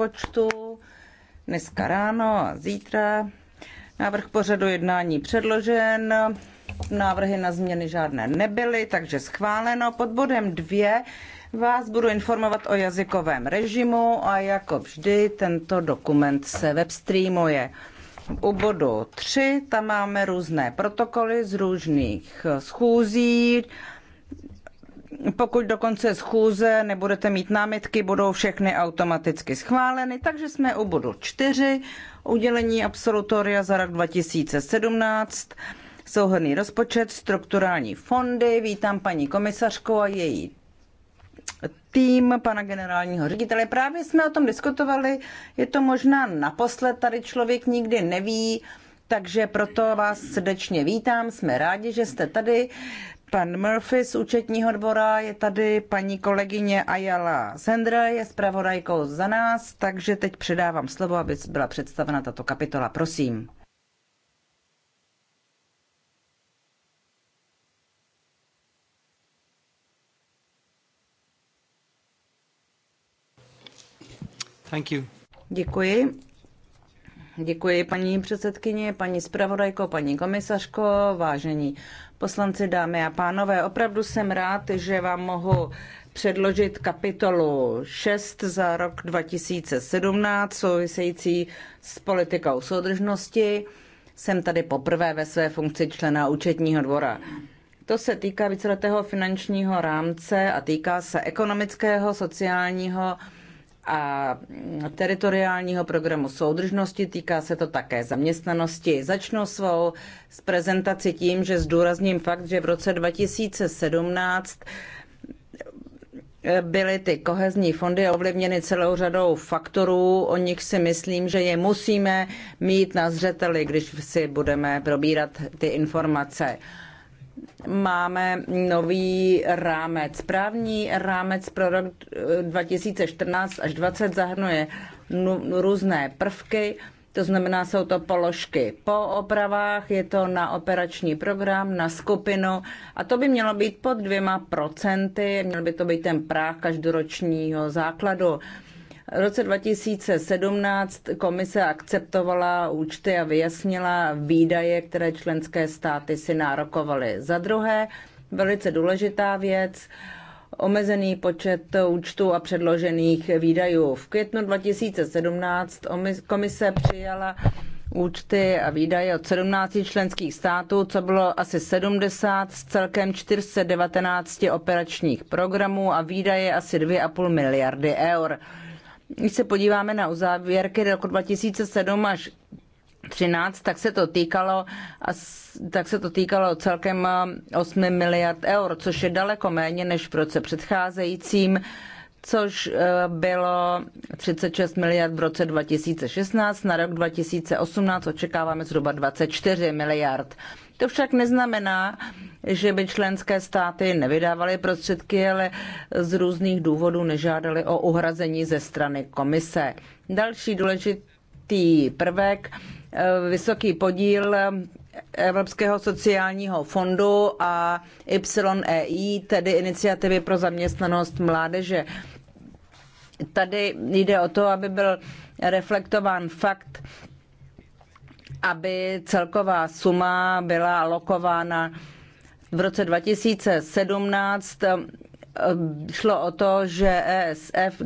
rozpočtu dneska ráno a zítra. Návrh pořadu jednání předložen, návrhy na změny žádné nebyly, takže schváleno. Pod bodem dvě vás budu informovat o jazykovém režimu a jako vždy tento dokument se webstreamuje. U bodu 3 tam máme různé protokoly z různých schůzí, pokud do konce schůze nebudete mít námitky, budou všechny automaticky schváleny. Takže jsme u bodu 4, udělení absolutoria za rok 2017, souhrný rozpočet, strukturální fondy. Vítám paní komisařku a její tým pana generálního ředitele. Právě jsme o tom diskutovali, je to možná naposled, tady člověk nikdy neví, takže proto vás srdečně vítám, jsme rádi, že jste tady pan Murphy z účetního dvora, je tady paní kolegyně Ayala Sendra, je zpravodajkou za nás, takže teď předávám slovo, aby byla představena tato kapitola. Prosím. Thank you. Děkuji. Děkuji paní předsedkyně, paní zpravodajko, paní komisařko, vážení poslanci, dámy a pánové, opravdu jsem rád, že vám mohu předložit kapitolu 6 za rok 2017 související s politikou soudržnosti. Jsem tady poprvé ve své funkci člena účetního dvora. To se týká víceletého finančního rámce a týká se ekonomického, sociálního, a teritoriálního programu soudržnosti, týká se to také zaměstnanosti. Začnu svou s prezentaci tím, že zdůrazním fakt, že v roce 2017 byly ty kohezní fondy ovlivněny celou řadou faktorů, o nich si myslím, že je musíme mít na zřeteli, když si budeme probírat ty informace máme nový rámec. Právní rámec pro rok 2014 až 2020 zahrnuje různé prvky, to znamená, jsou to položky po opravách, je to na operační program, na skupinu a to by mělo být pod dvěma procenty, měl by to být ten práh každoročního základu. V roce 2017 komise akceptovala účty a vyjasnila výdaje, které členské státy si nárokovaly. Za druhé, velice důležitá věc, omezený počet účtů a předložených výdajů. V květnu 2017 komise přijala účty a výdaje od 17 členských států, co bylo asi 70 z celkem 419 operačních programů a výdaje asi 2,5 miliardy eur. Když se podíváme na uzávěrky roku 2007 až 13, tak se to týkalo, tak se to týkalo celkem 8 eh, miliard eur, což je daleko méně než v roce předcházejícím, což eh, bylo 36 miliard v roce 2016. Na rok 2018 očekáváme zhruba 24 miliard. To však neznamená, že by členské státy nevydávaly prostředky, ale z různých důvodů nežádaly o uhrazení ze strany komise. Další důležitý prvek, eh, vysoký podíl eh, Evropského sociálního fondu a YEI, tedy iniciativy pro zaměstnanost mládeže. Tady jde o to, aby byl reflektován fakt, aby celková suma byla alokována. V roce 2017 eh, šlo o to, že ESF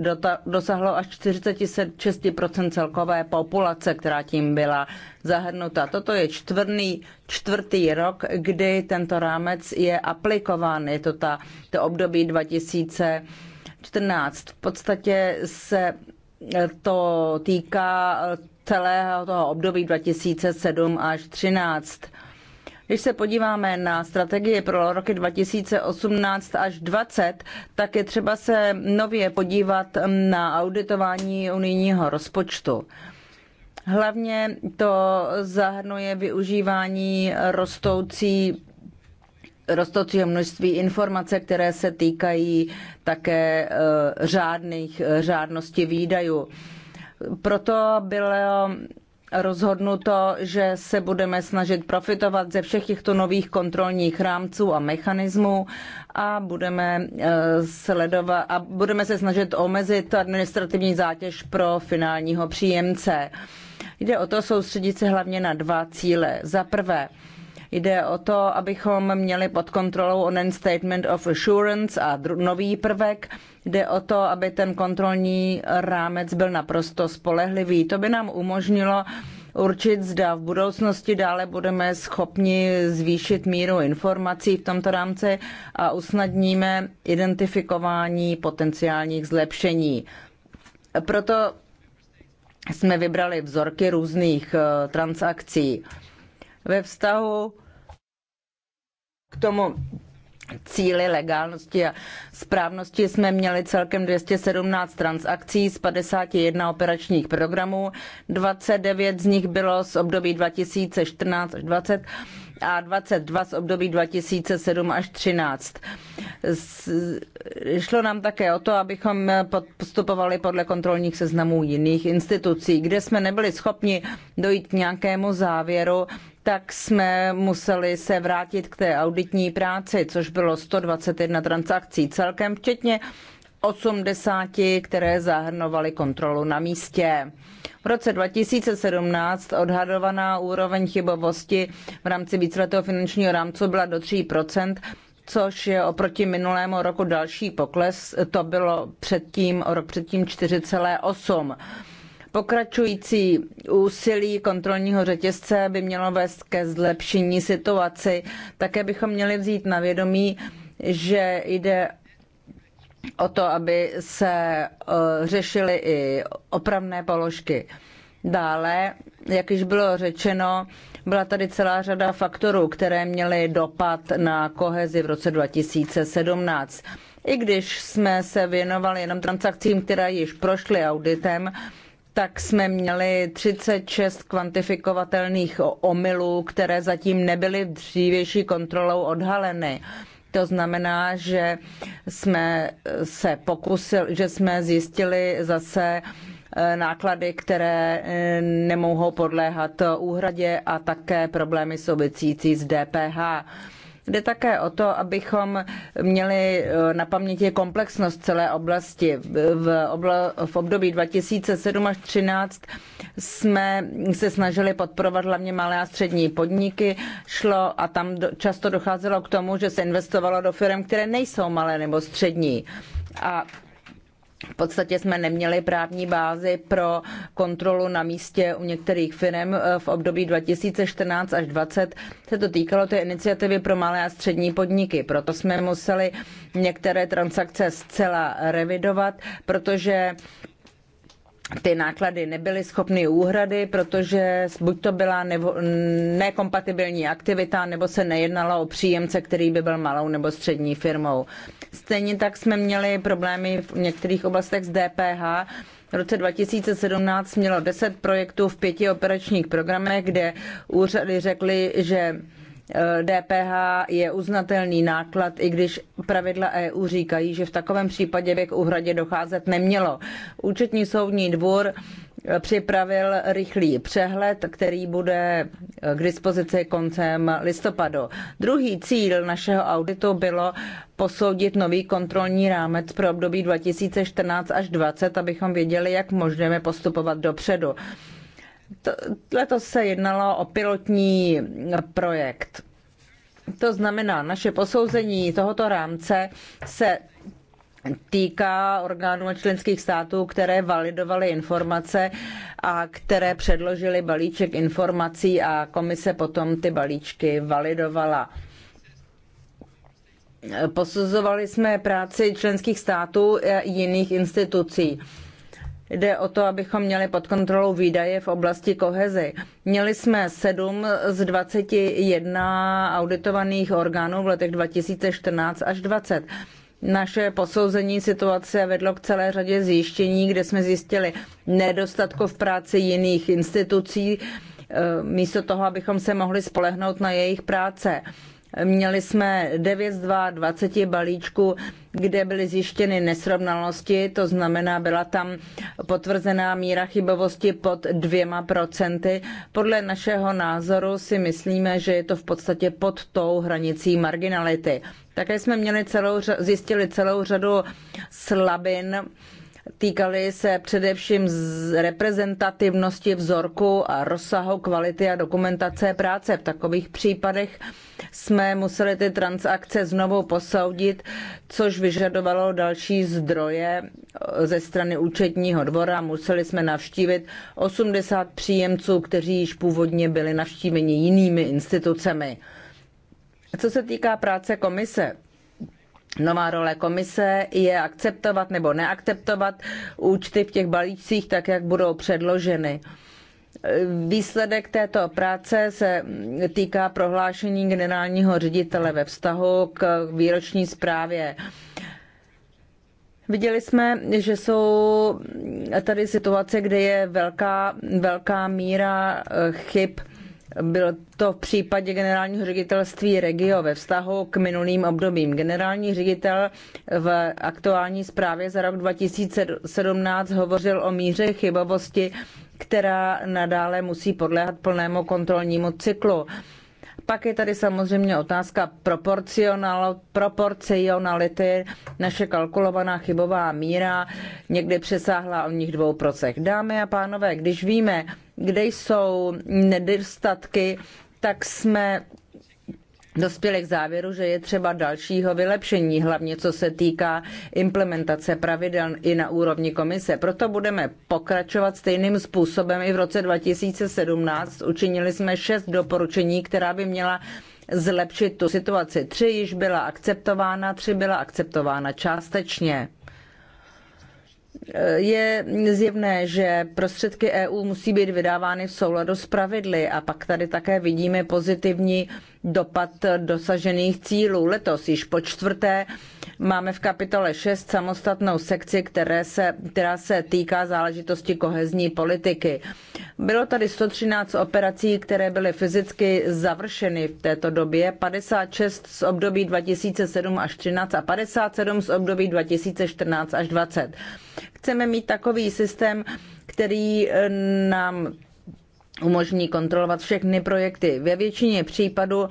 dosahlo až 46% celkové populace, která tím byla zahrnuta. Toto je čtvrný, čtvrtý rok, kdy tento rámec je aplikován. Je to ta, to období 2014. V podstatě se eh, to týká celého toho období 2007 až 2013. Když se podíváme na strategie pro roky 2018 až 2020, tak je třeba se nově podívat na auditování unijního rozpočtu. Hlavně to zahrnuje využívání rostoucí rostoucího množství informace, které se týkají také eh, řádných, eh, řádnosti výdajů. Proto bylo rozhodnuto, že se budeme snažit profitovat ze všech těchto nových kontrolních rámců a mechanismů a budeme, eh, sledovat, a budeme se snažit omezit administrativní zátěž pro finálního příjemce. Jde o to soustředit se hlavně na dva cíle. Za prvé, Jde o to, abychom měli pod kontrolou onen statement of assurance a nový prvek, Jde o to, aby ten kontrolní rámec byl naprosto spolehlivý. To by nám umožnilo určit, zda v budoucnosti dále budeme schopni zvýšit míru informací v tomto rámci a usnadníme identifikování potenciálních zlepšení. Proto jsme vybrali vzorky různých eh, transakcí. Ve vztahu k tomu cíli legálnosti a správnosti jsme měli celkem 217 transakcí z 51 operačních programů. 29 z nich bylo z období 2014 až 20 a 22 z období 2007 až 13. Šlo nám také o to, abychom postupovali podle kontrolních seznamů jiných institucí, kde jsme nebyli schopni dojít k nějakému závěru, tak jsme museli se vrátit k té auditní práci, což bylo 121 transakcí celkem, včetně 80, které zahrnovaly kontrolu na místě. V roce 2017 odhadovaná úroveň chybovosti v rámci víceletého finančního rámce byla do 3 což je oproti minulému roku další pokles. To bylo předtím, rok předtím 4,8 Pokračující úsilí kontrolního řetězce by mělo vést ke zlepšení situaci. Také bychom měli vzít na vědomí, že jde o to, aby se e, řešily i opravné položky. Dále, jak již bylo řečeno, byla tady celá řada faktorů, které měly dopad na kohezi v roce 2017. I když jsme se věnovali jenom transakcím, které již prošly auditem, tak jsme měli 36 kvantifikovatelných omylů, které zatím nebyly v dřívější kontrolou odhaleny. To znamená, že jsme se pokusili, že jsme zjistili zase eh, náklady, které eh, nemohou podléhat eh, úhradě a také problémy související s DPH. Jde také o to, abychom měli eh, na paměti komplexnost celé oblasti. V, obla, v období 2007 až 2013 jsme se snažili podporovat hlavně malé a střední podniky. Šlo a tam často docházelo k tomu, že se investovalo do firm, které nejsou malé nebo střední. A v podstatě jsme neměli právní bázi pro kontrolu na místě u některých firm eh, v období 2014 až 2020. Se to týkalo té iniciativy pro malé a střední podniky, proto jsme museli některé transakce zcela revidovat, protože ty náklady nebyly schopny úhrady, protože buď to byla nebo, nekompatibilní aktivita, nebo se nejednalo o příjemce, který by byl malou nebo střední firmou. Stejně tak jsme měli problémy v některých oblastech s DPH. V roce 2017 mělo 10 projektů v pěti operačních programech, kde úřady řekly, že DPH eh, je uznatelný náklad, i když pravidla EU říkají, že v takovém případě by k úhradě docházet nemělo. Účetní soudní dvůr eh, připravil rychlý přehled, který bude eh, k dispozici koncem listopadu. Druhý cíl našeho auditu bylo posoudit nový kontrolní rámec pro období 2014 až 2020, abychom věděli, jak můžeme postupovat dopředu letos se jednalo o pilotní projekt. To znamená, naše posouzení tohoto rámce se týká orgánů a členských států, které validovaly informace a které předložily balíček informací a komise potom ty balíčky validovala. Posuzovali jsme práci členských států a jiných institucí. Jde o to, abychom měli pod kontrolou výdaje v oblasti koheze. Měli jsme 7 z 21 auditovaných orgánů v letech 2014 až 20. Naše posouzení situace vedlo k celé řadě zjištění, kde jsme zjistili nedostatku v práci jiných institucí, eh, místo toho, abychom se mohli spolehnout na jejich práce. Měli jsme 9 z 20 balíčků, kde byly zjištěny nesrovnalosti, to znamená, byla tam potvrzená míra chybovosti pod dvěma procenty. Podle našeho názoru si myslíme, že je to v podstatě pod tou hranicí marginality. Také jsme měli celou, zjistili celou řadu slabin, Týkaly se především z reprezentativnosti vzorku a rozsahu kvality a dokumentace práce. V takových případech jsme museli ty transakce znovu posoudit, což vyžadovalo další zdroje ze strany účetního dvora. Museli jsme navštívit 80 příjemců, kteří již původně byli navštíveni jinými institucemi. Co se týká práce komise, Nová role komise je akceptovat nebo neakceptovat účty v těch balíčcích tak, jak budou předloženy. Výsledek této práce se týká prohlášení generálního ředitele ve vztahu k výroční zprávě. Viděli jsme, že jsou tady situace, kde je velká, velká míra chyb bylo to v případě generálního ředitelství Regio ve vztahu k minulým obdobím. Generální ředitel v aktuální zprávě za rok 2017 hovořil o míře chybovosti, která nadále musí podléhat plnému kontrolnímu cyklu. Pak je tady samozřejmě otázka proporcionality. Naše kalkulovaná chybová míra někdy přesáhla o nich 2%. Dámy a pánové, když víme, kde jsou nedostatky, tak jsme dospěli k závěru, že je třeba dalšího vylepšení, hlavně co se týká implementace pravidel i na úrovni komise. Proto budeme pokračovat stejným způsobem i v roce 2017. Učinili jsme šest doporučení, která by měla zlepšit tu situaci. Tři již byla akceptována, tři byla akceptována částečně je zjevné, že prostředky EU musí být vydávány v souladu s pravidly a pak tady také vidíme pozitivní dopad dosažených cílů. Letos již po čtvrté Máme v kapitole 6 samostatnou sekci, které se, která se týká záležitosti kohezní politiky. Bylo tady 113 operací, které byly fyzicky završeny v této době, 56 z období 2007 až 13 a 57 z období 2014 až 20. Chceme mít takový systém, který eh, nám umožní kontrolovat všechny projekty. Ve většině případů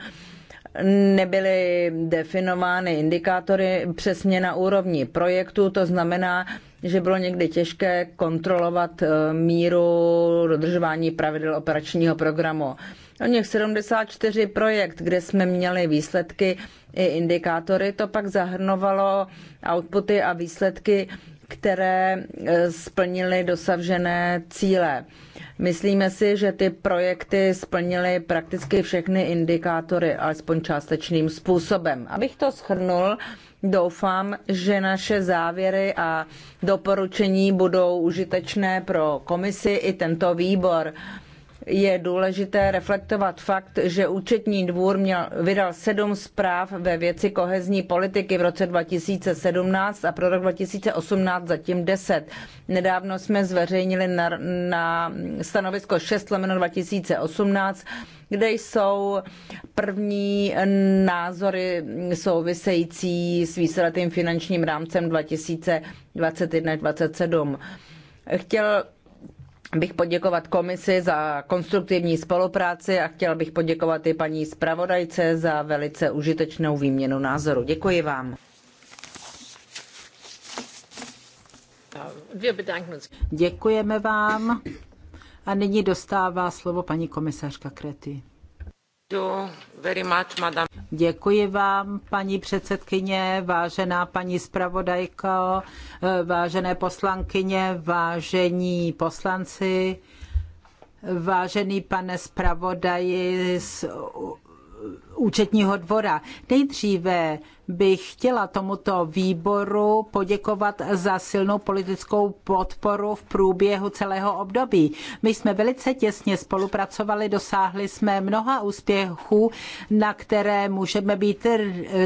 nebyly definovány indikátory přesně na úrovni projektu, to znamená, že bylo někdy těžké kontrolovat eh, míru dodržování pravidel operačního programu. O něch 74 projekt, kde jsme měli výsledky i indikátory, to pak zahrnovalo outputy a výsledky, které eh, splnily dosažené cíle. Myslíme si, že ty projekty splnily prakticky všechny indikátory, alespoň částečným způsobem. Abych to schrnul, doufám, že naše závěry a doporučení budou užitečné pro komisi i tento výbor je důležité reflektovat fakt, že účetní dvůr měl, vydal sedm zpráv ve věci kohezní politiky v roce 2017 a pro rok 2018 zatím deset. Nedávno jsme zveřejnili na, na stanovisko 6 lomeno 2018, kde jsou první názory související s výsledným finančním rámcem 2021-2027. Chtěl bych poděkovat komisi za konstruktivní spolupráci a chtěla bych poděkovat i paní zpravodajce za velice užitečnou výměnu názoru. Děkuji vám. Děkujeme vám. A nyní dostává slovo paní komisařka Krety. Děkuji vám, paní předsedkyně, vážená paní zpravodajko, vážené poslankyně, vážení poslanci, vážený pane zpravodaji z účetního dvora. Nejdříve bych chtěla tomuto výboru poděkovat za silnou politickou podporu v průběhu celého období. My jsme velice těsně spolupracovali, dosáhli jsme mnoha úspěchů, na které můžeme být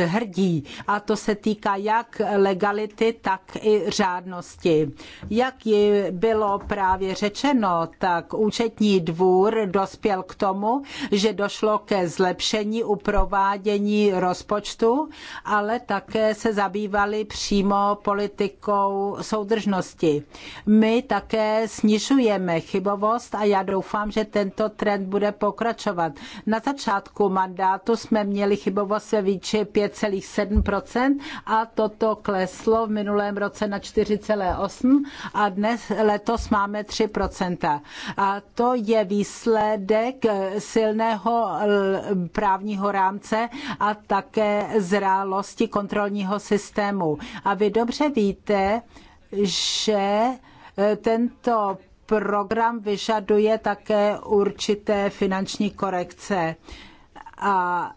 hrdí. A to se týká jak legality, tak i řádnosti. Jak ji bylo právě řečeno, tak účetní dvůr dospěl k tomu, že došlo ke zlepšení u provádění rozpočtu, ale také se zabývali přímo politikou soudržnosti. My také snižujeme chybovost a já doufám, že tento trend bude pokračovat. Na začátku mandátu jsme měli chybovost ve výči 5,7% a toto kleslo v minulém roce na 4,8% a dnes letos máme 3%. A to je výsledek silného právního právního rámce a také zrálosti kontrolního systému. A vy dobře víte, že eh, tento program vyžaduje také určité finanční korekce. A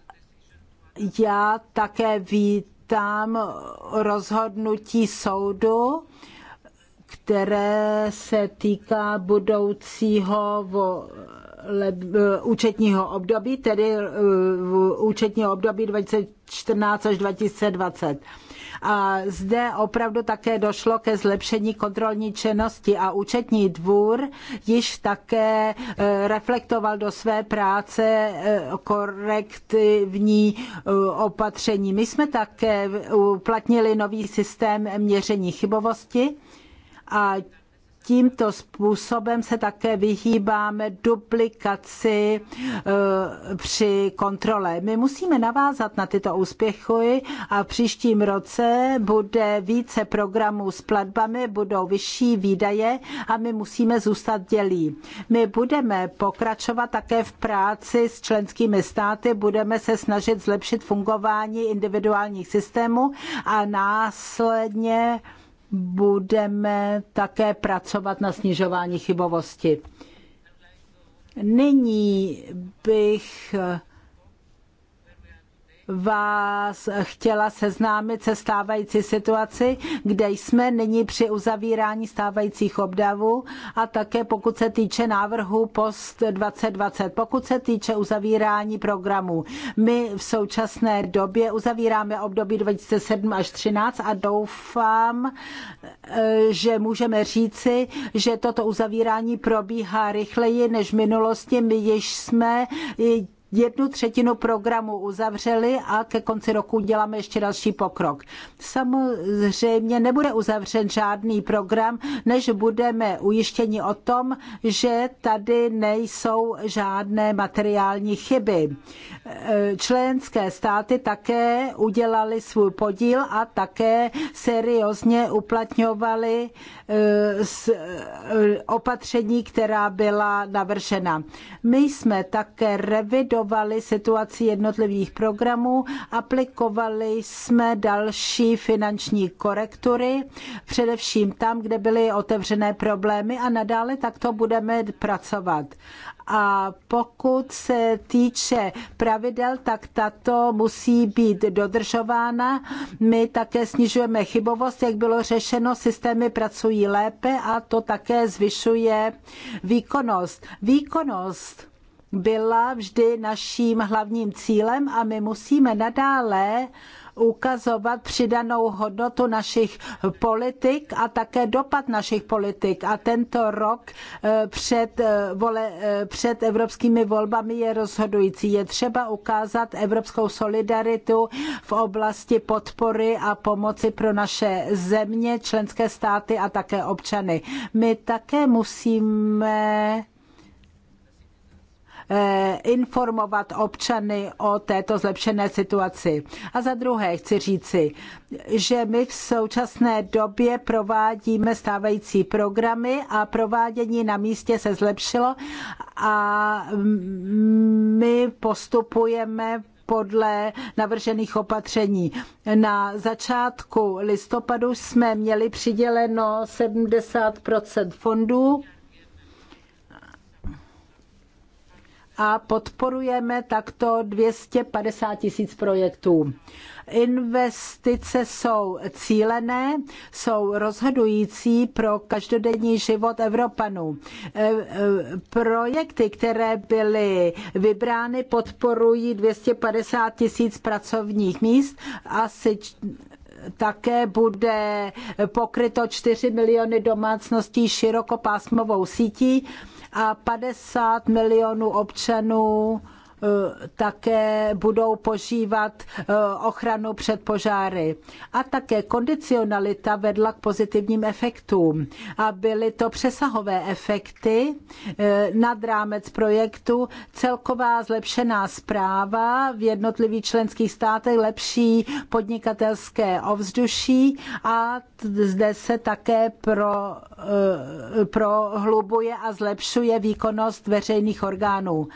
já také vítám rozhodnutí soudu, které se týká budoucího Eh, účetního období, tedy eh, účetního období 2014 až 2020. A zde opravdu také došlo ke zlepšení kontrolní činnosti a účetní dvůr již také eh, reflektoval do své práce korektivní opatření. My jsme také uplatnili nový systém měření chybovosti a tímto způsobem se také vyhýbáme duplikaci e, při kontrole. My musíme navázat na tyto úspěchy a v příštím roce bude více programů s platbami, budou vyšší výdaje a my musíme zůstat dělí. My budeme pokračovat také v práci s členskými státy, budeme se snažit zlepšit fungování individuálních systémů a následně budeme také pracovat na snižování chybovosti. Nyní bych vás chtěla seznámit se stávající situaci, kde jsme nyní při uzavírání stávajících obdavů a také pokud se týče návrhu post 2020, pokud se týče uzavírání programů. My v současné době uzavíráme období 2007 až 2013 a doufám, že můžeme říci, že toto uzavírání probíhá rychleji než v minulosti. My již jsme jednu třetinu programu uzavřeli a ke konci roku uděláme ještě další pokrok. Samozřejmě nebude uzavřen žádný program, než budeme ujištěni o tom, že tady nejsou žádné materiální chyby. Členské státy také udělali svůj podíl a také seriózně uplatňovali eh, eh, opatření, která byla navržena. My jsme také revidovali sledovali situaci jednotlivých programů, aplikovali jsme další finanční korektury, především tam, kde byly otevřené problémy a nadále takto budeme pracovat a pokud se týče pravidel, tak tato musí být dodržována. My také snižujeme chybovost, jak bylo řešeno, systémy pracují lépe a to také zvyšuje výkonnost. Výkonnost byla vždy naším hlavním cílem a my musíme nadále ukazovat přidanou hodnotu našich politik a také dopad našich politik. A tento rok eh, před, eh, vole, eh, před evropskými volbami je rozhodující. Je třeba ukázat evropskou solidaritu v oblasti podpory a pomoci pro naše země, členské státy a také občany. My také musíme Eh, informovat občany o této zlepšené situaci. A za druhé chci říci, že my v současné době provádíme stávající programy a provádění na místě se zlepšilo a my postupujeme podle navržených opatření. Na začátku listopadu jsme měli přiděleno 70 fondů a podporujeme takto 250 tisíc projektů. Investice jsou cílené, jsou rozhodující pro každodenní život Evropanů. E, e, projekty, které byly vybrány, podporují 250 tisíc pracovních míst, asi také bude pokryto 4 miliony domácností širokopásmovou sítí a 50 milionů občanů Eh, také budou požívat eh, ochranu před požáry. A také kondicionalita vedla k pozitivním efektům a byly to přesahové efekty eh, nad rámec projektu, celková zlepšená zpráva v jednotlivých členských státech, lepší podnikatelské ovzduší a zde se také pro, prohlubuje a zlepšuje výkonnost veřejných orgánů.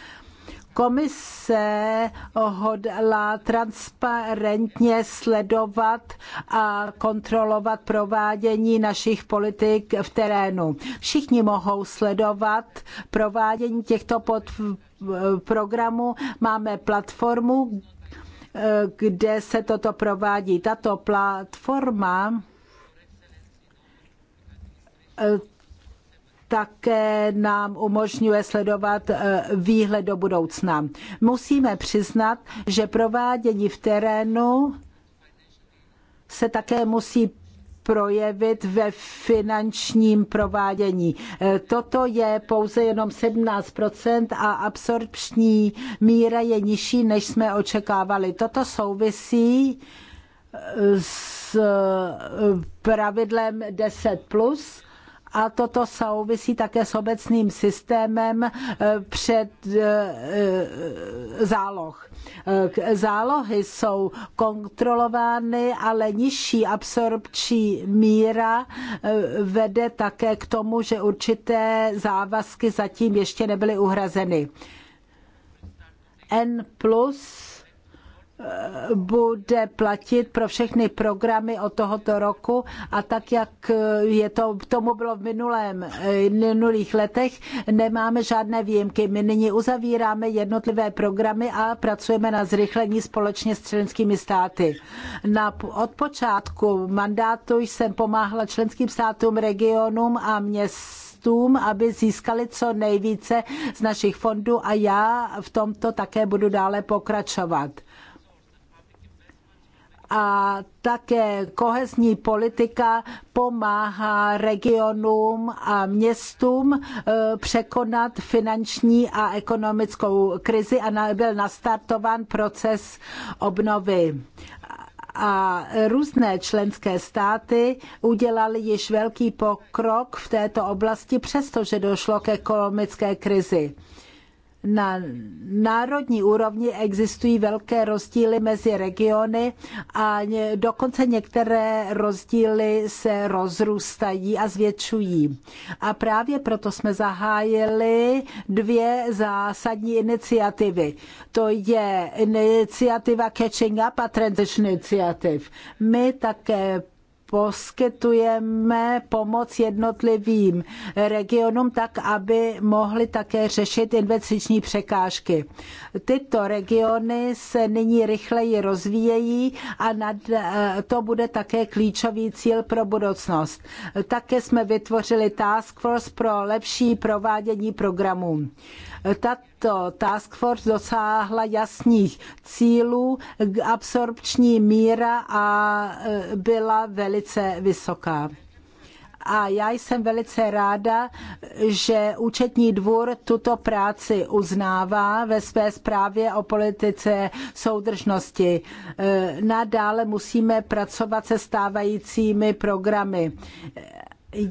Komise hodlá transparentně sledovat a kontrolovat provádění našich politik v terénu. Všichni mohou sledovat provádění těchto pod programů. Máme platformu, kde se toto provádí. Tato platforma také nám umožňuje sledovat eh, výhled do budoucna. Musíme přiznat, že provádění v terénu se také musí projevit ve finančním provádění. Eh, toto je pouze jenom 17% a absorpční míra je nižší, než jsme očekávali. Toto souvisí eh, s pravidlem 10+, plus, a toto souvisí také s obecným systémem eh, před eh, eh, záloh. Zálohy jsou kontrolovány, ale nižší absorpční míra vede také k tomu, že určité závazky zatím ještě nebyly uhrazeny. N plus bude platit pro všechny programy od tohoto roku a tak, jak je to, tomu bylo v minulém, eh, minulých letech, nemáme žádné výjimky. My nyní uzavíráme jednotlivé programy a pracujeme na zrychlení společně s členskými státy. Na, od počátku mandátu jsem pomáhala členským státům, regionům a městům aby získali co nejvíce z našich fondů a já v tomto také budu dále pokračovat a také kohezní politika pomáhá regionům a městům e, překonat finanční a ekonomickou krizi a byl nastartován proces obnovy a různé členské státy udělaly již velký pokrok v této oblasti, přestože došlo k ekonomické krizi. Na národní úrovni existují velké rozdíly mezi regiony a dokonce některé rozdíly se rozrůstají a zvětšují. A právě proto jsme zahájili dvě zásadní iniciativy. To je iniciativa Catching Up a Transition Initiative. My také poskytujeme pomoc jednotlivým regionům tak, aby mohli také řešit investiční překážky. Tyto regiony se nyní rychleji rozvíjejí a nad, eh, to bude také klíčový cíl pro budoucnost. Také jsme vytvořili Task Force pro lepší provádění programů. Tato task force dosáhla jasných cílů, absorpční míra a e, byla velice vysoká a já jsem velice ráda, že účetní dvůr tuto práci uznává ve své zprávě o politice soudržnosti. E, nadále musíme pracovat se stávajícími programy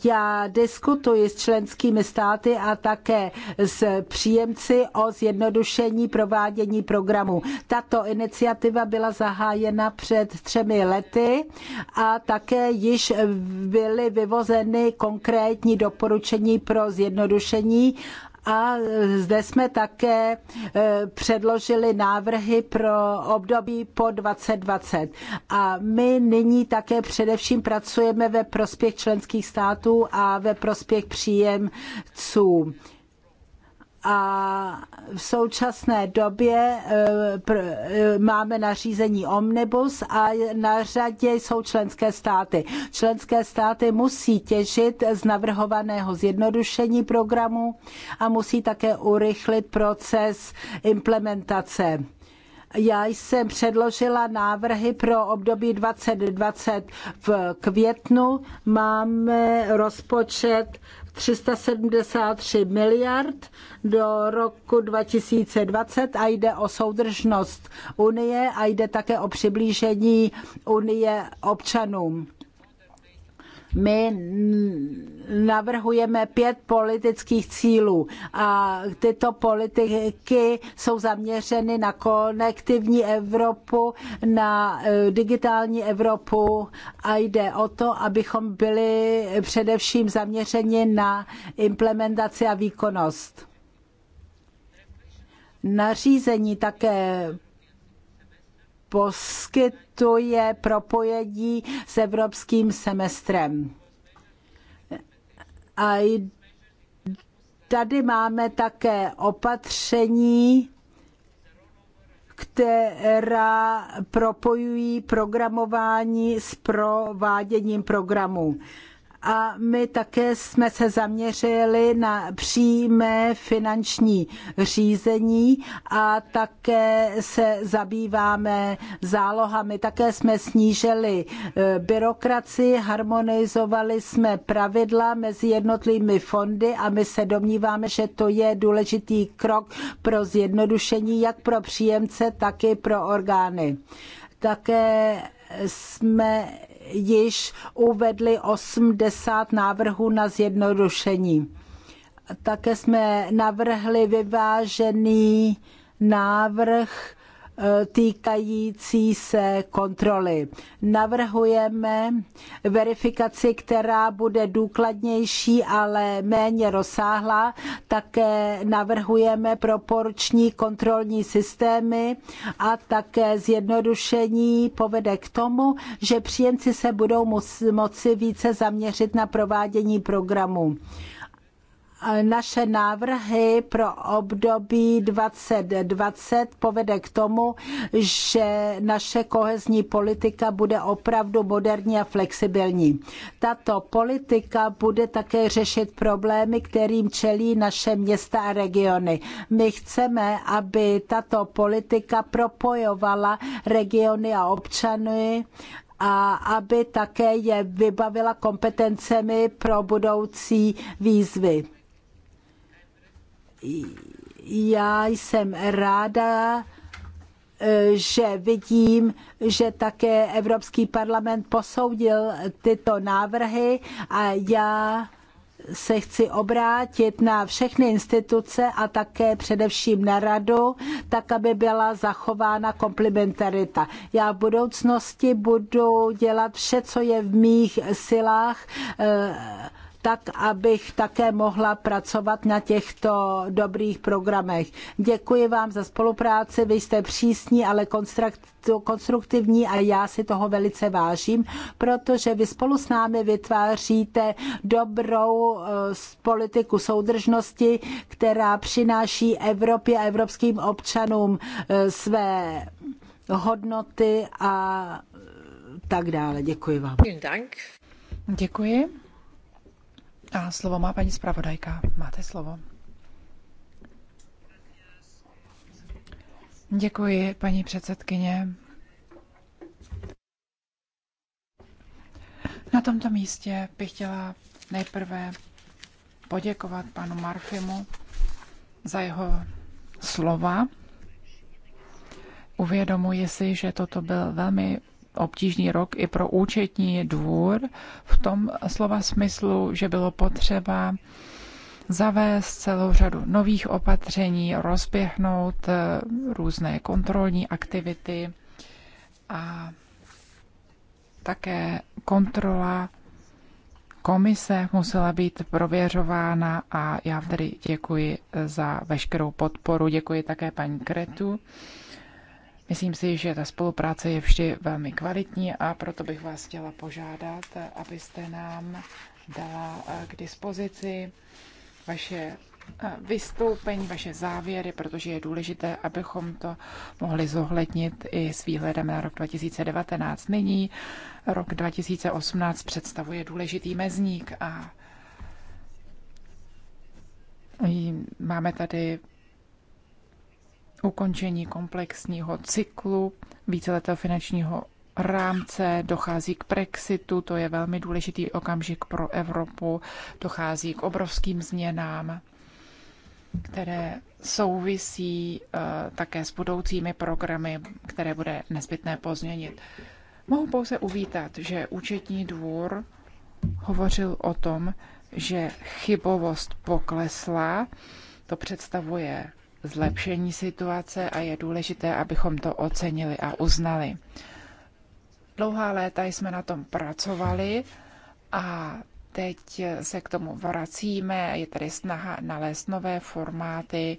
já diskutuji s členskými státy a také s příjemci o zjednodušení provádění programu. Tato iniciativa byla zahájena před třemi lety a také již byly vyvozeny konkrétní doporučení pro zjednodušení a e, zde jsme také e, předložili návrhy pro období po 2020. A my nyní také především pracujeme ve prospěch členských států a ve prospěch příjemců a v současné době eh, eh, máme nařízení Omnibus a na řadě jsou členské státy. Členské státy musí těžit z navrhovaného zjednodušení programu a musí také urychlit proces implementace. Já jsem předložila návrhy pro období 2020 v květnu. Máme rozpočet 373 miliard do roku 2020 a jde o soudržnost Unie a jde také o přiblížení Unie občanům. My navrhujeme pět politických cílů a tyto politiky jsou zaměřeny na konektivní Evropu, na e, digitální Evropu a jde o to, abychom byli především zaměřeni na implementaci a výkonnost. Nařízení také poskytuje propojení s evropským semestrem. A tady máme také opatření, která propojují programování s prováděním programů a my také jsme se zaměřili na přímé finanční řízení a také se zabýváme zálohami. Také jsme snížili e, byrokracii, harmonizovali jsme pravidla mezi jednotlivými fondy a my se domníváme, že to je důležitý krok pro zjednodušení jak pro příjemce, tak i pro orgány. Také jsme již uvedli 80 návrhů na zjednodušení. Také jsme navrhli vyvážený návrh Eh, týkající se kontroly. Navrhujeme verifikaci, která bude důkladnější, ale méně rozsáhlá. Také navrhujeme proporční kontrolní systémy a také zjednodušení povede k tomu, že příjemci se budou moci více zaměřit na provádění programu naše návrhy pro období 2020 povede k tomu, že naše kohezní politika bude opravdu moderní a flexibilní. Tato politika bude také řešit problémy, kterým čelí naše města a regiony. My chceme, aby tato politika propojovala regiony a občany a aby také je vybavila kompetencemi pro budoucí výzvy já jsem ráda, eh, že vidím, že také Evropský parlament posoudil tyto návrhy a já se chci obrátit na všechny instituce a také především na radu, tak aby byla zachována komplementarita. Já v budoucnosti budu dělat vše, co je v mých silách, eh, tak abych také mohla pracovat na těchto dobrých programech. Děkuji vám za spolupráci, vy jste přísní, ale konstruktivní a já si toho velice vážím, protože vy spolu s námi vytváříte dobrou eh, politiku soudržnosti, která přináší Evropě a evropským občanům eh, své hodnoty a tak dále. Děkuji vám. Děkuji. A slovo má paní zpravodajka. Máte slovo. Děkuji, paní předsedkyně. Na tomto místě bych chtěla nejprve poděkovat panu Marfimu za jeho slova. Uvědomuji si, že toto byl velmi obtížný rok i pro účetní dvůr v tom slova smyslu, že bylo potřeba zavést celou řadu nových opatření, rozběhnout eh, různé kontrolní aktivity a také kontrola komise musela být prověřována a já tedy děkuji za veškerou podporu. Děkuji také paní Kretu Myslím si, že ta spolupráce je vždy velmi kvalitní a proto bych vás chtěla požádat, abyste nám dala eh, k dispozici vaše eh, vystoupení, vaše závěry, protože je důležité, abychom to mohli zohlednit i s výhledem na rok 2019. Nyní rok 2018 představuje důležitý mezník a máme tady ukončení komplexního cyklu víceletého finančního rámce, dochází k Brexitu, to je velmi důležitý okamžik pro Evropu, dochází k obrovským změnám, které souvisí eh, také s budoucími programy, které bude nezbytné pozměnit. Mohu pouze uvítat, že účetní dvůr hovořil o tom, že chybovost poklesla, to představuje zlepšení situace a je důležité, abychom to ocenili a uznali. Dlouhá léta jsme na tom pracovali a teď se k tomu vracíme. Je tady snaha nalézt nové formáty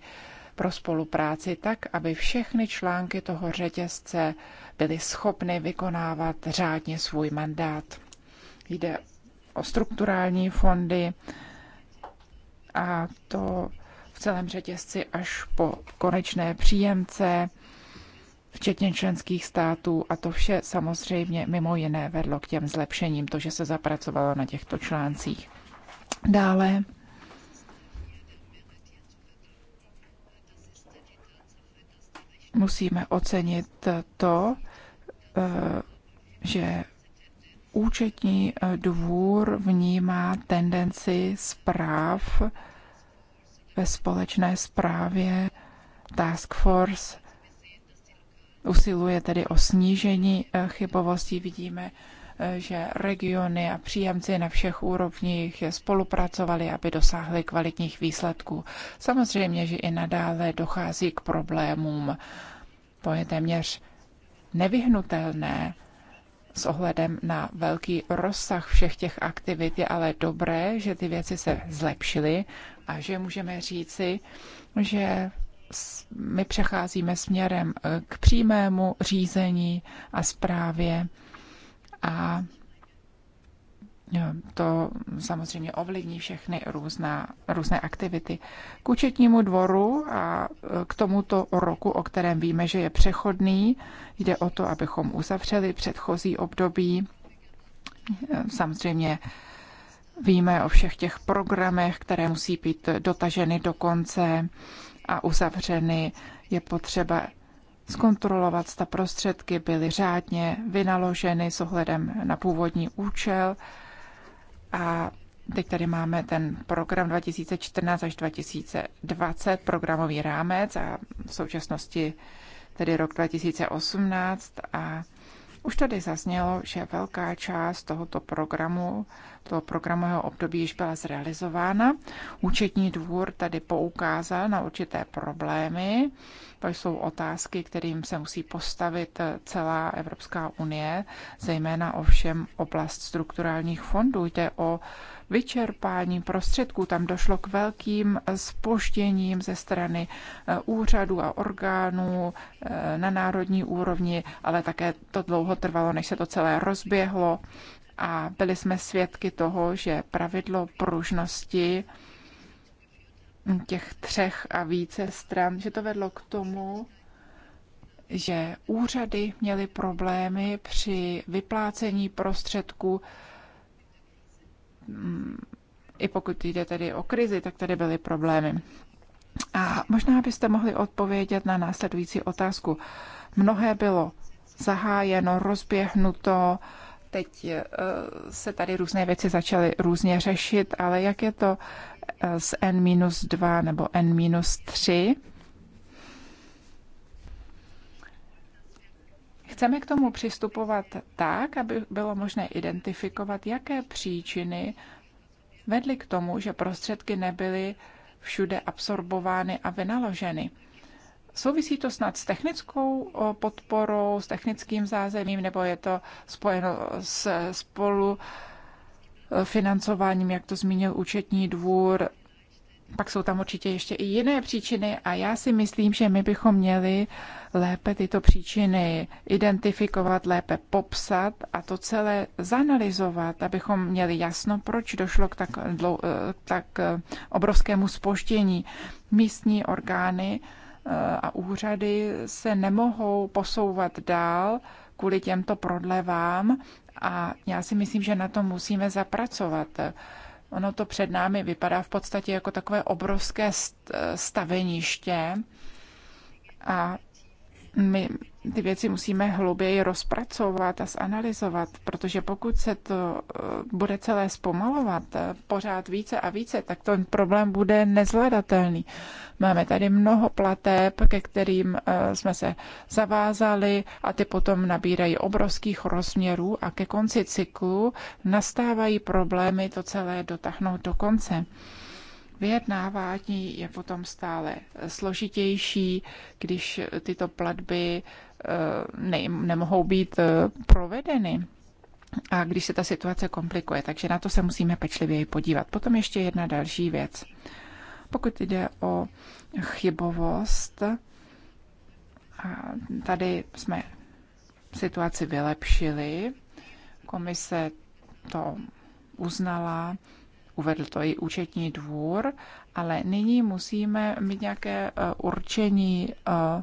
pro spolupráci tak, aby všechny články toho řetězce byly schopny vykonávat řádně svůj mandát. Jde o strukturální fondy a to celém řetězci až po konečné příjemce, včetně členských států a to vše samozřejmě mimo jiné vedlo k těm zlepšením, to, že se zapracovalo na těchto článcích. Dále musíme ocenit to, eh, že účetní eh, dvůr vnímá tendenci zpráv ve společné zprávě Task Force usiluje tedy o snížení eh, chybovostí. Vidíme, eh, že regiony a příjemci na všech úrovních spolupracovali, aby dosáhli kvalitních výsledků. Samozřejmě, že i nadále dochází k problémům. To je téměř nevyhnutelné s ohledem na velký rozsah všech těch aktivit je ale dobré, že ty věci se zlepšily a že můžeme říci, že my přecházíme směrem eh, k přímému řízení a správě a to samozřejmě ovlivní všechny různá, různé aktivity. K účetnímu dvoru a e, k tomuto roku, o kterém víme, že je přechodný, jde o to, abychom uzavřeli předchozí období. E, samozřejmě víme o všech těch programech, které musí být dotaženy do konce a uzavřeny. Je potřeba zkontrolovat, zda prostředky byly řádně vynaloženy s ohledem na původní účel a teď tady máme ten program 2014 až 2020, programový rámec a v současnosti tedy rok 2018 a už tady zaznělo, že velká část tohoto programu, toho programového období již byla zrealizována. Účetní dvůr tady poukázal na určité problémy, to jsou otázky, kterým se musí postavit celá Evropská unie, zejména ovšem oblast strukturálních fondů. Jde o vyčerpání prostředků. Tam došlo k velkým spožděním ze strany eh, úřadů a orgánů eh, na národní úrovni, ale také to dlouho trvalo, než se to celé rozběhlo. A byli jsme svědky toho, že pravidlo pružnosti těch třech a více stran, že to vedlo k tomu, že úřady měly problémy při vyplácení prostředků. Mm, I pokud jde tedy o krizi, tak tady byly problémy. A možná byste mohli odpovědět na následující otázku. Mnohé bylo zahájeno, rozběhnuto, teď eh, se tady různé věci začaly různě řešit, ale jak je to z n-2 minus nebo n-3. minus Chceme k tomu přistupovat tak, aby bylo možné identifikovat, jaké příčiny vedly k tomu, že prostředky nebyly všude absorbovány a vynaloženy. Souvisí to snad s technickou podporou, s technickým zázemím, nebo je to spojeno s spolu financováním, jak to zmínil účetní dvůr. Pak jsou tam určitě ještě i jiné příčiny a já si myslím, že my bychom měli lépe tyto příčiny identifikovat, lépe popsat a to celé zanalizovat, abychom měli jasno, proč došlo k tak, dlou, eh, tak eh, obrovskému spoždění. Místní orgány eh, a úřady se nemohou posouvat dál, kvůli těmto prodlevám a já si myslím, že na to musíme zapracovat. Ono to před námi vypadá v podstatě jako takové obrovské staveniště a my ty věci musíme hlouběji rozpracovat a zanalizovat, protože pokud se to eh, bude celé zpomalovat eh, pořád více a více, tak ten problém bude nezvladatelný. Máme tady mnoho plateb, ke kterým eh, jsme se zavázali a ty potom nabírají obrovských rozměrů a ke konci cyklu nastávají problémy to celé dotáhnout do konce. Vyjednávání je potom stále složitější, když tyto platby eh, ne, nemohou být eh, provedeny a když se ta situace komplikuje. Takže na to se musíme pečlivěji podívat. Potom ještě jedna další věc. Pokud jde o chybovost, a tady jsme situaci vylepšili. Komise to uznala uvedl to i účetní dvůr, ale nyní musíme mít nějaké eh, určení eh,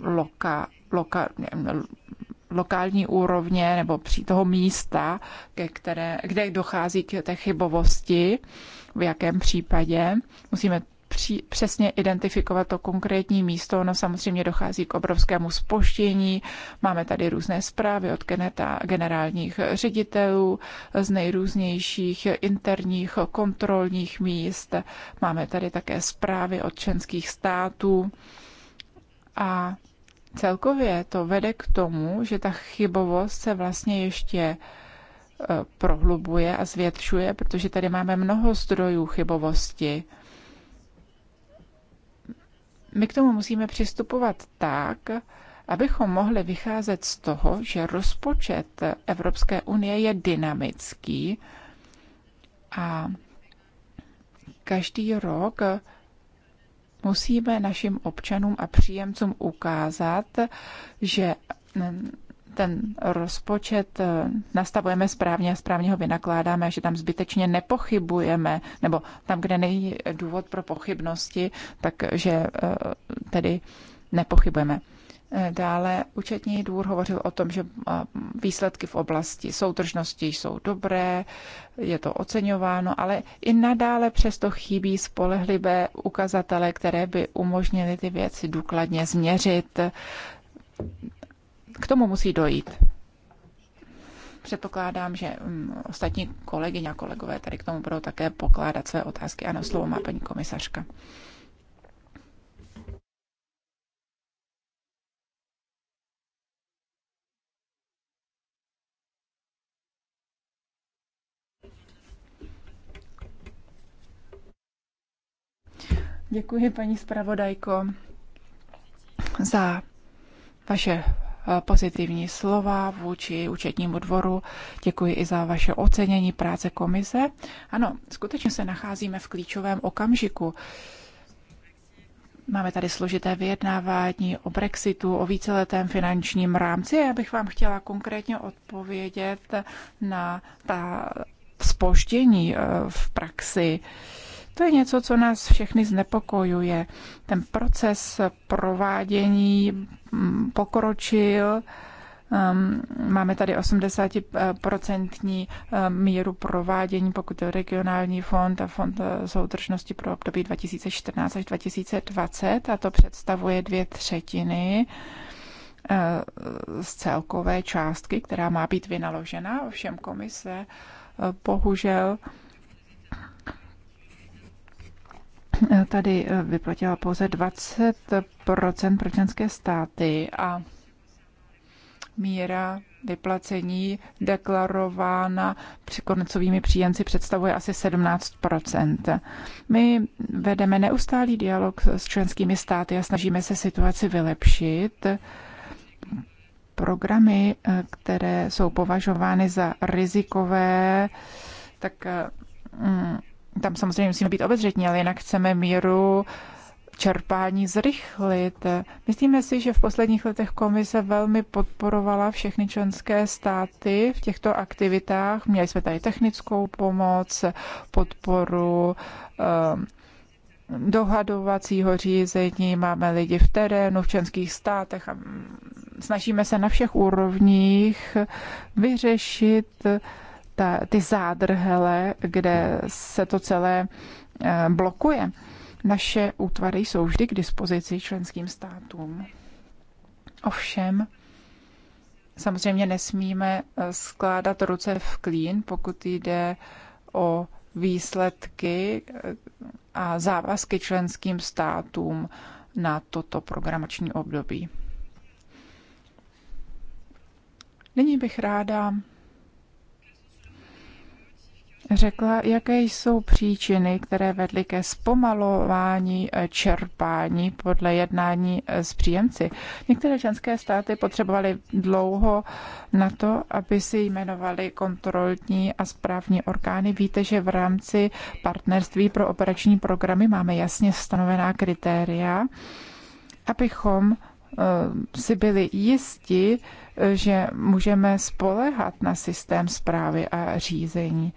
loka, loka, lokální úrovně nebo při toho místa, ke které, kde dochází k té chybovosti, v jakém případě. Musíme přesně identifikovat to konkrétní místo. Ono samozřejmě dochází k obrovskému spoštění. Máme tady různé zprávy od geneta, generálních ředitelů z nejrůznějších interních kontrolních míst. Máme tady také zprávy od členských států. A celkově to vede k tomu, že ta chybovost se vlastně ještě e, prohlubuje a zvětšuje, protože tady máme mnoho zdrojů chybovosti. My k tomu musíme přistupovat tak, abychom mohli vycházet z toho, že rozpočet Evropské unie je dynamický a každý rok musíme našim občanům a příjemcům ukázat, že ten rozpočet eh, nastavujeme správně a správně ho vynakládáme, že tam zbytečně nepochybujeme, nebo tam, kde není důvod pro pochybnosti, takže eh, tedy nepochybujeme. Eh, dále účetní dvůr hovořil o tom, že výsledky v oblasti soudržnosti jsou dobré, je to oceňováno, ale i nadále přesto chybí spolehlivé ukazatele, které by umožnily ty věci důkladně změřit k tomu musí dojít. Předpokládám, že mm, ostatní kolegyně a kolegové tady k tomu budou také pokládat své otázky. Ano, slovo má paní komisařka. Děkuji, paní zpravodajko, za vaše Eh, pozitivní slova vůči účetnímu dvoru. Děkuji i za vaše ocenění práce komise. Ano, skutečně se nacházíme v klíčovém okamžiku. Máme tady složité vyjednávání o Brexitu, o víceletém finančním rámci. Já bych vám chtěla konkrétně odpovědět na ta spoždění eh, v praxi. To je něco, co nás všechny znepokojuje. Ten proces provádění mm, pokročil, ehm, Máme tady 80% ehm, míru provádění, pokud je regionální fond a fond eh, soudržnosti pro období 2014 až 2020 a to představuje dvě třetiny eh, z celkové částky, která má být vynaložena. Ovšem komise eh, bohužel tady eh, vyplatila pouze 20 pro členské státy a míra vyplacení deklarována při koncovými příjemci představuje asi 17 My vedeme neustálý dialog s členskými státy a snažíme se situaci vylepšit. Programy, eh, které jsou považovány za rizikové, tak eh, mm, tam samozřejmě musíme být obezřetní, ale jinak chceme míru čerpání zrychlit. Myslíme si, že v posledních letech komise velmi podporovala všechny členské státy v těchto aktivitách. Měli jsme tady technickou pomoc, podporu ehm, dohadovacího řízení, máme lidi v terénu, v členských státech a snažíme se na všech úrovních vyřešit ta, ty zádrhele, kde se to celé eh, blokuje. Naše útvary jsou vždy k dispozici členským státům. Ovšem, samozřejmě nesmíme eh, skládat ruce v klín, pokud jde o výsledky eh, a závazky členským státům na toto programační období. Nyní bych ráda řekla, jaké jsou příčiny, které vedly ke zpomalování eh, čerpání podle jednání eh, s příjemci. Některé členské státy potřebovaly dlouho na to, aby si jmenovali kontrolní a správní orgány. Víte, že v rámci partnerství pro operační programy máme jasně stanovená kritéria, abychom eh, si byli jisti, že můžeme spolehat na systém zprávy a řízení.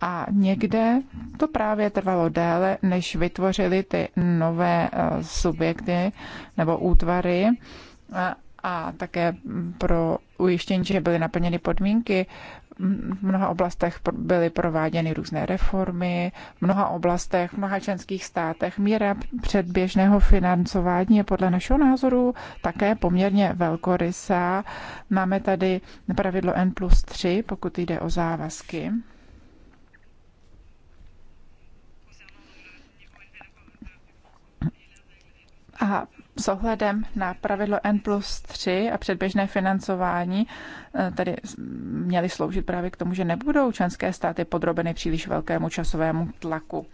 A někde to právě trvalo déle, než vytvořili ty nové eh, subjekty nebo útvary a, a také pro ujištění, že byly naplněny podmínky. V mnoha oblastech byly prováděny různé reformy, v mnoha oblastech, v mnoha členských státech míra předběžného financování je podle našeho názoru také poměrně velkorysá. Máme tady pravidlo N plus 3, pokud jde o závazky. A s ohledem na pravidlo N plus 3 a předběžné financování eh, tady měly sloužit právě k tomu, že nebudou členské státy podrobeny příliš velkému časovému tlaku.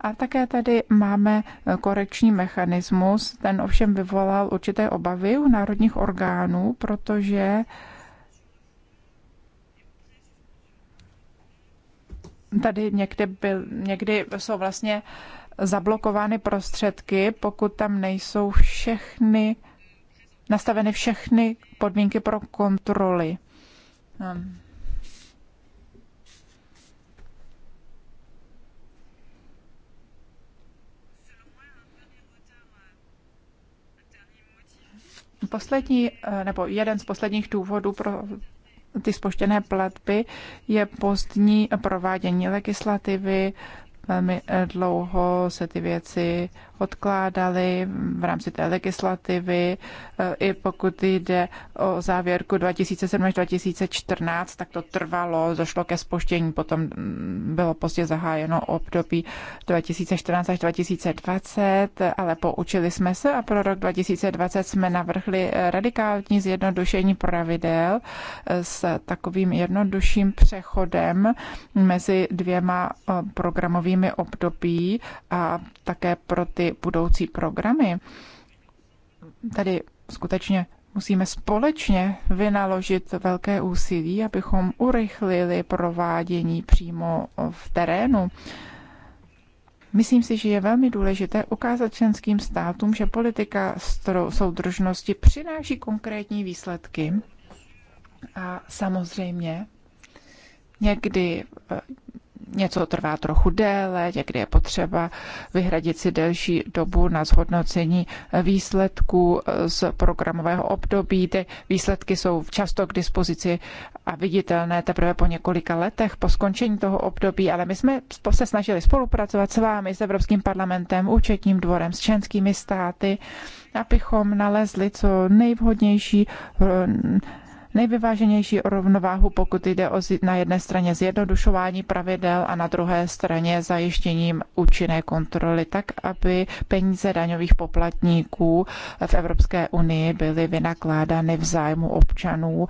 A také tady máme eh, korekční mechanismus, ten ovšem vyvolal určité obavy u národních orgánů, protože tady někdy, byl, někdy jsou vlastně uh, zablokovány prostředky, pokud tam nejsou všechny nastaveny všechny podmínky pro kontroly. Ehm. Poslední, eh, nebo jeden z posledních důvodů pro ty spoštěné platby je pozdní provádění legislativy, Velmi eh, dlouho se ty věci odkládali v rámci té legislativy. E, I pokud jde o závěrku 2007 až 2014, tak to trvalo, došlo ke spoštění, potom mm, bylo pozdě zahájeno období 2014 až 2020, ale poučili jsme se a pro rok 2020 jsme navrhli radikální zjednodušení pravidel e, s takovým jednodušším přechodem mezi dvěma e, programovými období a také pro ty budoucí programy. Tady skutečně musíme společně vynaložit velké úsilí, abychom urychlili provádění přímo v terénu. Myslím si, že je velmi důležité ukázat členským státům, že politika soudržnosti přináší konkrétní výsledky. A samozřejmě někdy eh, něco trvá trochu déle, někdy je potřeba vyhradit si delší dobu na zhodnocení výsledků z programového období. Ty výsledky jsou často k dispozici a viditelné teprve po několika letech, po skončení toho období, ale my jsme se snažili spolupracovat s vámi, s Evropským parlamentem, účetním dvorem, s členskými státy, abychom nalezli co nejvhodnější eh, nejvyváženější rovnováhu, pokud jde o na jedné straně zjednodušování pravidel a na druhé straně zajištěním účinné kontroly, tak aby peníze daňových poplatníků v Evropské unii byly vynakládány v zájmu občanů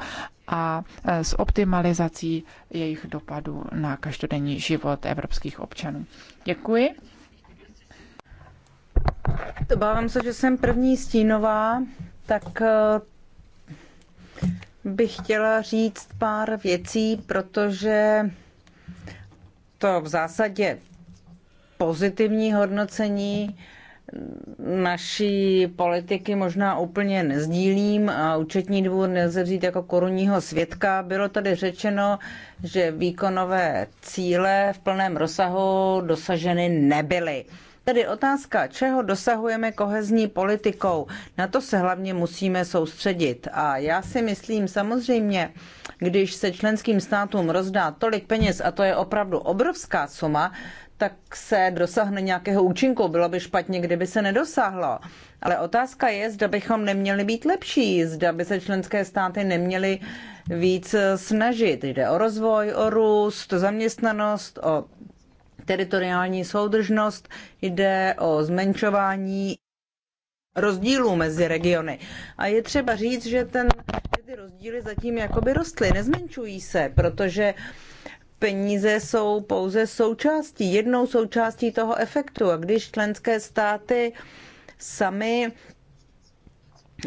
a e, s optimalizací jejich dopadů na každodenní život evropských občanů. Děkuji. Obávám se, že jsem první stínová, tak e, bych chtěla říct pár věcí, protože to v zásadě pozitivní hodnocení naší politiky možná úplně nezdílím a účetní dvůr nelze vzít jako korunního svědka. Bylo tady řečeno, že výkonové cíle v plném rozsahu dosaženy nebyly. Tedy otázka, čeho dosahujeme kohezní politikou, na to se hlavně musíme soustředit. A já si myslím samozřejmě, když se členským státům rozdá tolik peněz, a to je opravdu obrovská suma, tak se dosáhne nějakého účinku. Bylo by špatně, kdyby se nedosáhlo. Ale otázka je, zda bychom neměli být lepší, zda by se členské státy neměly víc snažit. Jde o rozvoj, o růst, o zaměstnanost, o teritoriální soudržnost, jde o zmenšování rozdílů mezi regiony. A je třeba říct, že, ten, ty rozdíly zatím jakoby rostly, nezmenšují se, protože peníze jsou pouze součástí, jednou součástí toho efektu. A když členské státy sami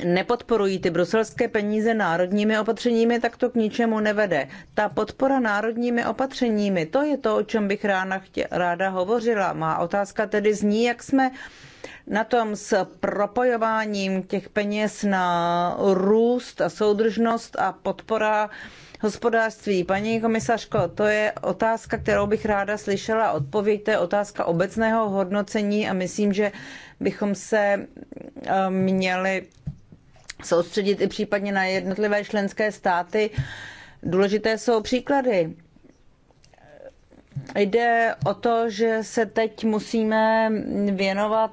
nepodporují ty bruselské peníze národními opatřeními, tak to k ničemu nevede. Ta podpora národními opatřeními, to je to, o čem bych ráda, chtě, ráda hovořila. Má otázka tedy zní, jak jsme na tom s propojováním těch peněz na růst a soudržnost a podpora hospodářství. Paní komisařko, to je otázka, kterou bych ráda slyšela odpověď. To je otázka obecného hodnocení a myslím, že bychom se eh, měli soustředit i případně na jednotlivé členské státy. Důležité jsou příklady. Jde o to, že se teď musíme věnovat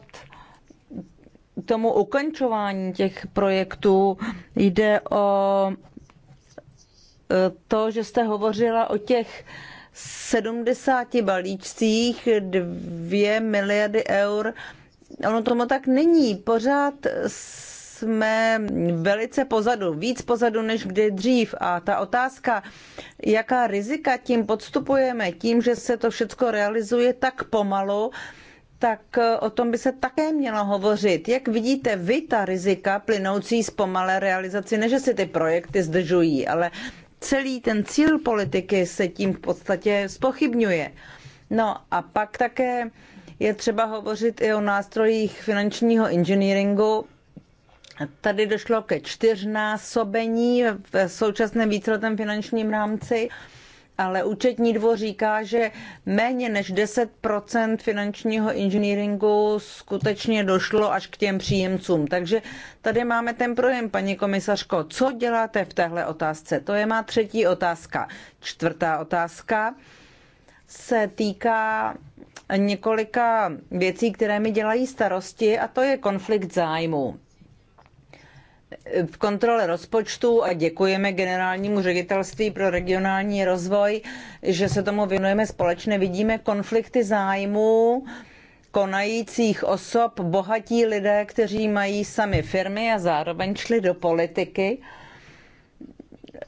tomu ukončování těch projektů. Jde o e, to, že jste hovořila o těch 70 balíčcích 2 miliardy eur. Ono tomu tak není. Pořád jsme velice pozadu, víc pozadu než kdy dřív. A ta otázka, jaká rizika tím podstupujeme, tím, že se to všechno realizuje tak pomalu, tak eh, o tom by se také mělo hovořit. Jak vidíte vy ta rizika plynoucí z pomalé realizaci, ne že si ty projekty zdržují, ale celý ten cíl politiky se tím v podstatě spochybňuje. No a pak také je třeba hovořit i o nástrojích finančního inženýringu, Tady došlo ke čtyřnásobení v současném víceletém finančním rámci, ale účetní dvoř říká, že méně než 10 finančního inženýringu skutečně došlo až k těm příjemcům. Takže tady máme ten projem, paní komisařko. Co děláte v téhle otázce? To je má třetí otázka. Čtvrtá otázka se týká několika věcí, které mi dělají starosti, a to je konflikt zájmu v kontrole rozpočtu a děkujeme generálnímu ředitelství pro regionální rozvoj, že se tomu věnujeme společně. Vidíme konflikty zájmů konajících osob, bohatí lidé, kteří mají sami firmy a zároveň šli do politiky.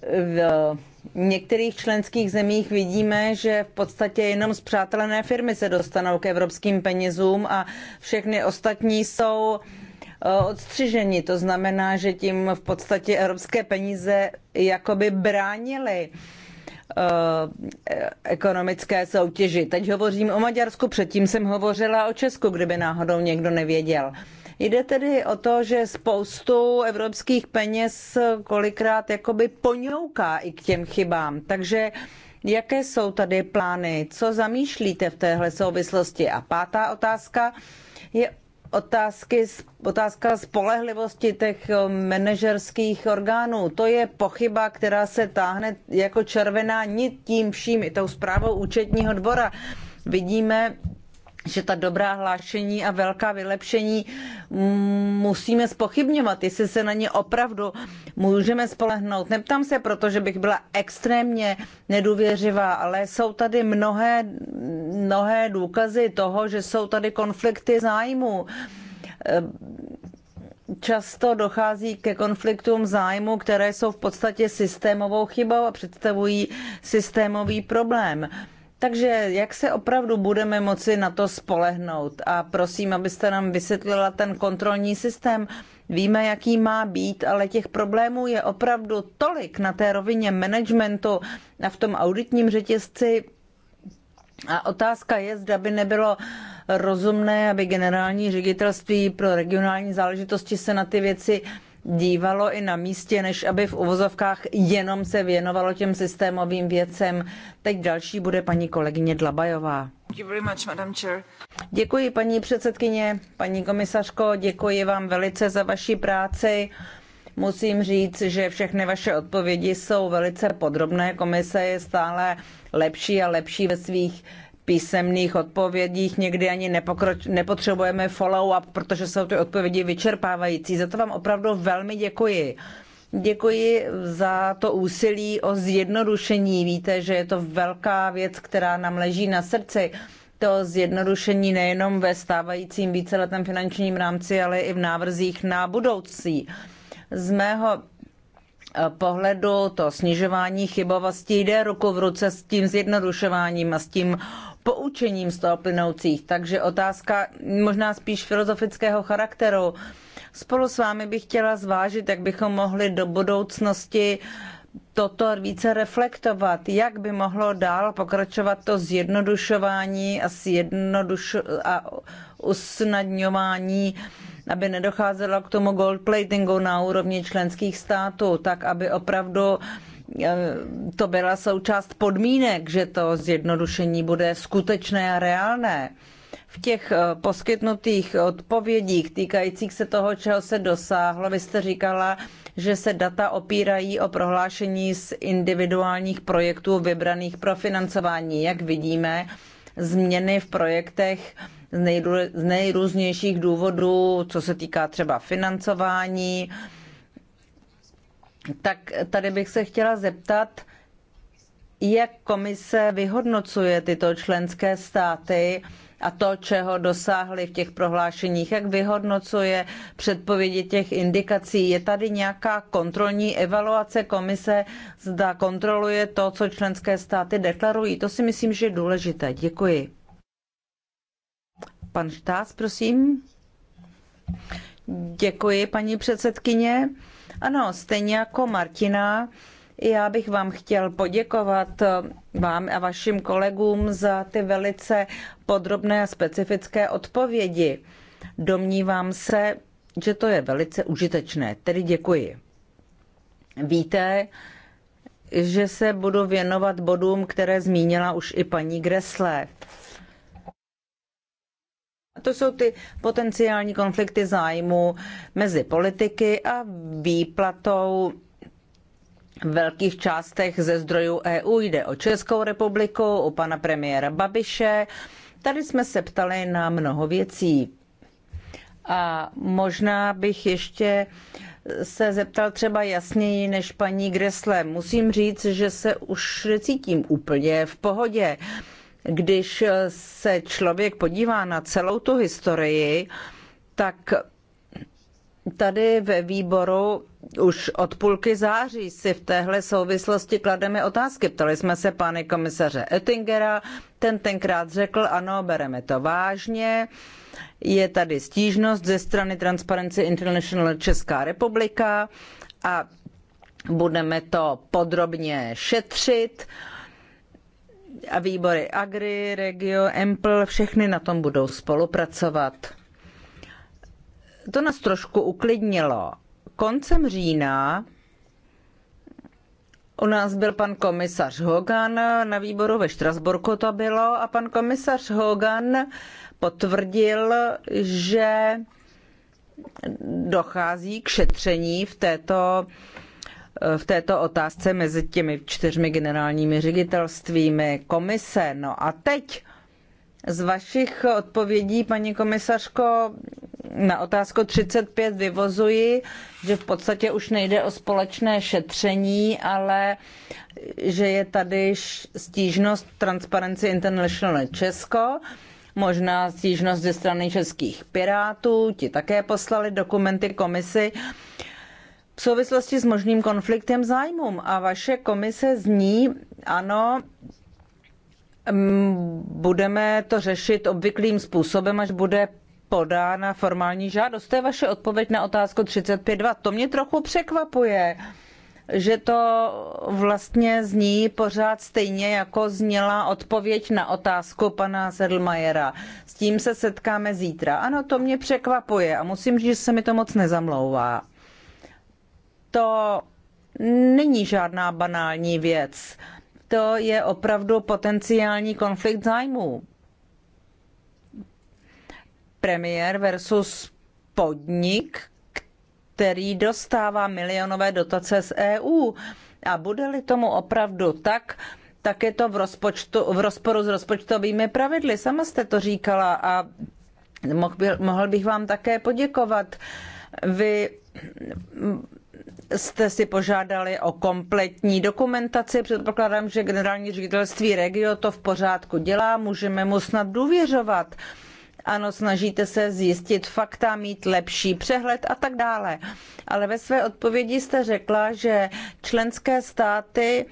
V některých členských zemích vidíme, že v podstatě jenom zpřátelené firmy se dostanou k evropským penězům a všechny ostatní jsou Eh, odstřiženi. To znamená, že tím v podstatě evropské peníze jakoby bránily eh, ekonomické soutěži. Teď hovořím o Maďarsku, předtím jsem hovořila o Česku, kdyby náhodou někdo nevěděl. Jde tedy o to, že spoustu evropských peněz kolikrát jakoby poňouká i k těm chybám. Takže jaké jsou tady plány? Co zamýšlíte v téhle souvislosti? A pátá otázka je otázky, otázka spolehlivosti těch eh, manažerských orgánů. To je pochyba, která se táhne jako červená nit tím vším, i tou zprávou účetního dvora. Vidíme, že ta dobrá hlášení a velká vylepšení musíme spochybňovat, jestli se na ně opravdu můžeme spolehnout. Neptám se protože bych byla extrémně nedůvěřivá, ale jsou tady mnohé, mnohé důkazy toho, že jsou tady konflikty zájmu. Často dochází ke konfliktům zájmu, které jsou v podstatě systémovou chybou a představují systémový problém takže jak se opravdu budeme moci na to spolehnout? A prosím, abyste nám vysvětlila ten kontrolní systém. Víme, jaký má být, ale těch problémů je opravdu tolik na té rovině managementu a v tom auditním řetězci. A otázka je, zda by nebylo rozumné, aby generální ředitelství pro regionální záležitosti se na ty věci dívalo i na místě, než aby v uvozovkách jenom se věnovalo těm systémovým věcem. Teď další bude paní kolegyně Dlabajová. Děkuji, paní předsedkyně, paní komisařko, děkuji vám velice za vaši práci. Musím říct, že všechny vaše odpovědi jsou velice podrobné. Komise je stále lepší a lepší ve svých písemných odpovědích, někdy ani nepokroč, nepotřebujeme follow-up, protože jsou ty odpovědi vyčerpávající. Za to vám opravdu velmi děkuji. Děkuji za to úsilí o zjednodušení. Víte, že je to velká věc, která nám leží na srdci. To zjednodušení nejenom ve stávajícím víceletém finančním rámci, ale i v návrzích na budoucí. Z mého eh, pohledu to snižování chybovosti jde ruku v ruce s tím zjednodušováním a s tím poučením z toho plynoucích. Takže otázka možná spíš filozofického charakteru. Spolu s vámi bych chtěla zvážit, jak bychom mohli do budoucnosti toto více reflektovat, jak by mohlo dál pokračovat to zjednodušování a, zjednodušo- a usnadňování, aby nedocházelo k tomu goldplatingu na úrovni členských států, tak aby opravdu Eh, to byla součást podmínek, že to zjednodušení bude skutečné a reálné. V těch eh, poskytnutých odpovědích týkajících se toho, čeho se dosáhlo, vy jste říkala, že se data opírají o prohlášení z individuálních projektů vybraných pro financování. Jak vidíme, změny v projektech z, nejrůznějších důvodů, co se týká třeba financování, tak tady bych se chtěla zeptat, jak komise vyhodnocuje tyto členské státy a to, čeho dosáhly v těch prohlášeních, jak vyhodnocuje předpovědi těch indikací. Je tady nějaká kontrolní evaluace komise, zda kontroluje to, co členské státy deklarují. To si myslím, že je důležité. Děkuji. Pan Štás, prosím. Děkuji, paní předsedkyně. Ano, stejně jako Martina, já bych vám chtěl poděkovat eh, vám a vašim kolegům za ty velice podrobné a specifické odpovědi. Domnívám se, že to je velice užitečné, tedy děkuji. Víte, že se budu věnovat bodům, které zmínila už i paní Gresle. A to jsou ty potenciální konflikty zájmu mezi politiky a výplatou velkých částech ze zdrojů EU. Jde o Českou republiku, o pana premiéra Babiše. Tady jsme se ptali na mnoho věcí. A možná bych ještě se zeptal třeba jasněji než paní Gresle. Musím říct, že se už necítím úplně v pohodě. Když se člověk podívá na celou tu historii, tak tady ve výboru už od půlky září si v téhle souvislosti klademe otázky. Ptali jsme se pány komisaře Oettingera, ten tenkrát řekl, ano, bereme to vážně, je tady stížnost ze strany Transparency International Česká republika a budeme to podrobně šetřit. Uh, a výbory Agri, Regio, Empl, všechny na tom budou spolupracovat. To nás trošku uklidnilo. Koncem října u nás byl pan komisař Hogan na výboru ve Štrasburku to bylo a pan komisař Hogan potvrdil, že dochází k šetření v této v této otázce mezi těmi čtyřmi generálními ředitelstvími komise. No a teď z vašich odpovědí, paní komisařko, na otázku 35 vyvozuji, že v podstatě už nejde o společné šetření, ale že je tady stížnost Transparency International Česko, možná stížnost ze strany českých pirátů, ti také poslali dokumenty komisi v souvislosti s možným konfliktem zájmu A vaše komise zní, ano, budeme to řešit obvyklým způsobem, až bude podána formální žádost. To je vaše odpověď na otázku 35.2. To mě trochu překvapuje, že to vlastně zní pořád stejně, jako zněla odpověď na otázku pana Sedlmajera. S tím se setkáme zítra. Ano, to mě překvapuje a musím říct, že se mi to moc nezamlouvá to není žádná banální věc. To je opravdu potenciální konflikt zájmů. Premiér versus podnik, který dostává milionové dotace z EU. A bude-li tomu opravdu tak, tak je to v, rozpočtu, v rozporu s rozpočtovými pravidly. Sama jste to říkala a mohl bych vám také poděkovat. Vy jste si požádali o kompletní dokumentaci. Předpokládám, že generální ředitelství Regio to v pořádku dělá, můžeme mu snad důvěřovat. Ano, snažíte se zjistit fakta, mít lepší přehled a tak dále. Ale ve své odpovědi jste řekla, že členské státy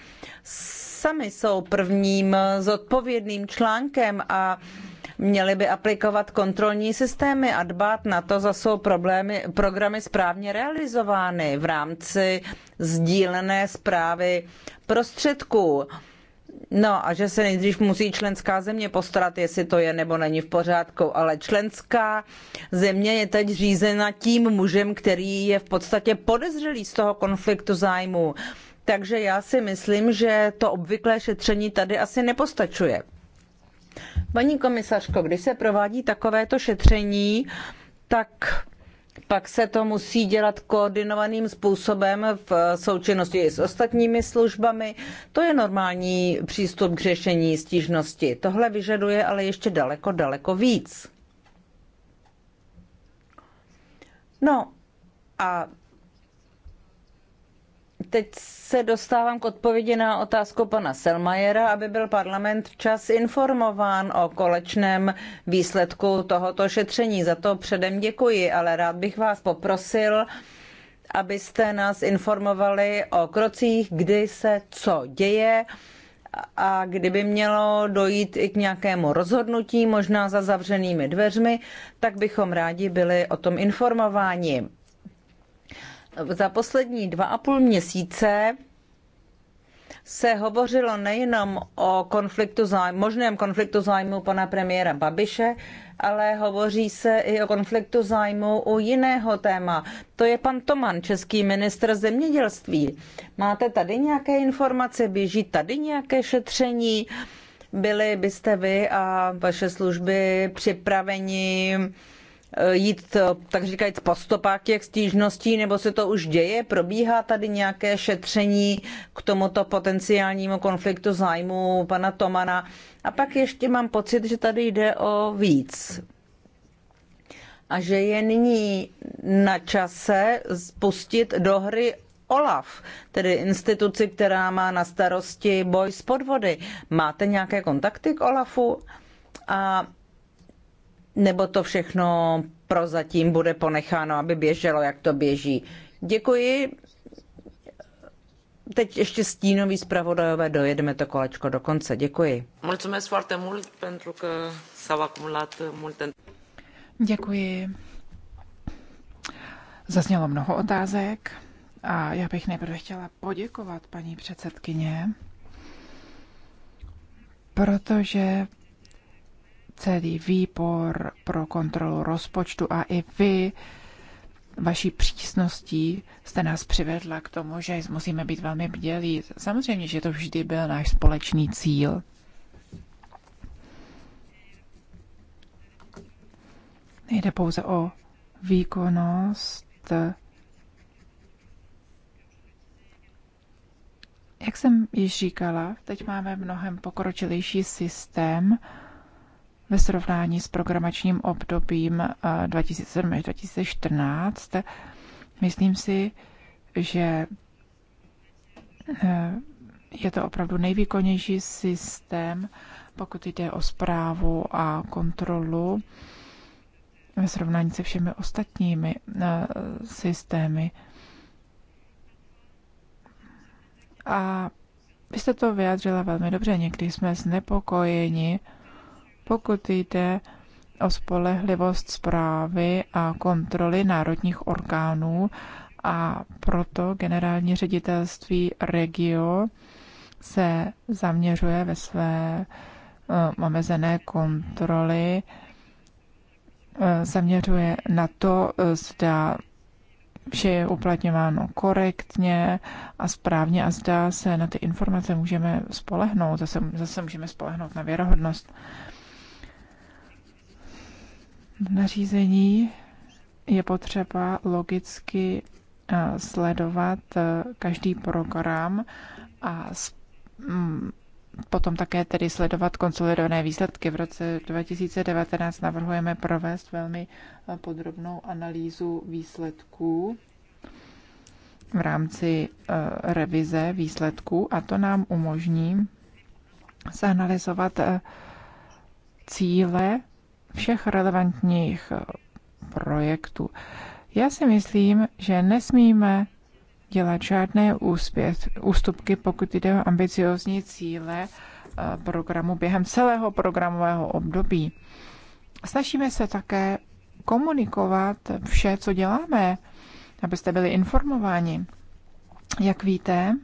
sami jsou prvním zodpovědným článkem a Měli by aplikovat kontrolní systémy a dbát na to, zda jsou problémy, programy správně realizovány v rámci sdílené zprávy prostředků. No a že se nejdřív musí členská země postarat, jestli to je nebo není v pořádku, ale členská země je teď řízena tím mužem, který je v podstatě podezřelý z toho konfliktu zájmu. Takže já si myslím, že to obvyklé šetření tady asi nepostačuje. Paní komisařko, když se provádí takovéto šetření, tak pak se to musí dělat koordinovaným způsobem v součinnosti s ostatními službami. To je normální přístup k řešení stížnosti. Tohle vyžaduje ale ještě daleko, daleko víc. No a teď se dostávám k odpovědi na otázku pana Selmajera, aby byl parlament včas informován o kolečném výsledku tohoto šetření. Za to předem děkuji, ale rád bych vás poprosil, abyste nás informovali o krocích, kdy se co děje a kdyby mělo dojít i k nějakému rozhodnutí, možná za zavřenými dveřmi, tak bychom rádi byli o tom informováni. Za poslední dva a půl měsíce se hovořilo nejenom o konfliktu zájmu, možném konfliktu zájmu pana premiéra Babiše, ale hovoří se i o konfliktu zájmu u jiného téma. To je pan Toman, český ministr zemědělství. Máte tady nějaké informace? Běží tady nějaké šetření? Byli byste vy a vaše služby připraveni Eh, jít, eh, tak říkajíc, po stopách těch stížností, nebo se to už děje? Probíhá tady nějaké šetření k tomuto potenciálnímu konfliktu zájmu pana Tomana? A pak ještě mám pocit, že tady jde o víc. A že je nyní na čase spustit do hry OLAF, tedy instituci, která má na starosti boj s podvody. Máte nějaké kontakty k OLAFu? A nebo to všechno prozatím bude ponecháno, aby běželo, jak to běží. Děkuji. Teď ještě stínový zpravodajové, dojedeme to kolečko do konce. Děkuji. s Děkuji. Zaznělo mnoho otázek a já bych nejprve chtěla poděkovat paní předsedkyně, protože celý výbor pro kontrolu rozpočtu a i vy vaší přísností jste nás přivedla k tomu, že musíme být velmi bdělí. Samozřejmě, že to vždy byl náš společný cíl. Nejde pouze o výkonnost. Jak jsem již říkala, teď máme mnohem pokročilejší systém, ve srovnání s programačním obdobím 2007 eh, až 2014. Myslím si, že eh, je to opravdu nejvýkonnější systém, pokud jde o zprávu a kontrolu ve srovnání se všemi ostatními eh, systémy. A vy jste to vyjádřila velmi dobře. Někdy jsme znepokojeni, pokud jde o spolehlivost zprávy a kontroly národních orgánů a proto generální ředitelství Regio se zaměřuje ve své eh, omezené kontroly, eh, zaměřuje na to, eh, zda vše je uplatňováno korektně a správně a zda se na ty informace můžeme spolehnout, zase, zase můžeme spolehnout na věrohodnost nařízení je potřeba logicky eh, sledovat eh, každý program a mm, potom také tedy sledovat konsolidované výsledky. V roce 2019 navrhujeme provést velmi eh, podrobnou analýzu výsledků v rámci revize výsledků a to nám umožní zanalizovat cíle všech relevantních eh, projektů. Já si myslím, že nesmíme dělat žádné úspěch, ústupky, pokud jde o ambiciozní cíle eh, programu během celého programového období. Snažíme se také komunikovat vše, co děláme, abyste byli informováni. Jak víte,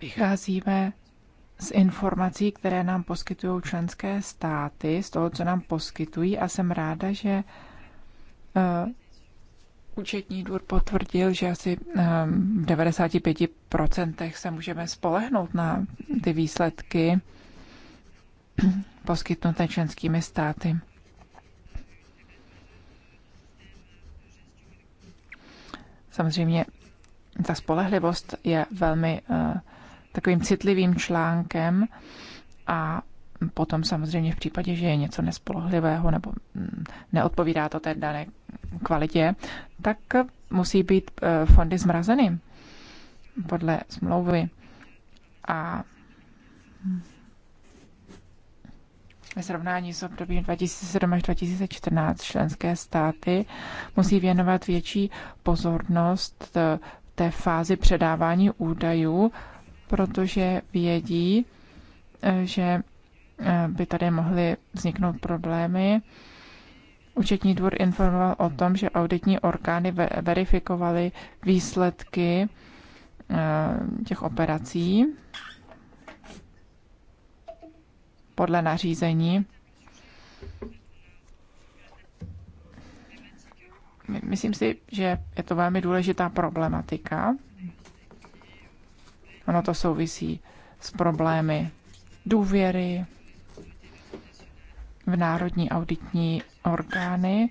Vycházíme z informací, které nám poskytují členské státy, z toho, co nám poskytují a jsem ráda, že uh, účetní dvůr potvrdil, že asi um, v 95% se můžeme spolehnout na ty výsledky poskytnuté členskými státy. Samozřejmě ta spolehlivost je velmi uh, takovým citlivým článkem a potom samozřejmě v případě, že je něco nespolehlivého nebo mm, neodpovídá to té dané kvalitě, tak musí být e, fondy zmrazeny podle smlouvy. A ve srovnání s obdobím 2007 až 2014 členské státy musí věnovat větší pozornost e, té fázi předávání údajů protože vědí, eh, že eh, by tady mohly vzniknout problémy. Účetní dvůr informoval o tom, že auditní orgány verifikovaly výsledky eh, těch operací podle nařízení. Myslím si, že je to velmi důležitá problematika Ono to souvisí s problémy důvěry v národní auditní orgány.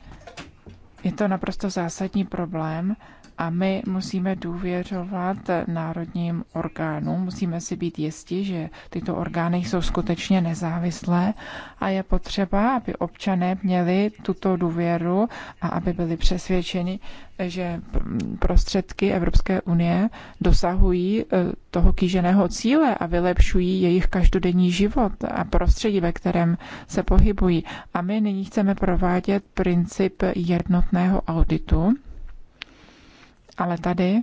Je to naprosto zásadní problém a my musíme důvěřovat národním orgánům. Musíme si být jisti, že tyto orgány jsou skutečně nezávislé a je potřeba, aby občané měli tuto důvěru a aby byli přesvědčeni, že prostředky Evropské unie dosahují eh, toho kýženého cíle a vylepšují jejich každodenní život a prostředí, ve kterém se pohybují. A my nyní chceme provádět princip jednotného auditu ale tady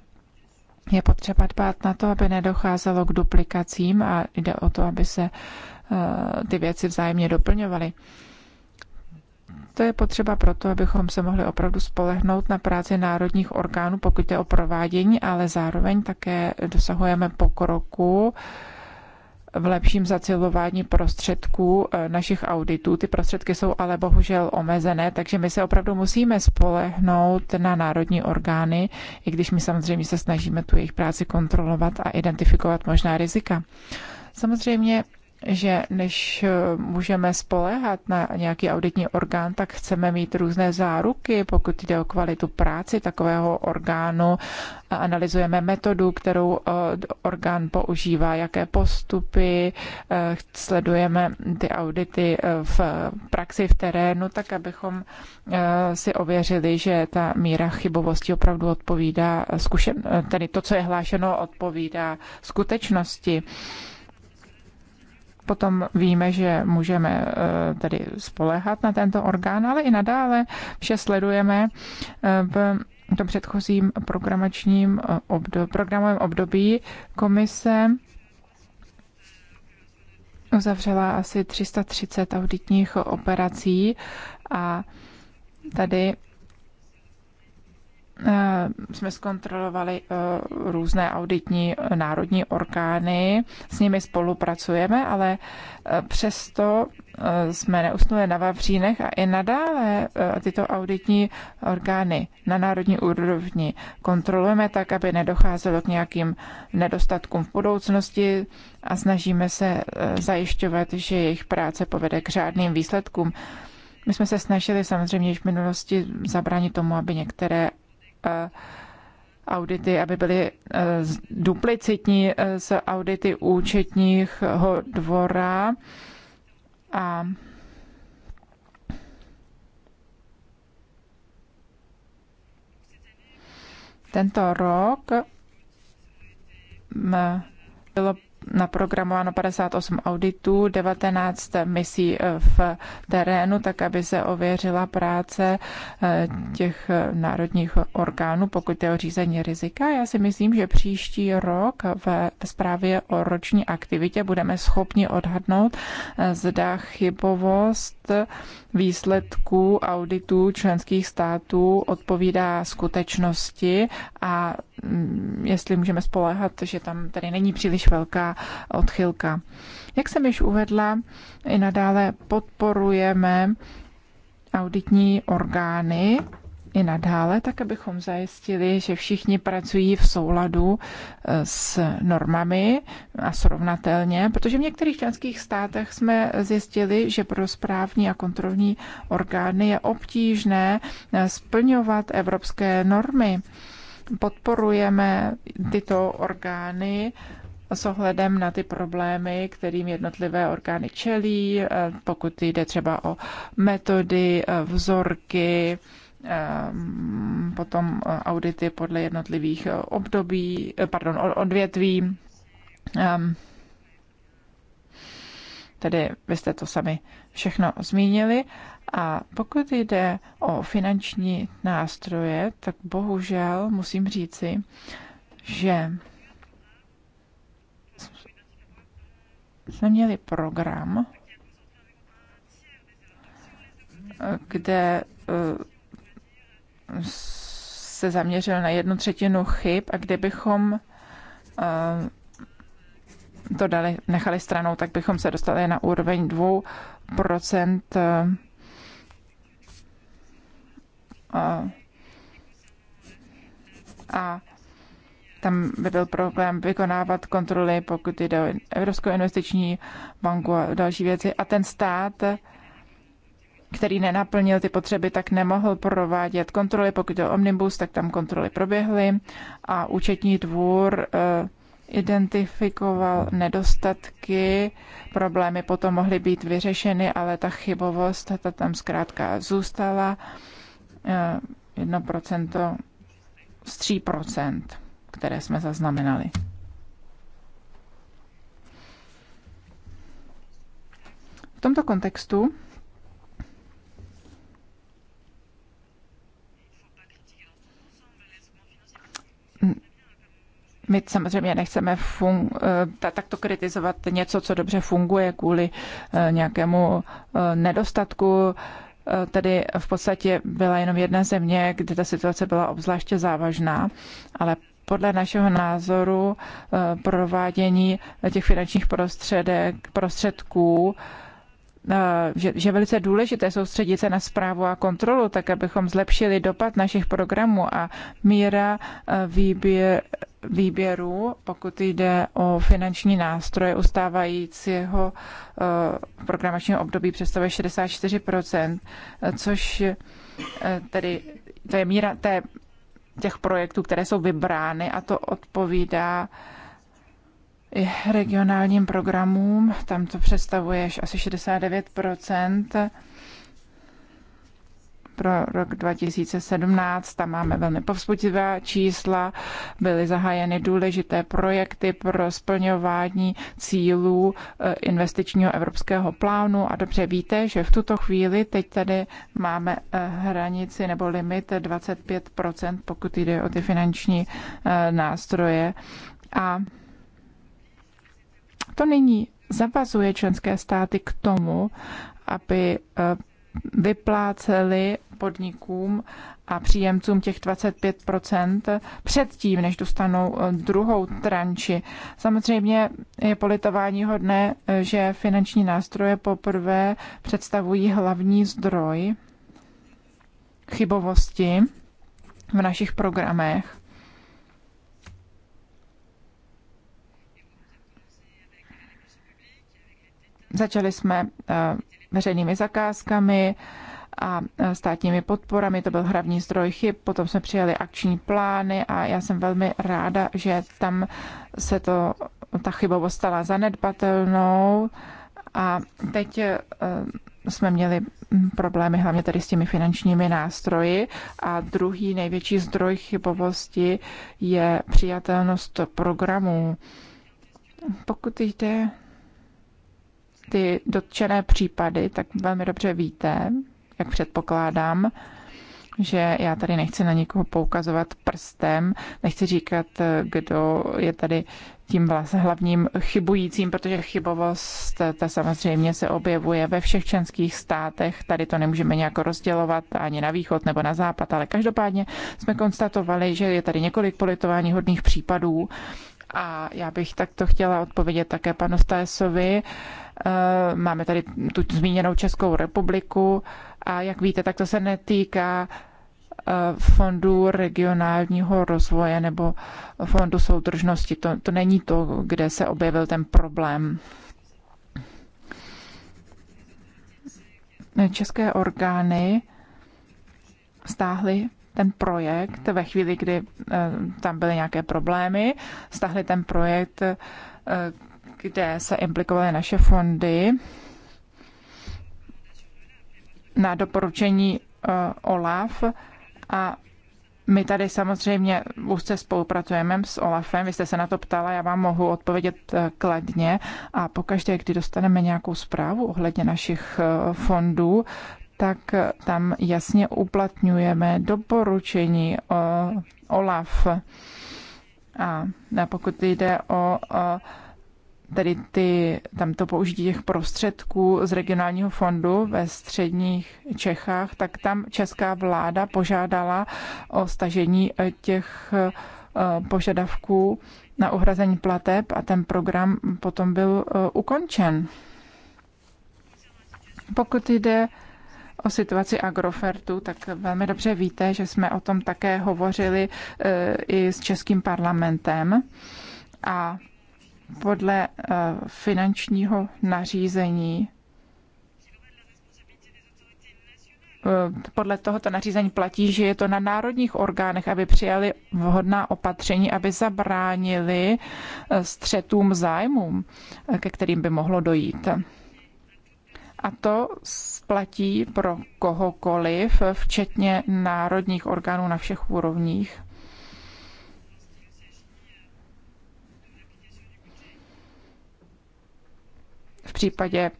je potřeba dbát na to, aby nedocházelo k duplikacím a jde o to, aby se eh, ty věci vzájemně doplňovaly. To je potřeba proto, abychom se mohli opravdu spolehnout na práci národních orgánů, pokud je o provádění, ale zároveň také dosahujeme pokroku v lepším zacilování prostředků eh, našich auditů. Ty prostředky jsou ale bohužel omezené, takže my se opravdu musíme spolehnout na národní orgány, i když my samozřejmě se snažíme tu jejich práci kontrolovat a identifikovat možná rizika. Samozřejmě že než eh, můžeme spoléhat na nějaký auditní orgán, tak chceme mít různé záruky, pokud jde o kvalitu práci takového orgánu. Analyzujeme metodu, kterou eh, orgán používá, jaké postupy, eh, sledujeme ty audity v praxi v terénu, tak abychom si ověřili, že ta míra chybovosti opravdu odpovídá, zkušen, tedy to, co je hlášeno, odpovídá skutečnosti potom víme, že můžeme eh, tedy spolehat na tento orgán, ale i nadále vše sledujeme eh, v tom předchozím programačním eh, obdob, programovém období komise uzavřela asi 330 auditních operací a tady Eh, jsme zkontrolovali eh, různé auditní eh, národní orgány, s nimi spolupracujeme, ale přesto jsme neusnuli na Vavřínech a i nadále tyto auditní orgány na národní úrovni kontrolujeme tak, aby nedocházelo k nějakým nedostatkům v budoucnosti a snažíme se zajišťovat, že jejich práce povede k řádným výsledkům. My jsme se snažili samozřejmě již v minulosti zabránit tomu, aby některé Eh, audity, aby byly eh, duplicitní s eh, audity účetního dvora. A tento rok mm, bylo naprogramováno 58 auditů, 19 misí eh, v terénu, tak aby se ověřila práce eh, těch eh, národních orgánů, pokud je o řízení rizika. Já si myslím, že příští rok ve zprávě o roční aktivitě budeme schopni odhadnout, zda chybovost výsledků auditů členských států odpovídá skutečnosti a mm, jestli můžeme spolehat, že tam tady není příliš velká odchylka. Jak jsem již uvedla, i nadále podporujeme auditní orgány i nadále, tak abychom zajistili, že všichni pracují v souladu eh, s normami a srovnatelně, protože v některých členských státech jsme zjistili, že pro správní a kontrolní orgány je obtížné eh, splňovat evropské normy. Podporujeme tyto orgány s ohledem na ty problémy, kterým jednotlivé orgány čelí, eh, pokud jde třeba o metody, vzorky, Ehm, potom eh, audity podle jednotlivých eh, období, eh, pardon, odvětví. Ehm, tedy vy jste to sami všechno zmínili. A pokud jde o finanční nástroje, tak bohužel musím říci, že jsme měli program, kde se zaměřil na jednu třetinu chyb a kdybychom eh, to dali, nechali stranou, tak bychom se dostali na úroveň 2% eh, eh, a, tam by byl problém vykonávat kontroly, pokud jde o Evropskou investiční banku a další věci. A ten stát který nenaplnil ty potřeby, tak nemohl provádět kontroly. Pokud to omnibus, tak tam kontroly proběhly a účetní dvůr eh, identifikoval nedostatky, problémy potom mohly být vyřešeny, ale ta chybovost ta tam zkrátka zůstala 1% eh, z 3%, které jsme zaznamenali. V tomto kontextu my samozřejmě nechceme fun- eh, takto kritizovat něco, co dobře funguje kvůli eh, nějakému eh, nedostatku. Tedy v podstatě byla jenom jedna země, kde ta situace byla obzvláště závažná, ale podle našeho názoru provádění těch finančních prostředek, prostředků Eh, že, že velice důležité soustředit se na zprávu a kontrolu, tak abychom zlepšili dopad našich programů a míra eh, výběr, výběru, pokud jde o finanční nástroje ustávajícího eh, programačního období, představuje 64%, což tedy to je míra té, těch projektů, které jsou vybrány a to odpovídá uh, i regionálním programům. Tam to představuje asi 69 pro rok 2017. Tam máme velmi povzbudivá čísla. Byly zahájeny důležité projekty pro splňování cílů eh, investičního evropského plánu. A dobře víte, že v tuto chvíli teď tady máme eh, hranici nebo limit 25 pokud jde o ty finanční eh, nástroje. A to nyní zavazuje členské státy k tomu, aby eh, vypláceli podnikům a příjemcům těch 25 předtím, než dostanou eh, druhou tranči. Samozřejmě je politování hodné, eh, že finanční nástroje poprvé představují hlavní zdroj chybovosti v našich programech. Začali jsme eh, veřejnými zakázkami a eh, státními podporami, to byl hlavní zdroj chyb, potom jsme přijali akční plány a já jsem velmi ráda, že tam se to, ta chybovost stala zanedbatelnou a teď eh, jsme měli hm, problémy hlavně tady s těmi finančními nástroji a druhý největší zdroj chybovosti je přijatelnost programů. Pokud jde ty dotčené případy, tak velmi dobře víte, jak předpokládám, že já tady nechci na někoho poukazovat prstem, nechci říkat, kdo je tady tím vlastně hlavním chybujícím, protože chybovost ta samozřejmě se objevuje ve všech členských státech. Tady to nemůžeme nějak rozdělovat ani na východ nebo na západ, ale každopádně jsme konstatovali, že je tady několik politování hodných případů a já bych takto chtěla odpovědět také panu Stajesovi Eh, máme tady tu zmíněnou Českou republiku a jak víte, tak to se netýká eh, fondu regionálního rozvoje nebo fondu soudržnosti. To, to není to, kde se objevil ten problém. České orgány stáhly ten projekt ve chvíli, kdy eh, tam byly nějaké problémy, stáhly ten projekt kde se implikovaly naše fondy na doporučení eh, OLAF a my tady samozřejmě úzce spolupracujeme s Olafem, vy jste se na to ptala, já vám mohu odpovědět eh, kladně a pokaždé, kdy dostaneme nějakou zprávu ohledně našich eh, fondů, tak tam jasně uplatňujeme doporučení Olaf. A pokud jde o tedy ty, tam to použití těch prostředků z regionálního fondu ve středních Čechách, tak tam česká vláda požádala o stažení eh, těch eh, požadavků na uhrazení plateb a ten program potom byl eh, ukončen. Pokud jde o situaci Agrofertu, tak velmi dobře víte, že jsme o tom také hovořili i s českým parlamentem. A podle eh, finančního nařízení eh, podle tohoto nařízení platí, že je to na národních orgánech, aby přijali vhodná opatření, aby zabránili eh, střetům zájmům, ke kterým by mohlo dojít. A to platí pro kohokoliv, včetně národních orgánů na všech úrovních. v případě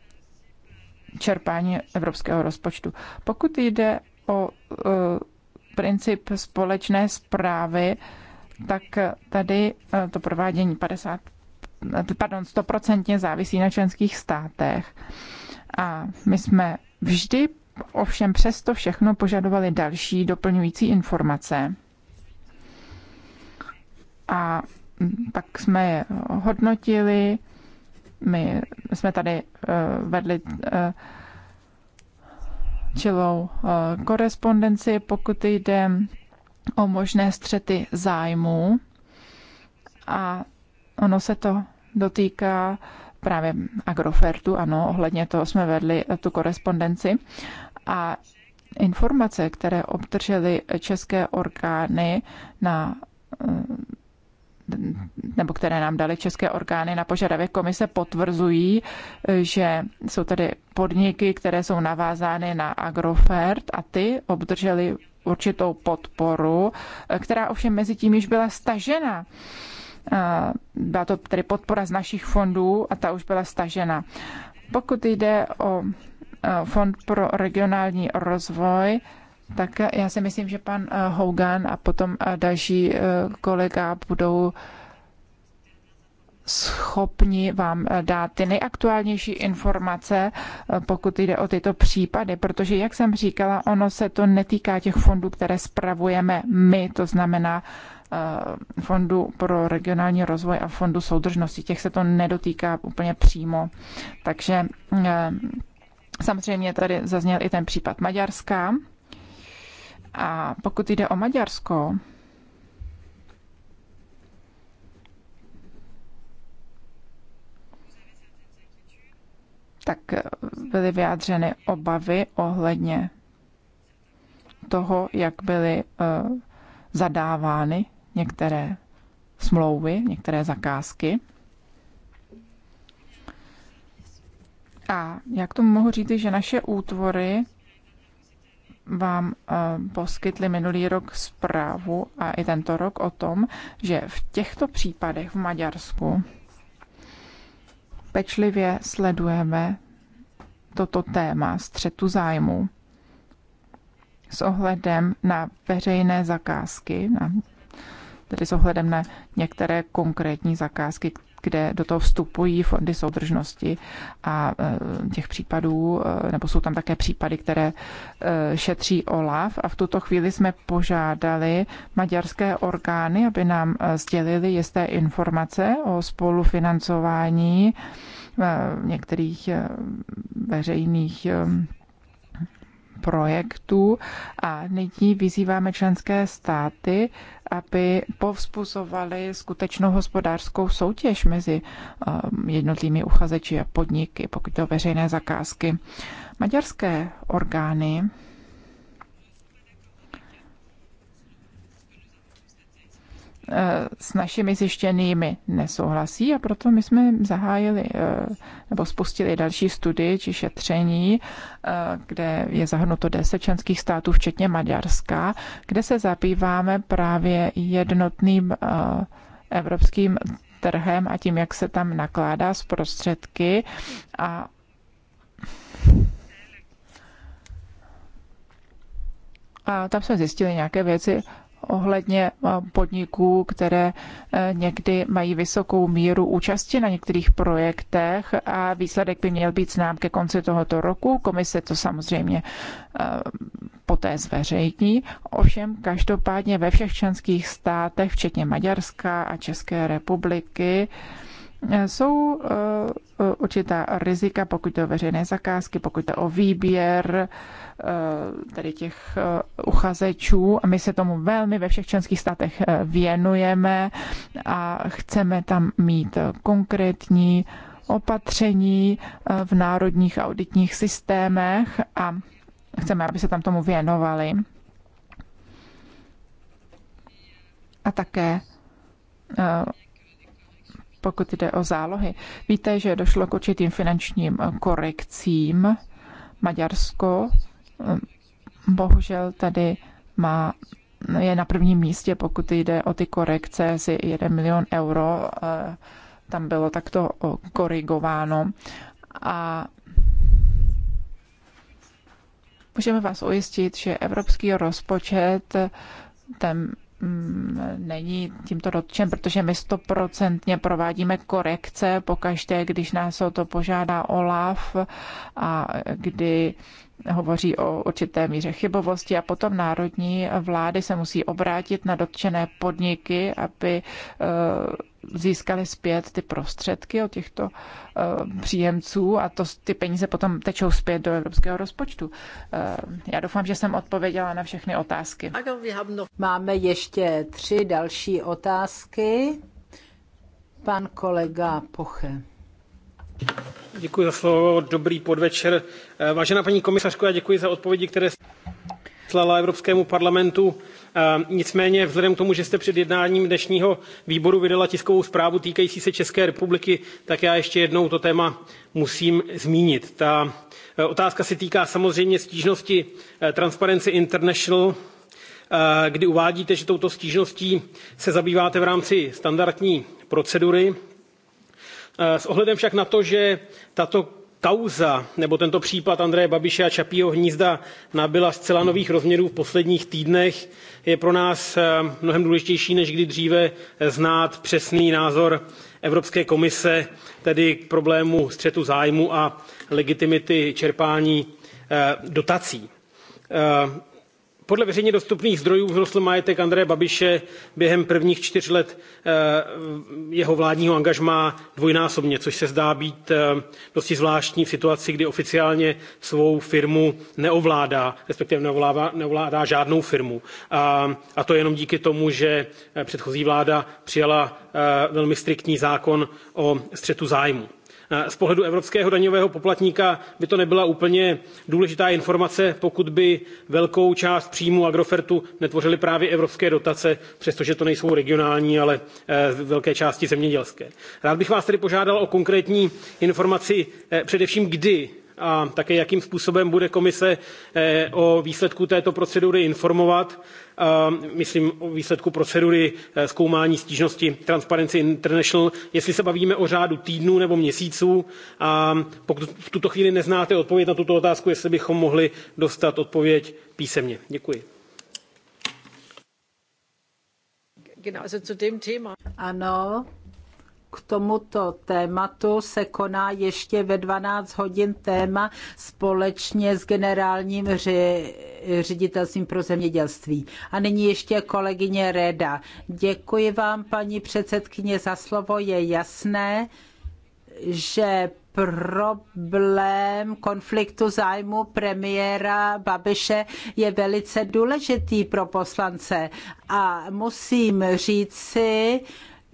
čerpání evropského rozpočtu. Pokud jde o e, princip společné zprávy, tak tady e, to provádění 50, e, pardon, 100% závisí na členských státech. A my jsme vždy ovšem přesto všechno požadovali další doplňující informace. A pak jsme je hodnotili my jsme tady eh, vedli eh, čilou eh, korespondenci, pokud jde o možné střety zájmů. A ono se to dotýká právě Agrofertu, ano, ohledně toho jsme vedli tu korespondenci. A informace, které obdržely české orgány na nebo které nám dali české orgány na požadavek komise, potvrzují, že jsou tady podniky, které jsou navázány na Agrofert a ty obdržely určitou podporu, která ovšem mezi tím již byla stažena. Byla to tedy podpora z našich fondů a ta už byla stažena. Pokud jde o Fond pro regionální rozvoj, tak já si myslím, že pan eh, Hogan a potom eh, další eh, kolega budou schopni vám dát ty nejaktuálnější informace, pokud jde o tyto případy, protože, jak jsem říkala, ono se to netýká těch fondů, které spravujeme my, to znamená Fondu pro regionální rozvoj a Fondu soudržnosti. Těch se to nedotýká úplně přímo. Takže samozřejmě tady zazněl i ten případ Maďarska. A pokud jde o Maďarsko, tak byly vyjádřeny obavy ohledně toho, jak byly uh, zadávány některé smlouvy, některé zakázky. A jak tomu mohu říct, že naše útvory vám eh, poskytli minulý rok zprávu a i tento rok o tom, že v těchto případech v Maďarsku pečlivě sledujeme toto téma střetu zájmu s ohledem na veřejné zakázky, na, tedy s ohledem na některé konkrétní zakázky, kde do toho vstupují fondy soudržnosti a e, těch případů, e, nebo jsou tam také případy, které e, šetří OLAF a v tuto chvíli jsme požádali maďarské orgány, aby nám sdělili jisté informace o spolufinancování některých veřejných projektů a nyní vyzýváme členské státy, aby povzbuzovali skutečnou hospodářskou soutěž mezi um, jednotlivými uchazeči a podniky, pokud to veřejné zakázky. Maďarské orgány s našimi zjištěnými nesouhlasí a proto my jsme zahájili eh, nebo spustili další studii či šetření, eh, kde je zahrnuto deset členských států, včetně Maďarska, kde se zabýváme právě jednotným eh, evropským trhem a tím, jak se tam nakládá z prostředky a a tam jsme zjistili nějaké věci ohledně eh, podniků, které eh, někdy mají vysokou míru účasti na některých projektech a výsledek by měl být znám ke konci tohoto roku. Komise to samozřejmě eh, poté zveřejní. Ovšem každopádně ve všech členských státech, včetně Maďarska a České republiky, jsou eh, eh, určitá rizika, pokud to o veřejné zakázky, pokud to o výběr eh, tady těch uchazečů a my se tomu velmi ve všech členských státech věnujeme a chceme tam mít konkrétní opatření v národních auditních systémech a chceme, aby se tam tomu věnovali. A také pokud jde o zálohy. Víte, že došlo k určitým finančním eh, korekcím. Maďarsko eh, bohužel tady má je na prvním místě, pokud jde o ty korekce, asi 1 milion euro eh, tam bylo takto korigováno. A můžeme vás ujistit, že evropský rozpočet ten Mm, není tímto dotčen, protože my stoprocentně provádíme korekce pokaždé, když nás o to požádá OLAF a kdy hovoří o určité míře chybovosti a potom národní vlády se musí obrátit na dotčené podniky, aby eh, získali zpět ty prostředky od těchto uh, příjemců a to, ty peníze potom tečou zpět do evropského rozpočtu. Uh, já doufám, že jsem odpověděla na všechny otázky. No- Máme ještě tři další otázky. Pan kolega Poche. Děkuji za slovo, dobrý podvečer. Eh, vážená paní komisařko, já děkuji za odpovědi, které jste Evropskému parlamentu Eh, nicméně vzhledem k tomu, že jste před jednáním dnešního výboru vydala tiskovou zprávu týkající se České republiky, tak já ještě jednou to téma musím zmínit. Ta eh, otázka se týká samozřejmě stížnosti eh, Transparency International, kdy uvádíte, že touto stížností se zabýváte v rámci standardní procedury. S ohledem však na to, že tato kauza nebo tento případ Andreje Babiše a Čapího hnízda nabyla zcela nových rozměrů v posledních týdnech, je pro nás eh, mnohem důležitější než kdy dříve znát přesný názor Evropské komise, tedy k problému střetu zájmu a legitimity čerpání eh, dotací eh, podle veřejně dostupných zdrojů vzrostl majetek Andreje Babiše během prvních čtyř let eh, jeho vládního angažmá dvojnásobně, což se zdá být eh, dosti zvláštní v situaci, kdy oficiálně svou firmu neovládá, respektive neovládá, neovládá žádnou firmu. A, a to jenom díky tomu, že eh, předchozí vláda přijala velmi striktní zákon o střetu zájmů. Z pohledu evropského daňového poplatníka by to nebyla úplně důležitá informace, pokud by velkou část příjmu Agrofertu netvořily právě evropské dotace, přestože to nejsou regionální, ale eh, v velké části zemědělské. Rád bych vás tedy požádal o konkrétní informaci eh, především kdy a také jakým způsobem bude komise eh, o výsledku této procedury informovat, myslím o výsledku procedury eh, zkoumání stížnosti Transparency International, jestli se bavíme o řádu týdnů nebo měsíců a pokud v tuto chvíli neznáte odpověď na tuto otázku, jestli bychom mohli dostat odpověď písemně. Děkuji. Ano, k tomuto tématu se koná ještě ve 12 hodin téma společně s generálním ři, ředitelstvím pro zemědělství. A nyní ještě kolegyně Reda. Děkuji vám, paní předsedkyně, za slovo. Je jasné, že problém konfliktu zájmu premiéra Babiše je velice důležitý pro poslance. A musím říci,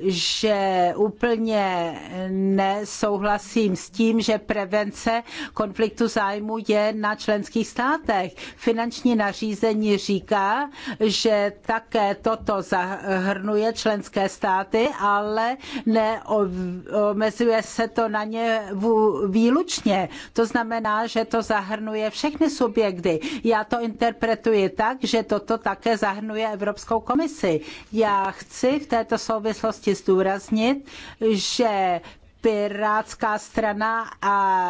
že úplně nesouhlasím s tím, že prevence konfliktu zájmu je na členských státech. Finanční nařízení říká, že také toto zahrnuje členské státy, ale neomezuje se to na ně výlučně. To znamená, že to zahrnuje všechny subjekty. Já to interpretuji tak, že toto také zahrnuje Evropskou komisi. Já chci v této souvislosti ještě zdůraznit, že Pirátská strana a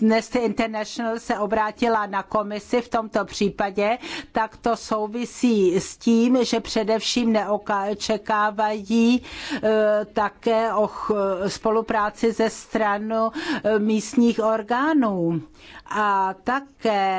Nesty International se obrátila na komisi v tomto případě, tak to souvisí s tím, že především neočekávají eh, také o spolupráci ze stranu eh, místních orgánů. A také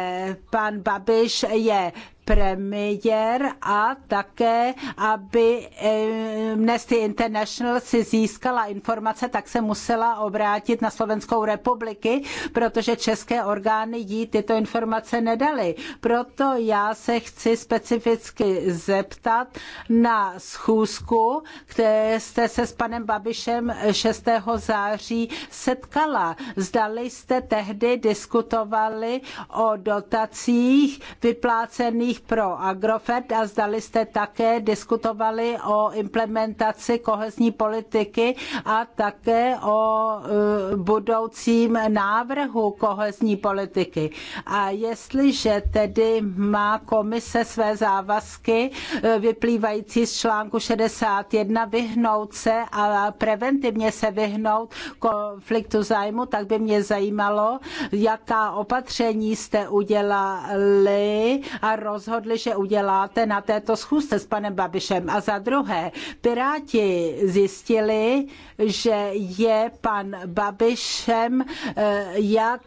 pan Babiš je premiér a také, aby eh, Amnesty International si získala informace, tak se musela obrátit na Slovenskou republiky, protože české orgány jí tyto informace nedaly. Proto já se chci specificky zeptat na schůzku, které jste se s panem Babišem 6. září setkala. Zdali jste tehdy diskutovali o dotacích vyplácených jednáních pro Agrofert a zdali jste také diskutovali o implementaci kohezní politiky a také o e, budoucím návrhu kohezní politiky. A jestliže tedy má komise své závazky e, vyplývající z článku 61 vyhnout se a preventivně se vyhnout konfliktu zájmu, tak by mě zajímalo, jaká opatření jste udělali a roz rozhodli, že uděláte na této schůzce s panem Babišem. A za druhé, Piráti zjistili, že je pan Babišem eh, jak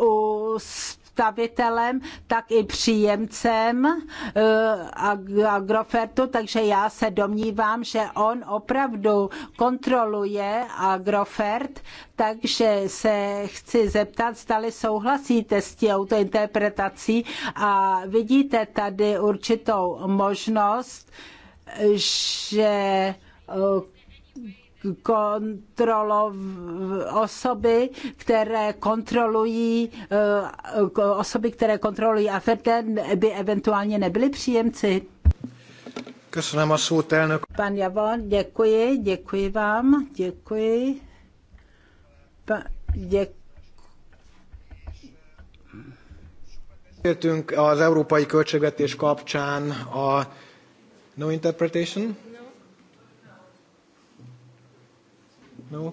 u stavitelem, tak i příjemcem eh, Agrofertu, takže já se domnívám, že on opravdu kontroluje Agrofert, takže se chci zeptat, zdali souhlasíte s touto interpretací a vidíte tady určitou možnost, že eh, kontrolov, osoby, které kontrolují eh, osoby, které kontrolují Aferten, by eventuálně nebyly příjemci? Pan Javon, děkuji, děkuji vám, děkuji. Pa, děkuji. Beszéltünk az európai költségvetés kapcsán a no interpretation. No?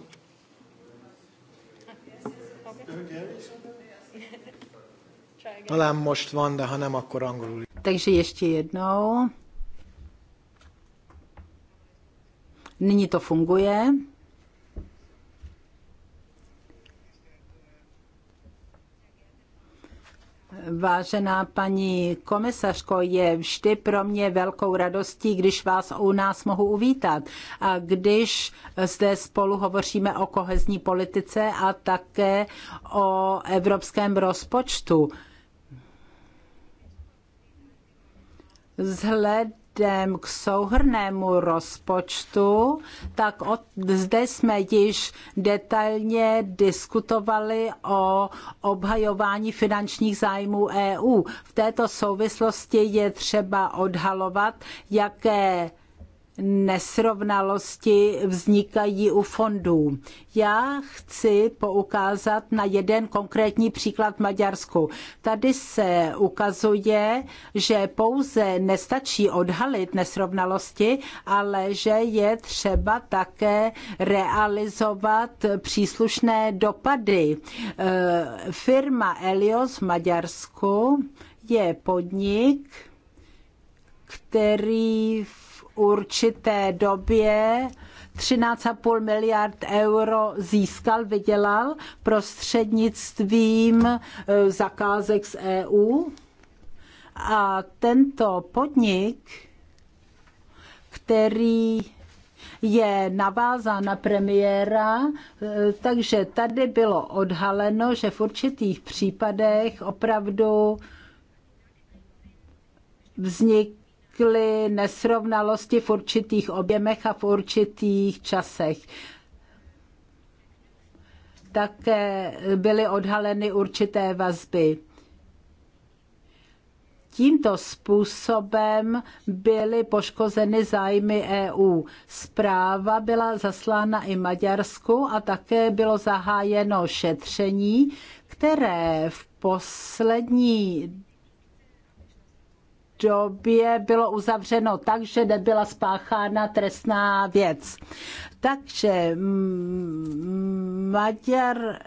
Talán most van, de ha nem, akkor angolul. Takže ještě jednou. Nyní to funguje. Vážená paní komisařko, je vždy pro mě velkou radostí, když vás u nás mohu uvítat a když zde spolu hovoříme o kohezní politice a také o evropském rozpočtu. Vzhled vzhledem k souhrnému rozpočtu, tak od, zde jsme již detailně diskutovali o obhajování finančních zájmů EU. V této souvislosti je třeba odhalovat, jaké nesrovnalosti vznikají u fondů. Já chci poukázat na jeden konkrétní příklad v Maďarsku. Tady se ukazuje, že pouze nestačí odhalit nesrovnalosti, ale že je třeba také realizovat příslušné dopady. E, firma Elios v Maďarsku je podnik, který v určité době 13,5 miliard euro získal, vydělal prostřednictvím eh, zakázek z EU. A tento podnik, který je navázán na premiéra, eh, takže tady bylo odhaleno, že v určitých případech opravdu vznik vznikly nesrovnalosti v určitých objemech a v určitých časech. Také byly odhaleny určité vazby tímto způsobem byly poškozeny zájmy EU. Zpráva byla zaslána i Maďarsku a také bylo zahájeno šetření, které v poslední době bylo uzavřeno tak, že nebyla spáchána trestná věc. Takže Maďarsko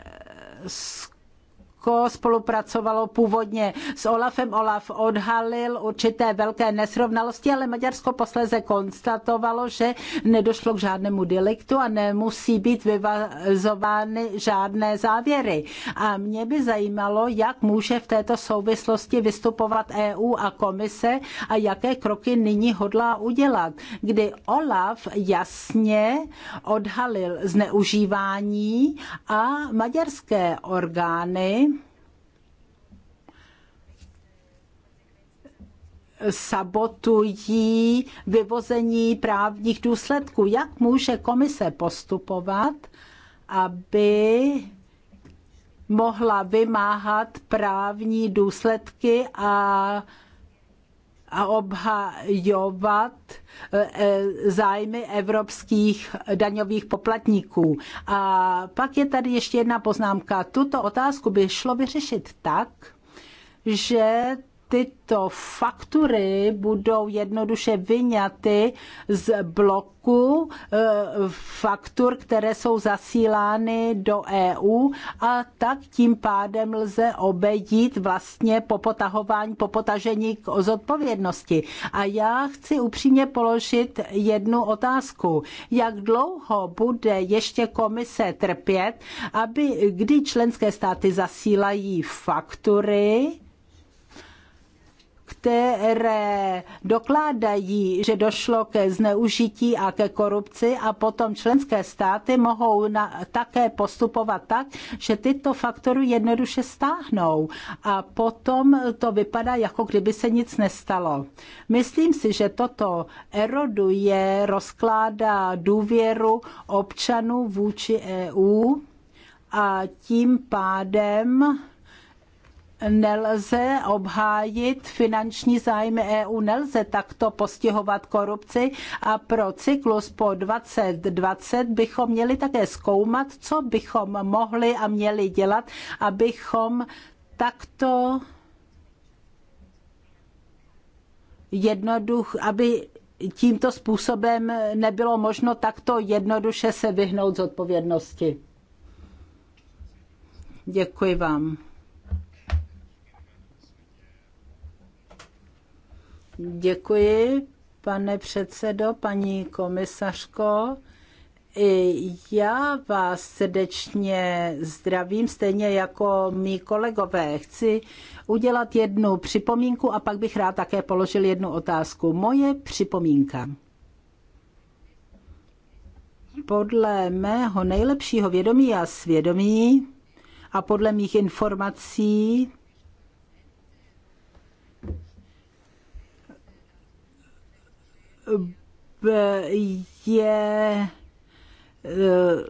Rusko spolupracovalo původně s Olafem. Olaf odhalil určité velké nesrovnalosti, ale Maďarsko posléze konstatovalo, že nedošlo k žádnému deliktu a nemusí být vyvazovány žádné závěry. A mě by zajímalo, jak může v této souvislosti vystupovat EU a komise a jaké kroky nyní hodlá udělat, kdy Olaf jasně odhalil zneužívání a maďarské orgány sabotují vyvození právních důsledků. Jak může komise postupovat, aby mohla vymáhat právní důsledky a, a obhajovat e, zájmy evropských daňových poplatníků. A pak je tady ještě jedna poznámka. Tuto otázku by šlo vyřešit tak, že tyto faktury budou jednoduše vyňaty z bloku e, faktur, které jsou zasílány do EU a tak tím pádem lze obejít vlastně popotahování, popotažení k zodpovědnosti. A já chci upřímně položit jednu otázku. Jak dlouho bude ještě komise trpět, aby kdy členské státy zasílají faktury, které dokládají, že došlo ke zneužití a ke korupci a potom členské státy mohou na, také postupovat tak, že tyto faktory jednoduše stáhnou a potom to vypadá, jako kdyby se nic nestalo. Myslím si, že toto eroduje, rozkládá důvěru občanů vůči EU a tím pádem nelze obhájit finanční zájmy EU, nelze takto postihovat korupci a pro cyklus po 2020 bychom měli také zkoumat, co bychom mohli a měli dělat, abychom takto jednoduch, aby tímto způsobem nebylo možno takto jednoduše se vyhnout z odpovědnosti. Děkuji vám. Děkuji, pane předsedo, paní komisařko. I já vás srdečně zdravím, stejně jako mý kolegové. Chci udělat jednu připomínku a pak bych rád také položil jednu otázku. Moje připomínka. Podle mého nejlepšího vědomí a svědomí a podle mých informací je eh,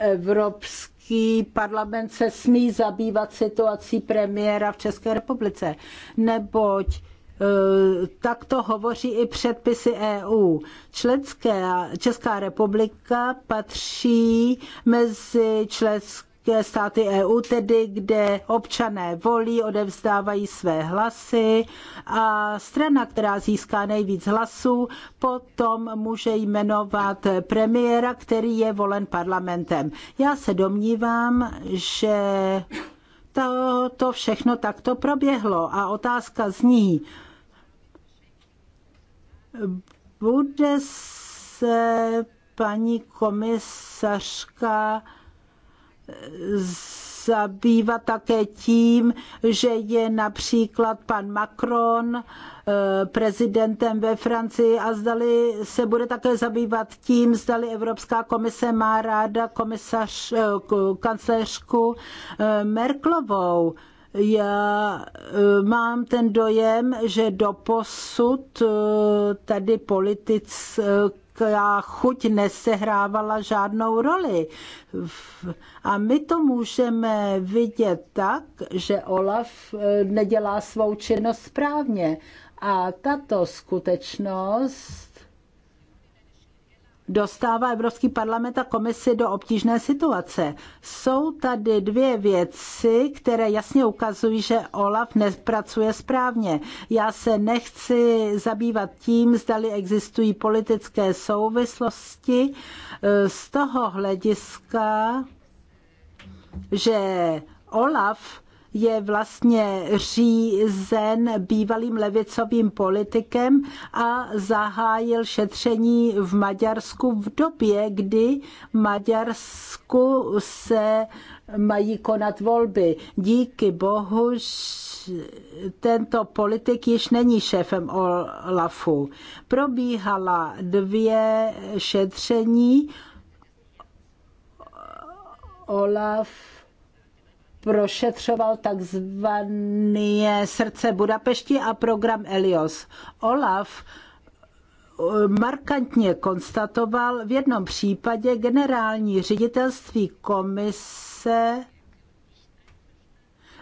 Evropský parlament se smí zabývat situací premiéra v České republice, neboť eh, tak to hovoří i předpisy EU. Členské, Česká republika patří mezi členské státy EU, tedy kde občané volí, odevzdávají své hlasy a strana, která získá nejvíc hlasů, potom může jmenovat premiéra, který je volen parlamentem. Já se domnívám, že to, to všechno takto proběhlo a otázka zní, bude se paní komisařka zabývat také tím, že je například pan Macron eh, prezidentem ve Francii a zdali se bude také zabývat tím, zdali Evropská komise má ráda komisař, eh, kancléřku eh, Merklovou. Já mám ten dojem, že doposud tady politická ta chuť nesehrávala žádnou roli. A my to můžeme vidět tak, že Olaf eh, nedělá svou činnost správně. A tato skutečnost dostává Evropský parlament a komisi do obtížné situace. Jsou tady dvě věci, které jasně ukazují, že Olaf nepracuje správně. Já se nechci zabývat tím, zdali existují politické souvislosti eh, z toho hlediska, že Olaf je vlastně řízen bývalým levicovým politikem a zahájil šetření v Maďarsku v době, kdy Maďarsku se mají konat volby. Díky bohu tento politik již není šéfem Olafu. Probíhala dvě šetření. Olaf prošetřoval takzvané srdce Budapešti a program Elios. Olaf eh, markantně konstatoval v jednom případě generální ředitelství komise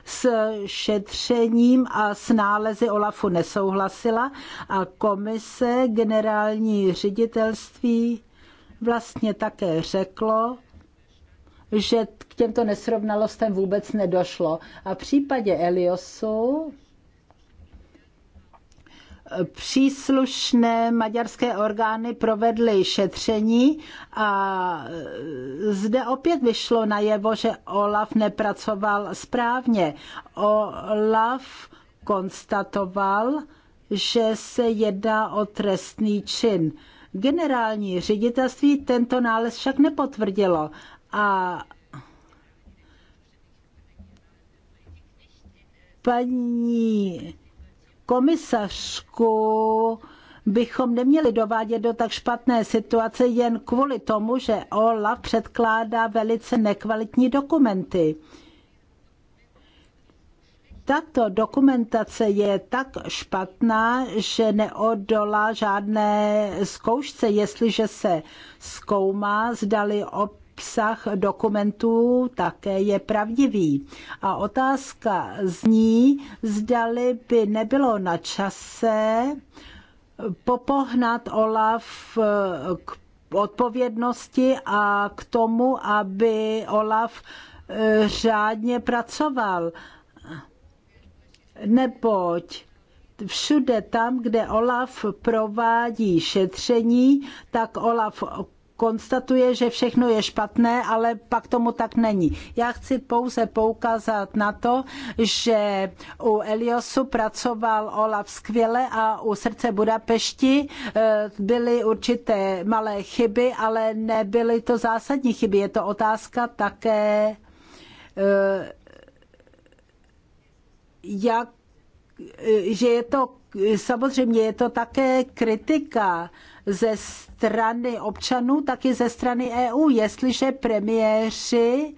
s šetřením a s nálezy Olafu nesouhlasila a komise generální ředitelství vlastně také řeklo, že k těmto nesrovnalostem vůbec nedošlo. A v případě Eliosu příslušné maďarské orgány provedly šetření a e, zde opět vyšlo najevo, že Olaf nepracoval správně. Olaf konstatoval, že se jedná o trestný čin. Generální ředitelství tento nález však nepotvrdilo a paní komisařku bychom neměli dovádět do tak špatné situace jen kvůli tomu, že OLAF předkládá velice nekvalitní dokumenty. Tato dokumentace je tak špatná, že neodolá žádné zkoušce, jestliže se zkoumá, zdali op obsah dokumentů také je pravdivý. A otázka zní, zdali by nebylo na čase popohnat Olaf k odpovědnosti a k tomu, aby Olaf eh, řádně pracoval. Neboť všude tam, kde Olaf provádí šetření, tak Olaf konstatuje, že všechno je špatné, ale pak tomu tak není. Já chci pouze poukázat na to, že u Eliosu pracoval Olaf skvěle a u srdce Budapešti eh, byly určité malé chyby, ale nebyly to zásadní chyby. Je to otázka také, eh, jak, že je to, samozřejmě je to také kritika ze strany občanů, tak i ze strany EU, jestliže premiéři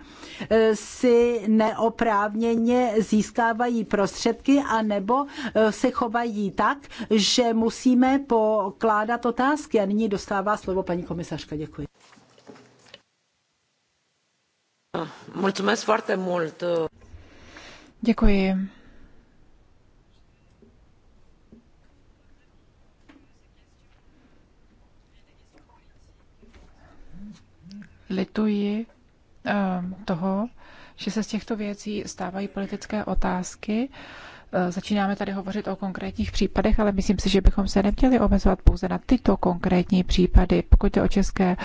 e, si neoprávněně získávají prostředky a nebo e, se chovají tak, že musíme pokládat otázky. A nyní dostává slovo paní komisařka. Děkuji. Děkuji. lituji ehm, toho, že se z těchto věcí stávají politické otázky. Eh, začínáme tady hovořit o konkrétních případech, ale myslím si, že bychom se neměli omezovat pouze na tyto konkrétní případy. Pokud je o České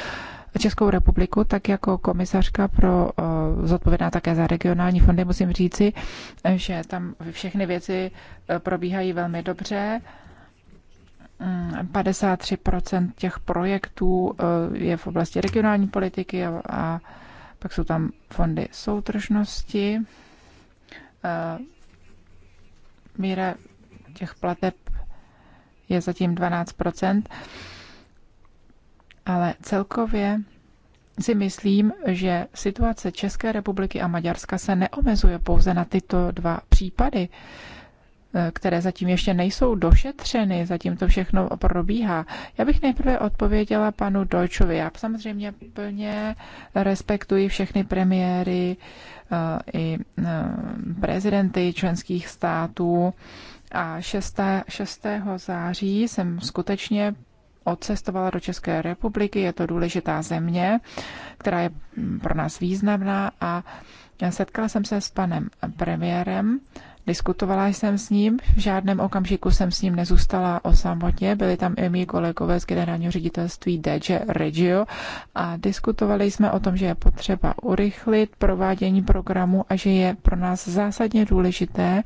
Českou republiku, tak jako komisařka pro eh, zodpovědná také za regionální fondy musím říci, že tam všechny věci eh, probíhají velmi dobře 53 těch projektů eh, je v oblasti regionální politiky a, a pak jsou tam fondy soutržnosti. Eh, míra těch plateb je zatím 12 ale celkově si myslím, že situace České republiky a Maďarska se neomezuje pouze na tyto dva případy které zatím ještě nejsou došetřeny, zatím to všechno probíhá. Já bych nejprve odpověděla panu Dojčovi. Já samozřejmě plně respektuji všechny premiéry eh, i eh, prezidenty členských států a 6. 6. září jsem skutečně odcestovala do České republiky. Je to důležitá země, která je pro nás významná a setkala jsem se s panem premiérem Diskutovala jsem s ním, v žádném okamžiku jsem s ním nezůstala o samotě, byli tam i mý kolegové z generálního ředitelství DG Regio a diskutovali jsme o tom, že je potřeba urychlit provádění programu a že je pro nás zásadně důležité,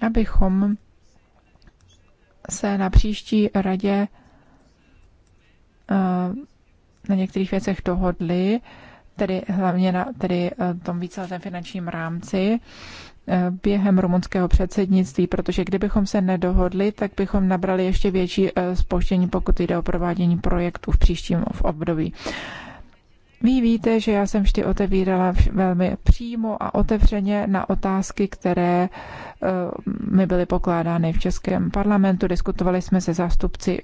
abychom se na příští radě eh, na některých věcech dohodli, tedy hlavně na tedy eh, tom víceletém finančním rámci. Eh, během rumunského předsednictví, protože kdybychom se nedohodli, tak bychom nabrali ještě větší spoštění, eh, pokud jde o provádění projektů v příštím v období. Vy víte, že já jsem vždy otevírala velmi přímo a otevřeně na otázky, které eh, mi byly pokládány v Českém parlamentu. Diskutovali jsme se zástupci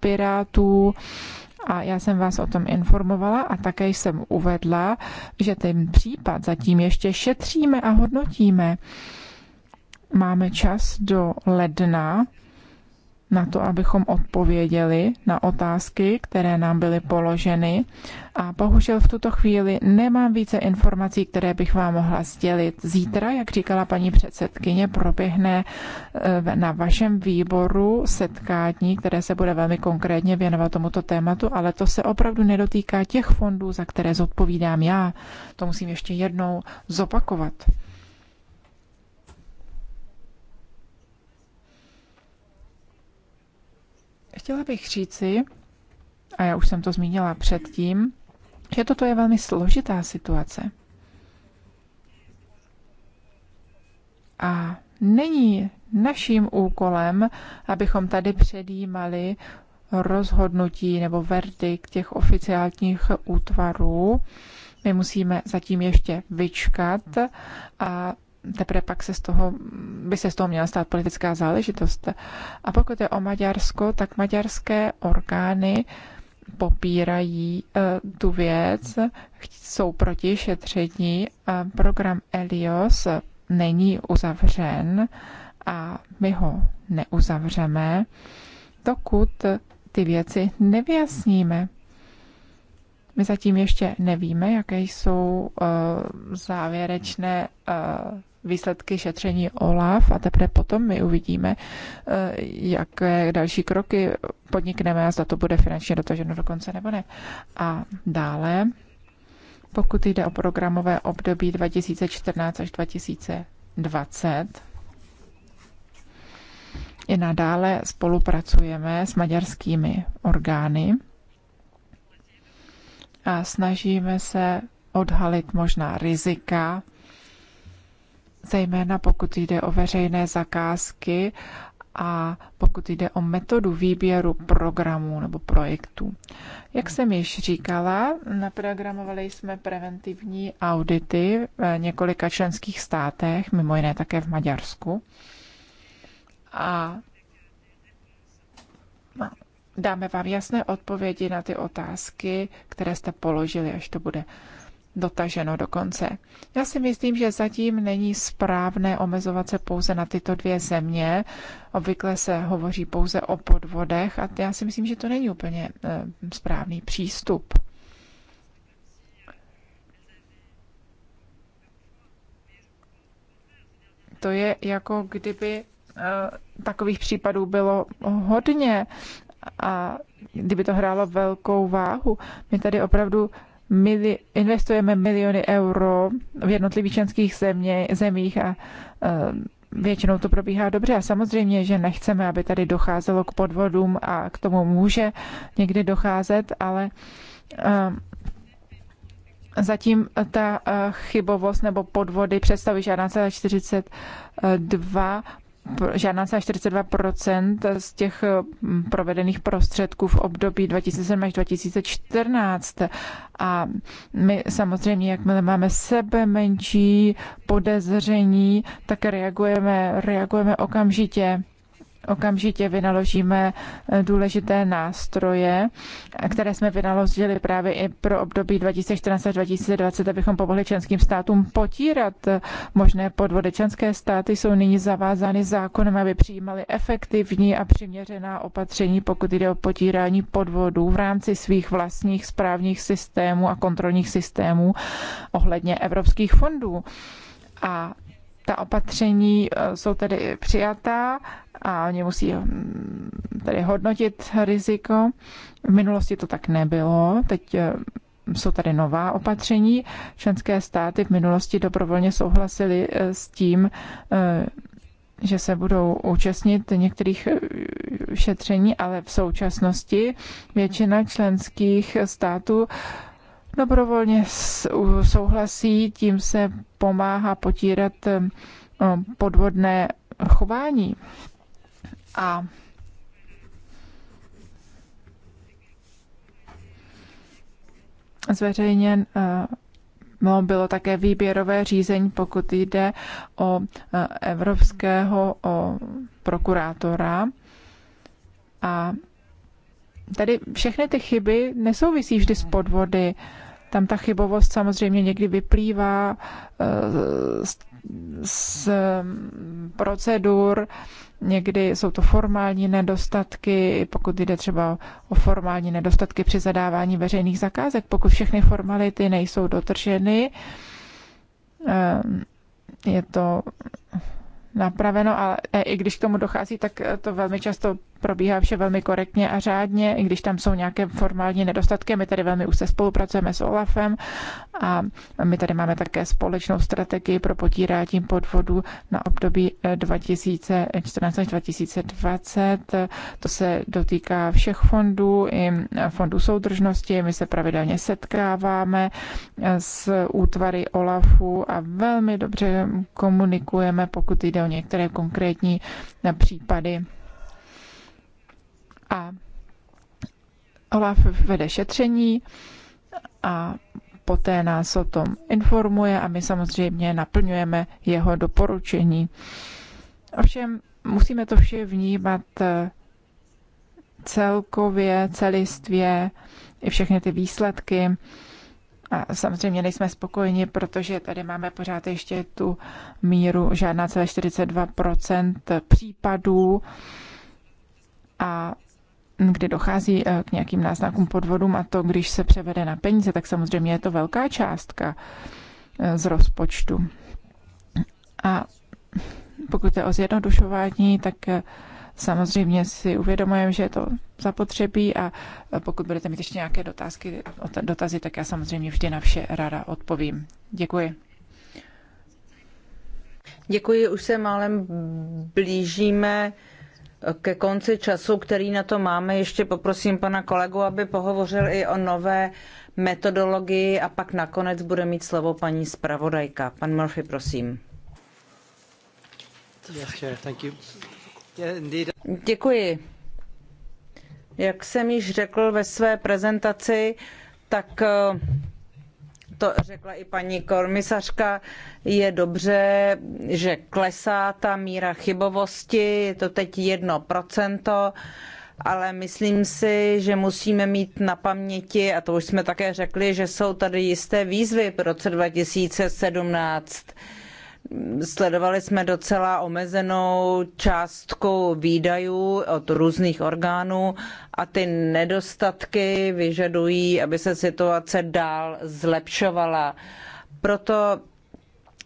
Pirátů a já jsem vás o tom informovala a také jsem uvedla, že ten případ zatím ještě šetříme a hodnotíme. Máme čas do ledna na to, abychom odpověděli na otázky, které nám byly položeny. A bohužel v tuto chvíli nemám více informací, které bych vám mohla sdělit. Zítra, jak říkala paní předsedkyně, proběhne eh, na vašem výboru setkání, které se bude velmi konkrétně věnovat tomuto tématu, ale to se opravdu nedotýká těch fondů, za které zodpovídám já. To musím ještě jednou zopakovat. Chtěla bych říci, a já už jsem to zmínila předtím, že toto je velmi složitá situace. A není naším úkolem, abychom tady předjímali rozhodnutí nebo verdikt těch oficiálních útvarů. My musíme zatím ještě vyčkat a teprve pak se z toho, by se z toho měla stát politická záležitost. A pokud je o Maďarsko, tak maďarské orgány popírají eh, tu věc, jsou proti šetření. Program Elios není uzavřen a my ho neuzavřeme, dokud ty věci nevyjasníme. My zatím ještě nevíme, jaké jsou eh, závěrečné eh, výsledky šetření OLAF a teprve potom my uvidíme, eh, jaké další kroky podnikneme a zda to bude finančně dotaženo do konce nebo ne. A dále, pokud jde o programové období 2014 až 2020, i nadále spolupracujeme s maďarskými orgány a snažíme se odhalit možná rizika, zejména pokud jde o veřejné zakázky a pokud jde o metodu výběru programů nebo projektů. Jak jsem již říkala, naprogramovali jsme preventivní audity v několika členských státech, mimo jiné také v Maďarsku. A dáme vám jasné odpovědi na ty otázky, které jste položili, až to bude dotaženo do konce. Já si myslím, že zatím není správné omezovat se pouze na tyto dvě země. Obvykle se hovoří pouze o podvodech a já si myslím, že to není úplně eh, správný přístup. To je jako kdyby eh, takových případů bylo hodně a kdyby to hrálo velkou váhu. My tady opravdu mili, investujeme miliony euro v jednotlivých členských země, zemích a e, většinou to probíhá dobře a samozřejmě, že nechceme, aby tady docházelo k podvodům a k tomu může někdy docházet, ale e, zatím ta e, chybovost nebo podvody představují žádná celá 42 žádná celá 42% z těch mm, provedených prostředků v období 2007 až 2014. A my samozřejmě, jakmile máme sebe menší podezření, tak reagujeme, reagujeme okamžitě okamžitě vynaložíme eh, důležité nástroje, které jsme vynaložili právě i pro období 2014 až 2020, abychom pomohli členským státům potírat eh, možné podvody. Členské státy jsou nyní zavázány zákonem, aby přijímali efektivní a přiměřená opatření, pokud jde o potírání podvodů v rámci svých vlastních správních systémů a kontrolních systémů ohledně evropských fondů. A ta opatření eh, jsou tedy přijatá a oni musí hm, tedy hodnotit riziko. V minulosti to tak nebylo, teď eh, jsou tady nová opatření. Členské státy v minulosti dobrovolně souhlasily eh, s tím, že se budou účastnit některých šetření, ale v současnosti většina členských států dobrovolně souhlasí, tím se pomáhá potírat eh, podvodné chování. A zveřejněn eh, no, bylo také výběrové řízení, pokud jde o eh, evropského o prokurátora. A tady všechny ty chyby nesouvisí vždy s podvody. Tam ta chybovost samozřejmě někdy vyplývá eh, z, z mm, procedur, někdy jsou to formální nedostatky, pokud jde třeba o formální nedostatky při zadávání veřejných zakázek, pokud všechny formality nejsou dotrženy, eh, je to napraveno, Ale i když k tomu dochází, tak eh, to velmi často probíhá vše velmi korektně a řádně, i když tam jsou nějaké formální nedostatky. My tady velmi úzce spolupracujeme s OLAFem a my tady máme také společnou strategii pro potírání podvodu na období 2014 eh, až 2020. To se dotýká všech fondů, i eh, fondů soudržnosti. My se pravidelně setkáváme eh, s útvary OLAFu a velmi dobře komunikujeme, pokud jde o některé konkrétní případy a Olaf vede šetření a poté nás o tom informuje a my samozřejmě naplňujeme jeho doporučení. Ovšem musíme to vše vnímat eh, celkově, celistvě, i všechny ty výsledky. A samozřejmě nejsme spokojeni, protože tady máme pořád ještě tu míru žádná celé 42 případů a kdy dochází eh, k nějakým náznakům podvodům a to, když se převede na peníze, tak samozřejmě je to velká částka eh, z rozpočtu. A pokud je o zjednodušování, tak eh, samozřejmě si uvědomujeme, že je to zapotřebí a pokud budete mít ještě nějaké dotazky, dotazy, tak já samozřejmě vždy na vše ráda odpovím. Děkuji. Děkuji, už se málem blížíme ke konci času, který na to máme, ještě poprosím pana kolegu, aby pohovořil i o nové metodologii a pak nakonec bude mít slovo paní zpravodajka. Pan Murphy, prosím. Děkuji. Jak jsem již řekl ve své prezentaci, tak eh, to řekla i paní komisařka, je dobře, že klesá ta míra chybovosti, je to teď jedno procento, ale myslím si, že musíme mít na paměti, a to už jsme také řekli, že jsou tady jisté výzvy pro roce 2017 Sledovali jsme docela omezenou částku výdajů od různých orgánů a ty nedostatky vyžadují, aby se situace dál zlepšovala. Proto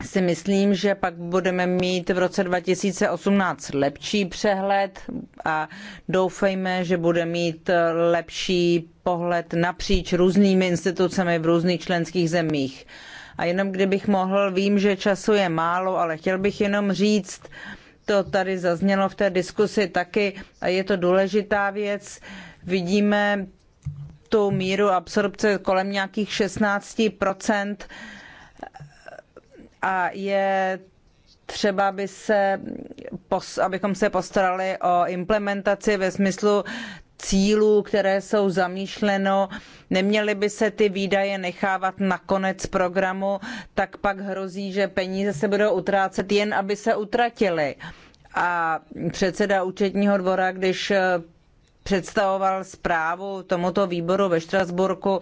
si myslím, že pak budeme mít v roce 2018 lepší přehled a doufejme, že bude mít lepší pohled napříč různými institucemi v různých členských zemích. A jenom kdybych mohl, vím, že času je málo, ale chtěl bych jenom říct, to tady zaznělo v té diskusi taky a je to důležitá věc. Vidíme tu míru absorpce kolem nějakých 16% a je třeba, aby se, abychom se postarali o implementaci ve smyslu cílů, které jsou zamýšleno, neměly by se ty výdaje nechávat na konec programu, tak pak hrozí, že peníze se budou utrácet jen, aby se utratily. A předseda účetního dvora, když eh, představoval zprávu tomuto výboru ve Štrasburku,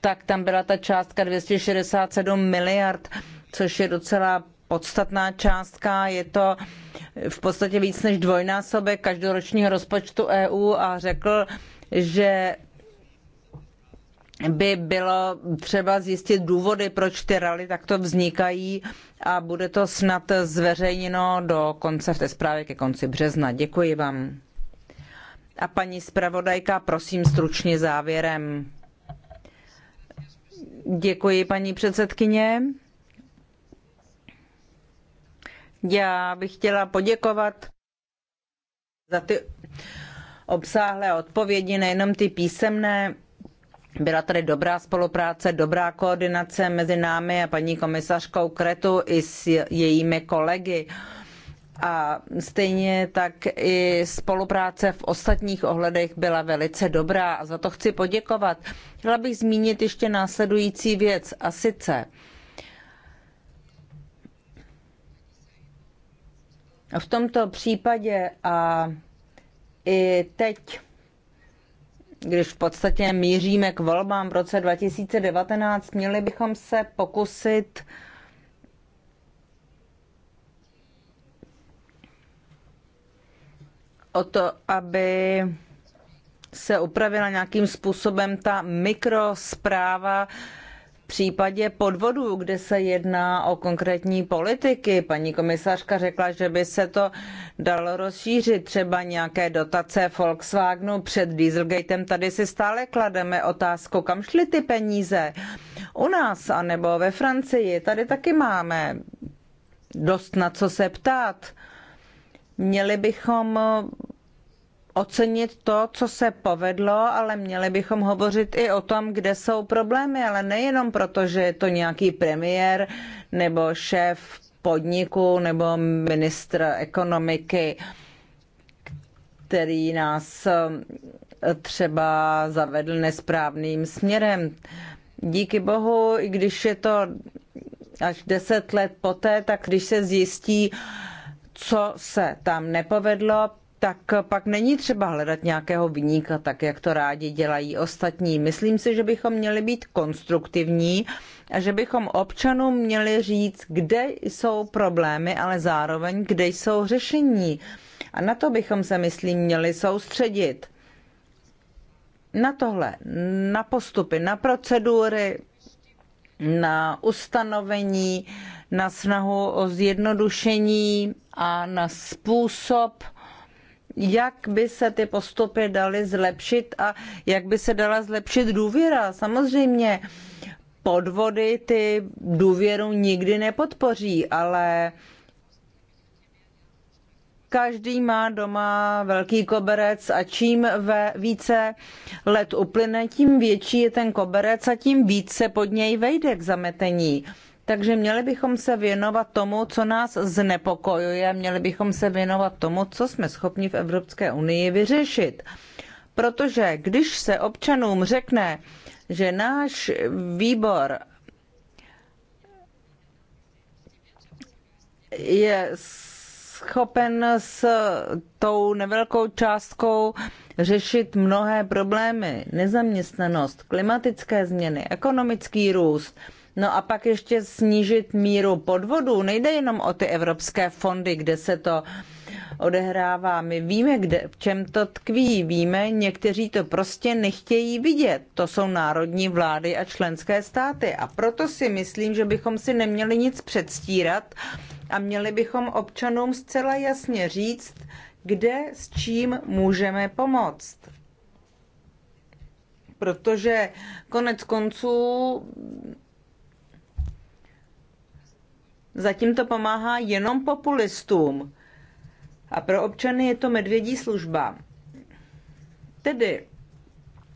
tak tam byla ta částka 267 miliard, což je docela podstatná částka. Je to v podstatě víc než dvojnásobek každoročního rozpočtu EU a řekl, že by bylo třeba zjistit důvody, proč ty rally takto vznikají a bude to snad zveřejněno do konce v té zprávě ke konci března. Děkuji vám. A paní zpravodajka, prosím stručně závěrem. Děkuji, paní předsedkyně. Já bych chtěla poděkovat za ty obsáhlé odpovědi, nejenom ty písemné. Byla tady dobrá spolupráce, dobrá koordinace mezi námi a paní komisařkou Kretu i s jejími kolegy. A stejně tak i spolupráce v ostatních ohledech byla velice dobrá a za to chci poděkovat. Chtěla bych zmínit ještě následující věc a sice V tomto případě a i teď, když v podstatě míříme k volbám v roce 2019, měli bychom se pokusit o to, aby se upravila nějakým způsobem ta mikrospráva případě podvodů, kde se jedná o konkrétní politiky. Paní komisařka řekla, že by se to dalo rozšířit, třeba nějaké dotace Volkswagenu před Dieselgatem. Tady si stále klademe otázku, kam šly ty peníze? U nás, anebo ve Francii, tady taky máme dost na co se ptát. Měli bychom ocenit to, co se povedlo, ale měli bychom hovořit i o tom, kde jsou problémy, ale nejenom proto, že je to nějaký premiér nebo šéf podniku nebo ministr ekonomiky, který nás eh, třeba zavedl nesprávným směrem. Díky bohu, i když je to až deset let poté, tak když se zjistí, co se tam nepovedlo, tak pak není třeba hledat nějakého vyníka, tak jak to rádi dělají ostatní. Myslím si, že bychom měli být konstruktivní a že bychom občanům měli říct, kde jsou problémy, ale zároveň kde jsou řešení. A na to bychom se, myslím, měli soustředit. Na tohle, na postupy, na procedury, na ustanovení, na snahu o zjednodušení a na způsob, jak by se ty postupy daly zlepšit a jak by se dala zlepšit důvěra. Samozřejmě podvody ty důvěru nikdy nepodpoří, ale každý má doma velký koberec a čím ve více let uplyne, tím větší je ten koberec a tím více pod něj vejde k zametení. Takže měli bychom se věnovat tomu, co nás znepokojuje, měli bychom se věnovat tomu, co jsme schopni v Evropské unii vyřešit. Protože když se občanům řekne, že náš výbor je schopen s tou nevelkou částkou řešit mnohé problémy, nezaměstnanost, klimatické změny, ekonomický růst, No a pak ještě snížit míru podvodů. Nejde jenom o ty evropské fondy, kde se to odehrává. My víme, kde, v čem to tkví. Víme, někteří to prostě nechtějí vidět. To jsou národní vlády a členské státy. A proto si myslím, že bychom si neměli nic předstírat a měli bychom občanům zcela jasně říct, kde s čím můžeme pomoct. Protože konec konců Zatím to pomáhá jenom populistům. A pro občany je to medvědí služba. Tedy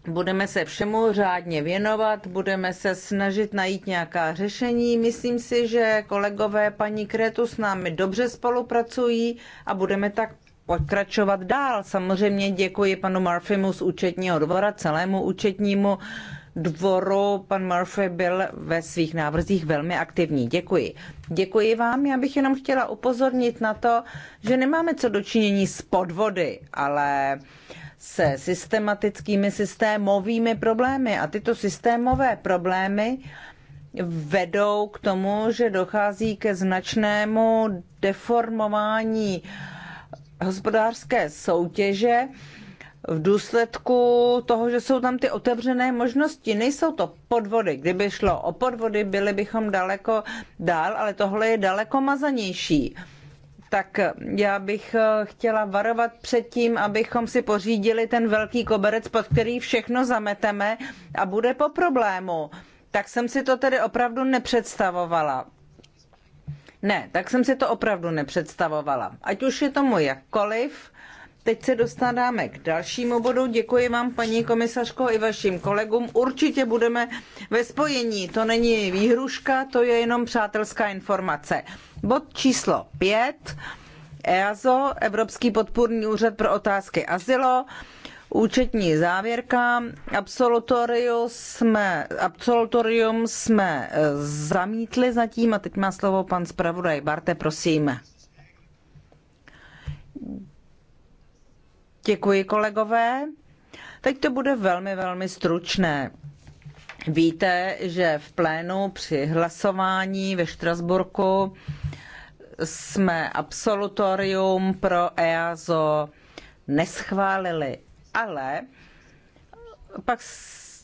budeme se všemu řádně věnovat, budeme se snažit najít nějaká řešení. Myslím si, že kolegové paní Kretu s námi dobře spolupracují a budeme tak pokračovat dál. Samozřejmě děkuji panu Murphymu z účetního dvora, celému účetnímu dvoru pan Murphy byl ve svých návrzích velmi aktivní. Děkuji. Děkuji vám. Já bych jenom chtěla upozornit na to, že nemáme co dočinění s podvody, ale se systematickými systémovými problémy. A tyto systémové problémy vedou k tomu, že dochází ke značnému deformování hospodářské soutěže v důsledku toho, že jsou tam ty otevřené možnosti. Nejsou to podvody. Kdyby šlo o podvody, byli bychom daleko dál, ale tohle je daleko mazanější. Tak já bych eh, chtěla varovat před tím, abychom si pořídili ten velký koberec, pod který všechno zameteme a bude po problému. Tak jsem si to tedy opravdu nepředstavovala. Ne, tak jsem si to opravdu nepředstavovala. Ať už je tomu jakkoliv, Teď se dostáváme k dalšímu bodu. Děkuji vám, paní komisařko, i vašim kolegům. Určitě budeme ve spojení. To není výhruška, to je jenom přátelská informace. Bod číslo 5. EASO, Evropský podpůrný úřad pro otázky azylo účetní závěrka. Absolutorium jsme, absolutorium jsme e, zamítli zatím a teď má slovo pan zpravodaj. Barte, prosím. Děkuji, kolegové. Teď to bude velmi, velmi stručné. Víte, že v plénu při hlasování ve Štrasburku jsme absolutorium pro EASO neschválili, ale pak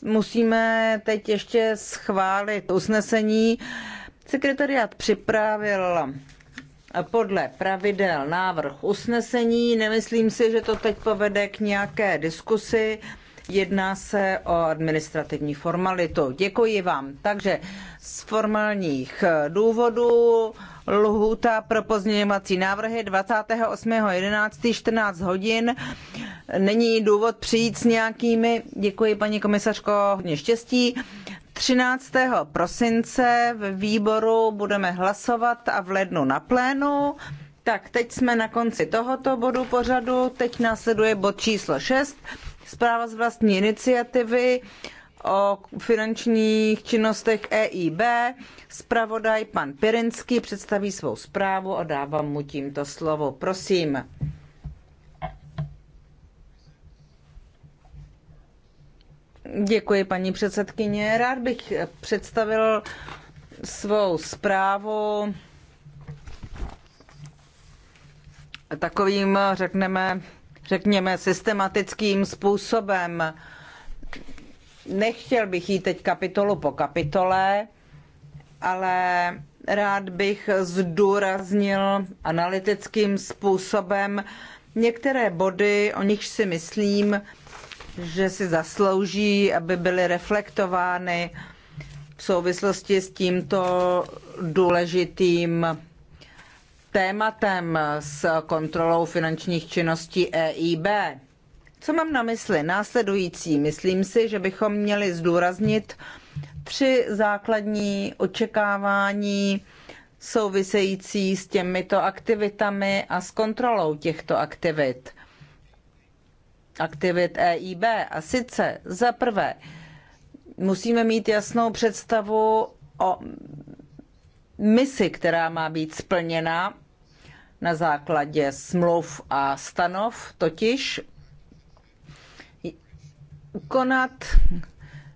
musíme teď ještě schválit usnesení. Sekretariat připravil podle pravidel návrh usnesení. Nemyslím si, že to teď povede k nějaké diskusi. Jedná se o administrativní formalitu. Děkuji vám. Takže z formálních důvodů lhůta pro pozměňovací návrhy 28.11.14 hodin. Není důvod přijít s nějakými, děkuji paní komisařko, hodně štěstí, 13. prosince v výboru budeme hlasovat a v lednu na plénu. Tak, teď jsme na konci tohoto bodu pořadu. Teď následuje bod číslo 6. Zpráva z vlastní iniciativy o finančních činnostech EIB. Spravodaj pan Pirinský představí svou zprávu a dávám mu tímto slovo. Prosím. Děkuji, paní předsedkyně. Rád bych představil svou zprávu takovým, řekneme, řekněme, systematickým způsobem. Nechtěl bych jít teď kapitolu po kapitole, ale rád bych zdůraznil analytickým způsobem některé body, o nichž si myslím, že si zaslouží, aby byly reflektovány v souvislosti s tímto důležitým tématem s kontrolou finančních činností EIB. Co mám na mysli? Následující. Myslím si, že bychom měli zdůraznit tři základní očekávání související s těmito aktivitami a s kontrolou těchto aktivit aktivit EIB. A sice za prvé musíme mít jasnou představu o misi, která má být splněna na základě smluv a stanov, totiž konat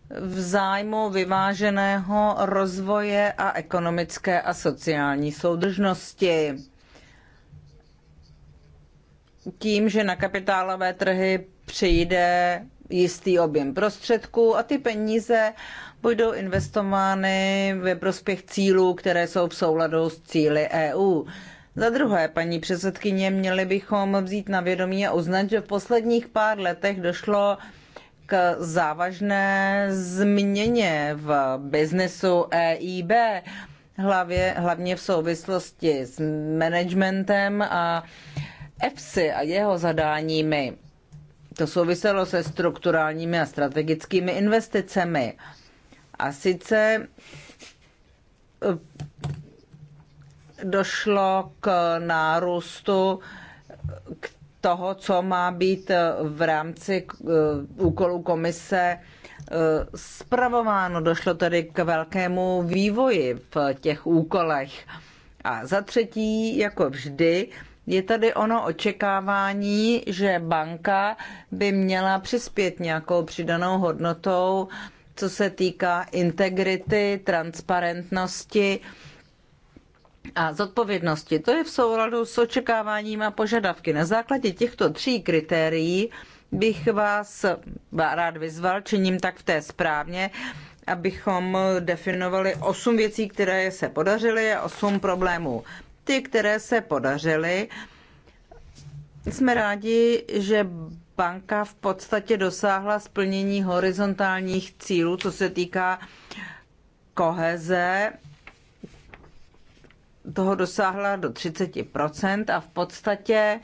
v zájmu vyváženého rozvoje a ekonomické a sociální soudržnosti tím, že na kapitálové trhy přijde jistý objem prostředků a ty peníze budou investovány ve prospěch cílů, které jsou v souladu s cíly EU. Za druhé, paní předsedkyně, měli bychom vzít na vědomí a uznat, že v posledních pár letech došlo k závažné změně v biznesu EIB, hlavě, hlavně v souvislosti s managementem a EFSI a jeho zadáními. To souviselo se strukturálními a strategickými investicemi. A sice eh, došlo k nárůstu k toho, co má být eh, v rámci eh, úkolů komise spravováno. Došlo tedy k velkému vývoji v těch úkolech. A za třetí, jako vždy, je tady ono očekávání, že banka by měla přispět nějakou přidanou hodnotou, co se týká integrity, transparentnosti a zodpovědnosti. To je v souladu s očekáváním a požadavky. Na základě těchto tří kritérií bych vás rád vyzval, činím tak v té správně, abychom definovali osm věcí, které se podařily a osm problémů. Ty, které se podařily, jsme rádi, že banka v podstatě dosáhla splnění horizontálních cílů, co se týká koheze. Toho dosáhla do 30% a v podstatě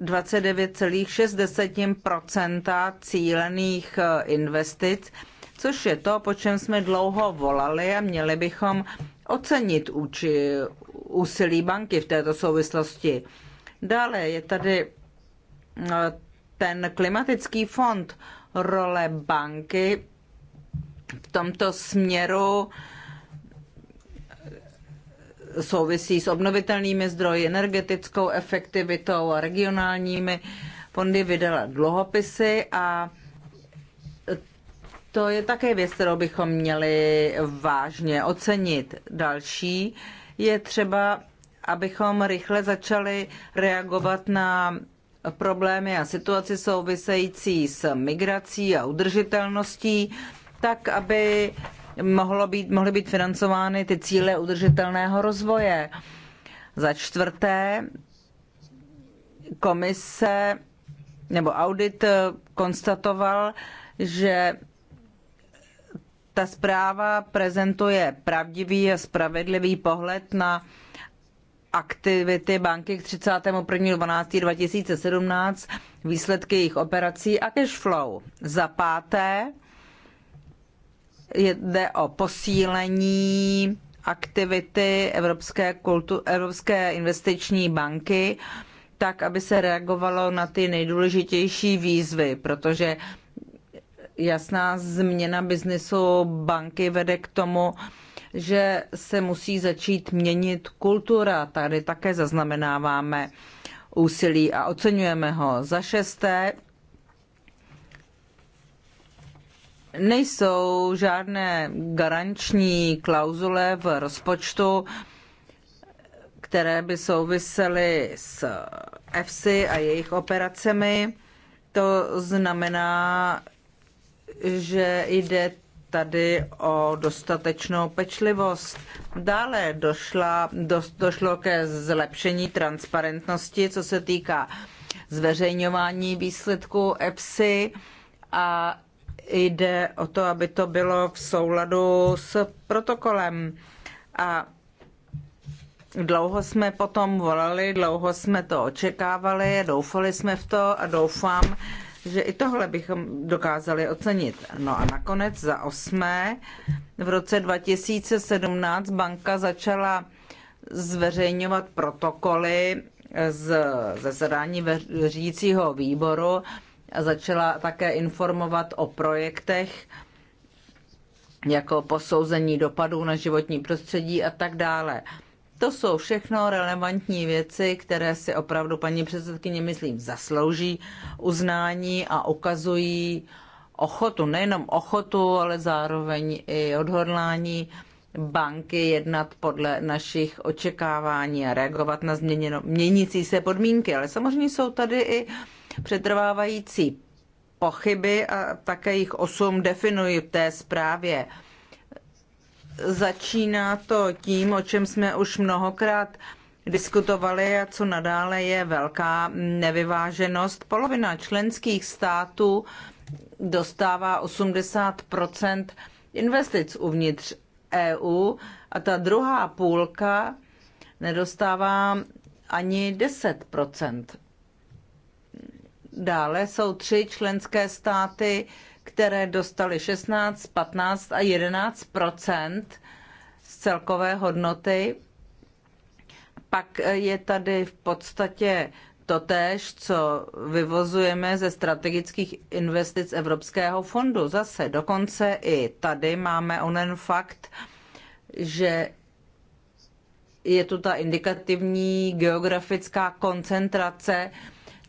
29,6% cílených eh, investic, což je to, po čem jsme dlouho volali a měli bychom ocenit úči, úsilí banky v této souvislosti. Dále je tady eh, ten klimatický fond role banky v tomto směru eh, souvisí s obnovitelnými zdroji, energetickou efektivitou a regionálními fondy vydala dluhopisy a to je také věc, kterou bychom měli vážně ocenit. Další je třeba, abychom rychle začali reagovat na problémy a situaci související s migrací a udržitelností, tak aby mohlo být, mohly být financovány ty cíle udržitelného rozvoje. Za čtvrté, komise nebo audit konstatoval, že ta zpráva prezentuje pravdivý a spravedlivý pohled na aktivity banky k 31.12.2017, výsledky jejich operací a cash flow. Za páté jde o posílení aktivity Evropské, kultu, Evropské investiční banky, tak, aby se reagovalo na ty nejdůležitější výzvy, protože jasná změna biznesu banky vede k tomu, že se musí začít měnit kultura. Tady také zaznamenáváme úsilí a oceňujeme ho. Za šesté, nejsou žádné garanční klauzule v rozpočtu, které by souvisely s EFSI a jejich operacemi. To znamená, že jde tady o dostatečnou pečlivost. Dále došla, do, došlo ke zlepšení transparentnosti, co se týká zveřejňování výsledků EPSI a jde o to, aby to bylo v souladu s protokolem. A dlouho jsme potom volali, dlouho jsme to očekávali, doufali jsme v to a doufám, že i tohle bychom dokázali ocenit. No a nakonec za osmé, v roce 2017 banka začala zveřejňovat protokoly z zasedání řídícího výboru a začala také informovat o projektech jako posouzení dopadů na životní prostředí a tak dále. To jsou všechno relevantní věci, které si opravdu paní předsedkyně, myslím, zaslouží uznání a ukazují ochotu, nejenom ochotu, ale zároveň i odhodlání banky jednat podle našich očekávání a reagovat na změněno, měnící se podmínky. Ale samozřejmě jsou tady i přetrvávající pochyby a také jich osm definují v té zprávě. Začíná to tím, o čem jsme už mnohokrát diskutovali a co nadále je velká nevyváženost. Polovina členských států dostává 80 investic uvnitř EU a ta druhá půlka nedostává ani 10 Dále jsou tři členské státy, které dostaly 16, 15 a 11 z celkové hodnoty. Pak je tady v podstatě totéž, co vyvozujeme ze strategických investic Evropského fondu. Zase dokonce i tady máme onen fakt, že je tu ta indikativní geografická koncentrace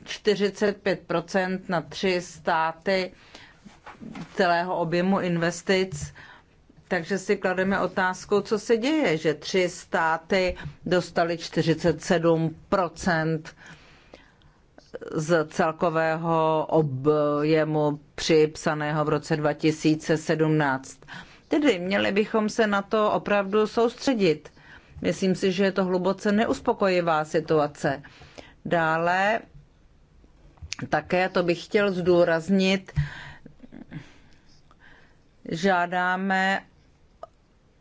45% na tři státy celého objemu investic. Takže si klademe otázku, co se děje, že tři státy dostali 47 z celkového objemu připsaného v roce 2017. Tedy měli bychom se na to opravdu soustředit. Myslím si, že je to hluboce neuspokojivá situace. Dále také, to bych chtěl zdůraznit, žádáme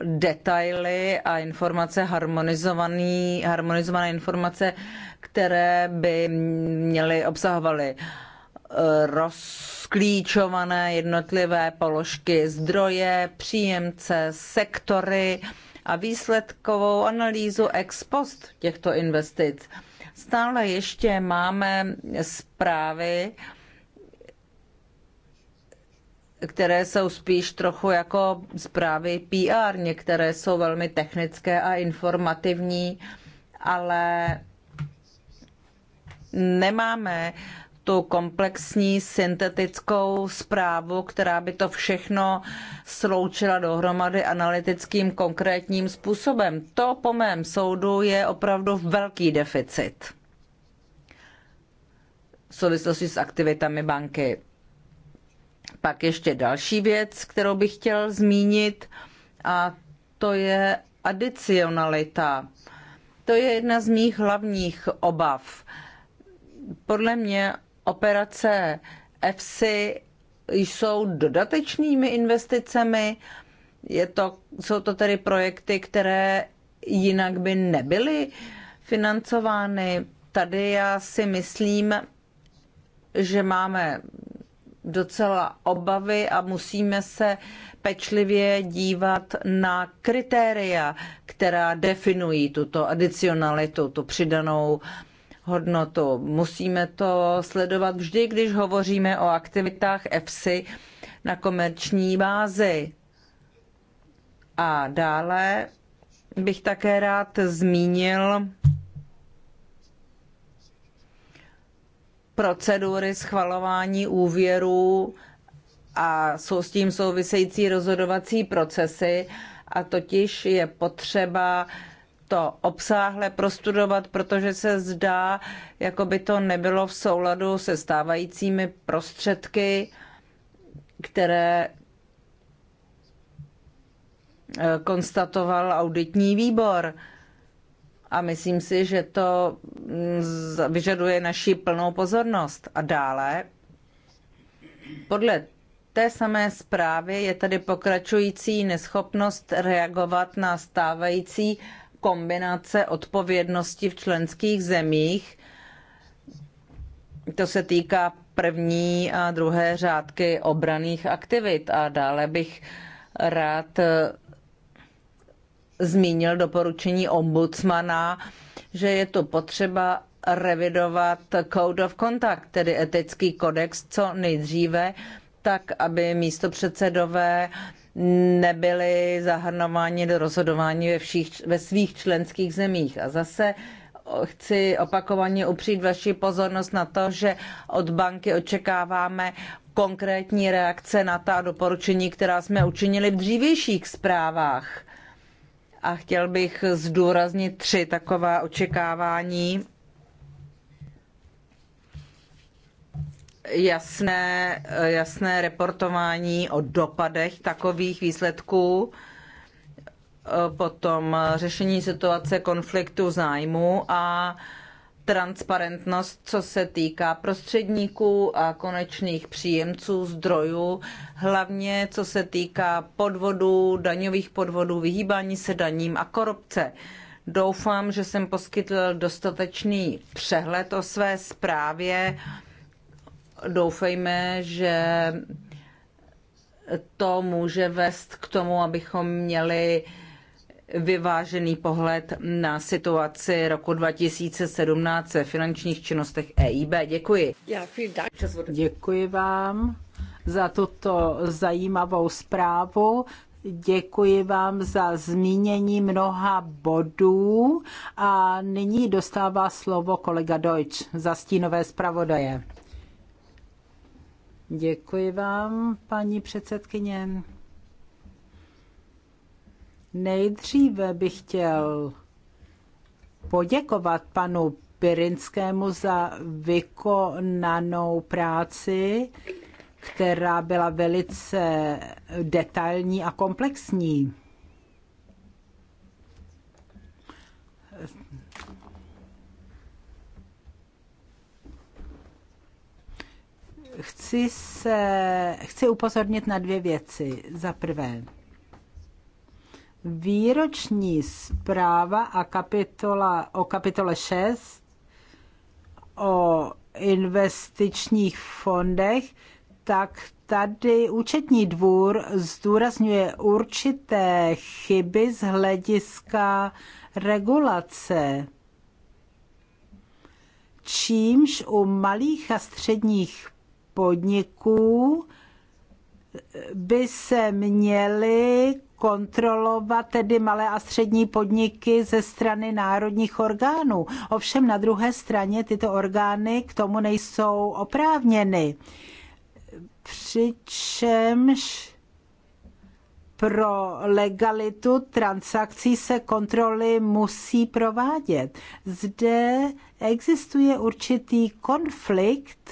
detaily a informace harmonizované, harmonizované informace, které by měly obsahovaly eh, rozklíčované jednotlivé položky zdroje, příjemce, sektory a výsledkovou analýzu ex post těchto investic. Stále ještě máme zprávy, které jsou spíš trochu jako zprávy PR. Některé jsou velmi technické a informativní, ale nemáme tu komplexní syntetickou zprávu, která by to všechno sloučila dohromady analytickým konkrétním způsobem. To po mém soudu je opravdu velký deficit v souvislosti s aktivitami banky. Pak ještě další věc, kterou bych chtěl zmínit, a to je adicionalita. To je jedna z mých hlavních obav. Podle mě operace EFSI jsou dodatečnými investicemi. Je to, jsou to tedy projekty, které jinak by nebyly financovány. Tady já si myslím, že máme docela obavy a musíme se pečlivě dívat na kritéria, která definují tuto adicionalitu, tu přidanou hodnotu. Musíme to sledovat vždy, když hovoříme o aktivitách EFSI na komerční bázi. A dále bych také rád zmínil procedury schvalování úvěrů a jsou s tím související rozhodovací procesy a totiž je potřeba to obsáhle prostudovat, protože se zdá, jako by to nebylo v souladu se stávajícími prostředky, které eh, konstatoval auditní výbor a myslím si, že to mm, vyžaduje naši plnou pozornost. A dále, podle té samé zprávy je tady pokračující neschopnost reagovat na stávající kombinace odpovědnosti v členských zemích. To se týká první a druhé řádky obraných aktivit. A dále bych rád zmínil doporučení ombudsmana, že je tu potřeba revidovat Code of Contact, tedy etický kodex, co nejdříve, tak aby místo předsedové nebyly zahrnováni do rozhodování ve, všich, ve svých členských zemích. A zase chci opakovaně upřít vaši pozornost na to, že od banky očekáváme konkrétní reakce na ta doporučení, která jsme učinili v dřívějších zprávách a chtěl bych zdůraznit tři taková očekávání. Jasné, jasné reportování o dopadech takových výsledků, potom řešení situace konfliktu zájmu a transparentnost, co se týká prostředníků a konečných příjemců zdrojů, hlavně co se týká podvodů, daňových podvodů, vyhýbání se daním a korupce. Doufám, že jsem poskytl dostatečný přehled o své zprávě. Doufejme, že to může vést k tomu, abychom měli uh, vyvážený pohled na situaci roku 2017 ve finančních činnostech EIB. Děkuji. Děkuji vám za tuto zajímavou zprávu. Děkuji vám za zmínění mnoha bodů a nyní dostává slovo kolega Deutsch za stínové zpravodaje. Děkuji vám, paní předsedkyně. Nejdříve bych chtěl poděkovat panu Pirinskému za vykonanou práci, která byla velice detailní a komplexní. Chci, se, chci upozornit na dvě věci. Za prvé, Výroční zpráva a kapitola, o kapitole 6 o investičních fondech, tak tady účetní dvůr zdůrazňuje určité chyby z hlediska regulace. Čímž u malých a středních podniků by se měly kontrolovat tedy malé a střední podniky ze strany národních orgánů. Ovšem na druhé straně tyto orgány k tomu nejsou oprávněny. Přičemž pro legalitu transakcí se kontroly musí provádět. Zde existuje určitý konflikt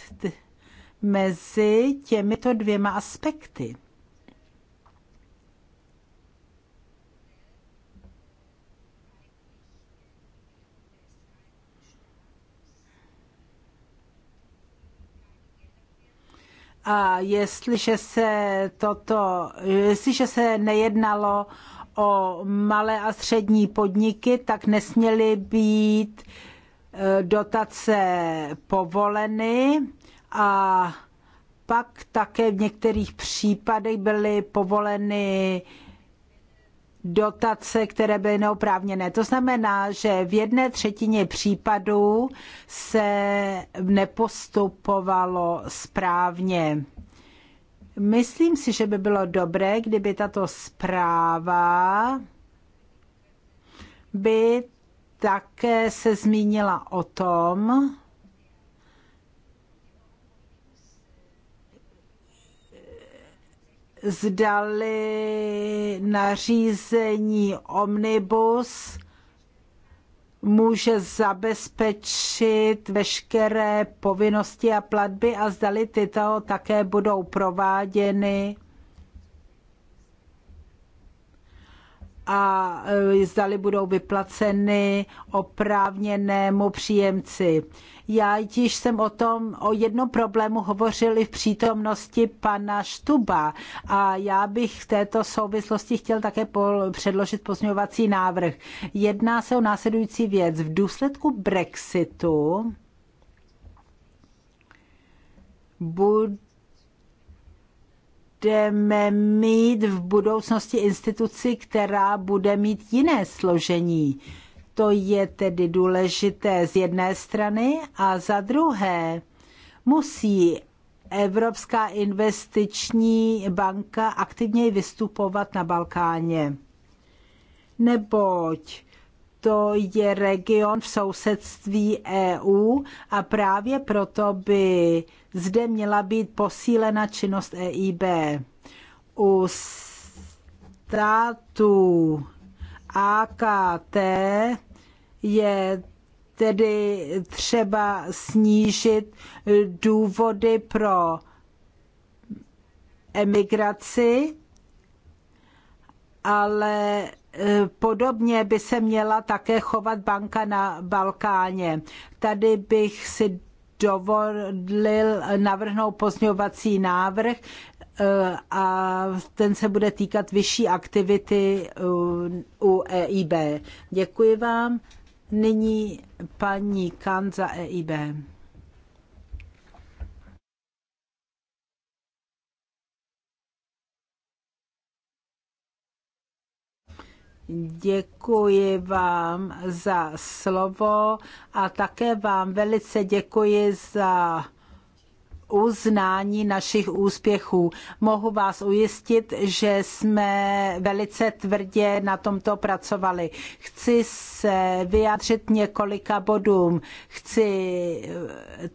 mezi těmito dvěma aspekty. A jestliže se toto, jestliže se nejednalo o malé a střední podniky, tak nesměly být eh, dotace povoleny a pak také v některých případech byly povoleny dotace, které byly neoprávněné. To znamená, že v jedné třetině případů se nepostupovalo správně. Myslím si, že by bylo dobré, kdyby tato zpráva by také se zmínila o tom, zdali nařízení Omnibus může zabezpečit veškeré povinnosti a platby a zdali tyto také budou prováděny a e, zdali budou vyplaceny oprávněnému příjemci. Já již jsem o tom, o jednom problému hovořili v přítomnosti pana Štuba a já bych v této souvislosti chtěl také pol, předložit pozměňovací návrh. Jedná se o následující věc. V důsledku Brexitu bude budeme mít v budoucnosti instituci, která bude mít jiné složení. To je tedy důležité z jedné strany a za druhé musí Evropská investiční banka aktivněji vystupovat na Balkáně. Neboť to je region v sousedství EU a právě proto by zde měla být posílena činnost EIB. U státu AKT je tedy třeba snížit důvody pro emigraci, ale Podobně by se měla také chovat banka na Balkáně. Tady bych si dovolil navrhnout pozňovací návrh eh, a ten se bude týkat vyšší aktivity eh, u EIB. Děkuji vám. Nyní paní Kan za EIB. Děkuji vám za slovo a také vám velice děkuji za uznání našich úspěchů. Mohu vás ujistit, že jsme velice tvrdě na tomto pracovali. Chci se vyjádřit několika bodům. Chci eh,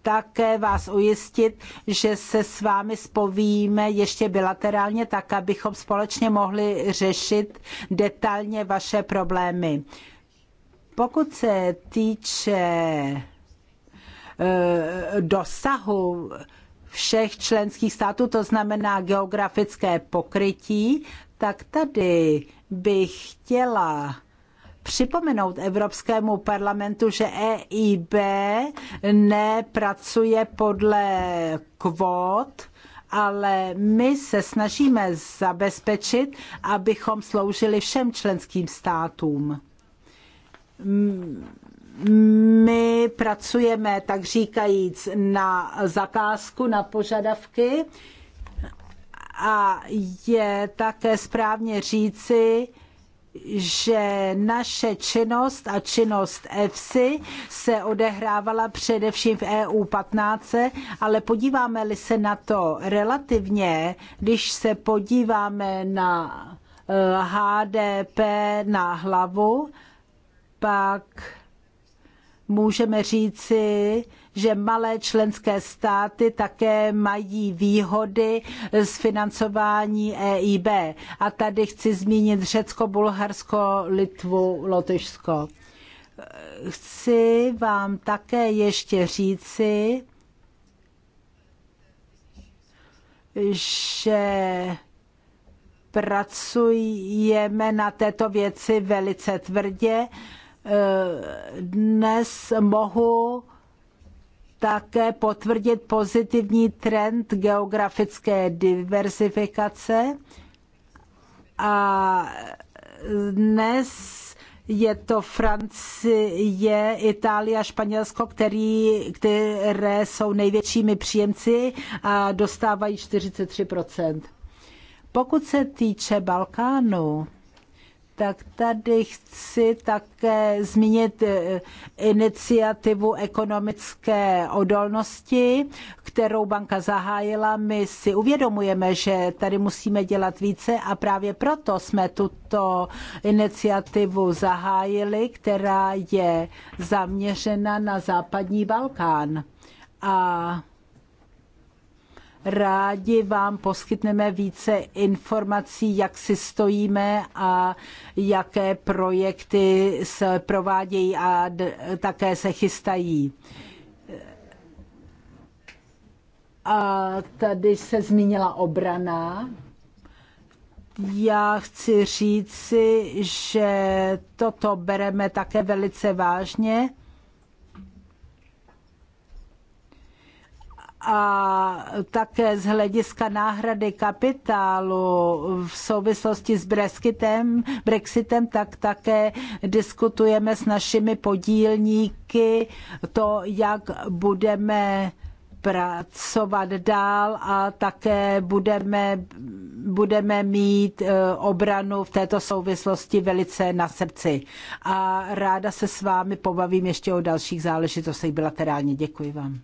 také vás ujistit, že se s vámi spovíme ještě bilaterálně, tak abychom společně mohli řešit detailně vaše problémy. Pokud se týče eh, dosahu všech členských států, to znamená geografické pokrytí, tak tady bych chtěla připomenout Evropskému parlamentu, že EIB nepracuje podle kvót, ale my se snažíme zabezpečit, abychom sloužili všem členským státům my pracujeme, tak říkajíc, na zakázku, na požadavky a je také správně říci, že naše činnost a činnost EFSI se odehrávala především v EU 15, ale podíváme-li se na to relativně, když se podíváme na HDP eh, na hlavu, pak můžeme říci, že malé členské státy také mají výhody z financování EIB. A tady chci zmínit Řecko, Bulharsko, Litvu, Lotyšsko. Chci vám také ještě říci, že pracujeme na této věci velice tvrdě Eh, dnes mohu také potvrdit pozitivní trend geografické diversifikace a dnes je to Francie, Itálie a Španělsko, který, které jsou největšími příjemci a dostávají 43 Pokud se týče Balkánu, tak tady chci také zmínit eh, iniciativu ekonomické odolnosti, kterou banka zahájila. My si uvědomujeme, že tady musíme dělat více a právě proto jsme tuto iniciativu zahájili, která je zaměřena na západní Balkán. A rádi vám poskytneme více informací, jak si stojíme a jaké projekty se provádějí a také se chystají. A tady se zmínila obrana. Já chci říci, že toto bereme také velice vážně a také z hlediska náhrady kapitálu v souvislosti s Brexitem, Brexitem tak také diskutujeme s našimi podílníky to, jak budeme pracovat dál a také budeme, budeme mít e, obranu v této souvislosti velice na srdci. A ráda se s vámi pobavím ještě o dalších záležitostech bilaterálně. Děkuji vám.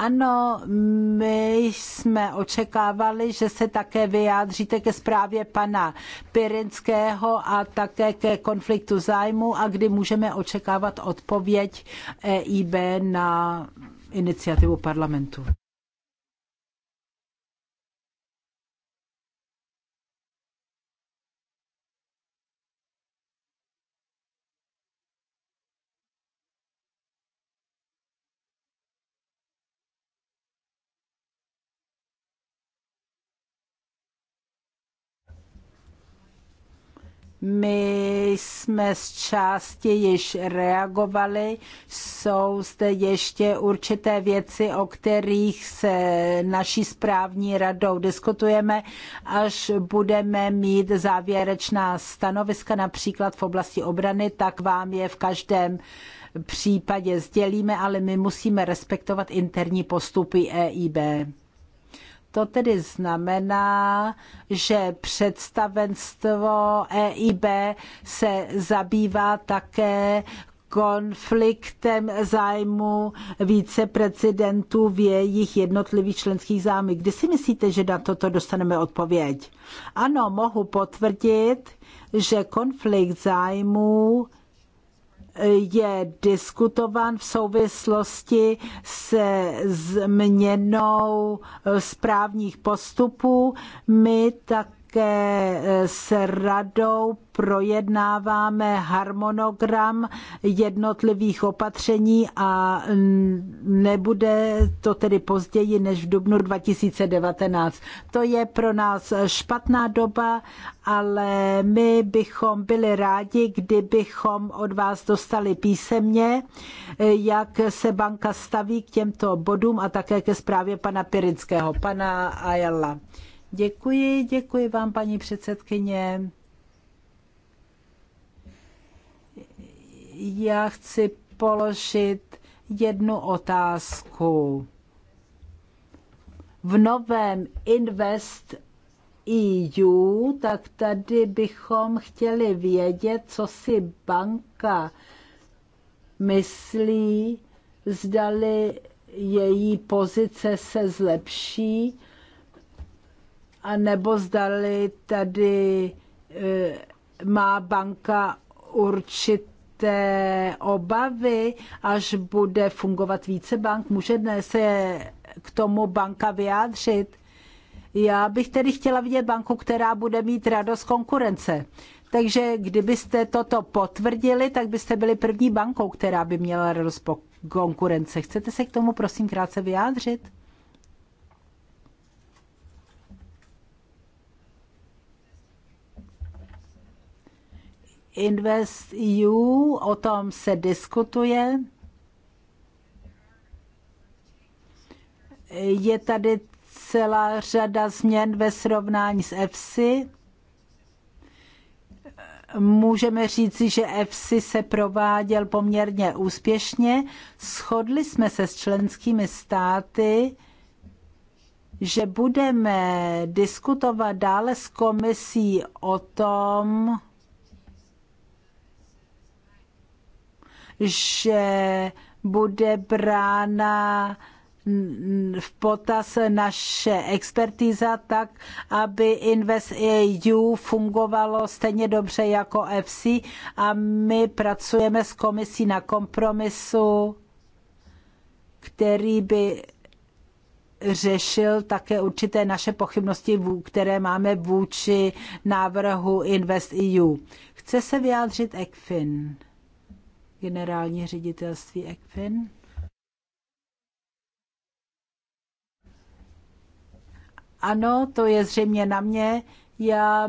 Ano, my jsme očekávali, že se také vyjádříte ke zprávě pana Pirinského a také ke konfliktu zájmu a kdy můžeme očekávat odpověď EIB na iniciativu parlamentu. My jsme z části již reagovali, jsou zde ještě určité věci, o kterých se naší správní radou diskutujeme, až budeme mít závěrečná stanoviska například v oblasti obrany, tak vám je v každém případě sdělíme, ale my musíme respektovat interní postupy EIB. To tedy znamená, že představenstvo EIB se zabývá také konfliktem zájmu více precedentů v jejich jednotlivých členských zájmech. Kdy si myslíte, že na toto dostaneme odpověď? Ano, mohu potvrdit, že konflikt zájmů je diskutován v souvislosti se změnou správních postupů. My tak také eh, s radou projednáváme harmonogram jednotlivých opatření a nebude to tedy později než v dubnu 2019. To je pro nás špatná doba, ale my bychom byli rádi, kdybychom od vás dostali písemně, eh, jak se banka staví k těmto bodům a také ke zprávě pana Pirinského, pana Ayala. Děkuji, děkuji vám, paní předsedkyně. Já chci položit jednu otázku. V novém Invest EU, tak tady bychom chtěli vědět, co si banka myslí, zdali její pozice se zlepší a nebo zdali tady e, má banka určité obavy, až bude fungovat více bank. Může dnes se k tomu banka vyjádřit? Já bych tedy chtěla vidět banku, která bude mít radost konkurence. Takže kdybyste toto potvrdili, tak byste byli první bankou, která by měla radost konkurence. Chcete se k tomu prosím krátce vyjádřit? Invest EU, o tom se diskutuje. Je tady celá řada změn ve srovnání s EFSI. Můžeme říci, že EFSI se prováděl poměrně úspěšně. Shodli jsme se s členskými státy, že budeme diskutovat dále s komisí o tom, že bude brána v potaz naše expertíza tak, aby InvestEU fungovalo stejně dobře jako FC. a my pracujeme s komisí na kompromisu, který by řešil také určité naše pochybnosti, které máme vůči návrhu InvestEU. Chce se vyjádřit ECFIN generální ředitelství ECFIN. Ano, to je zřejmě na mě. Já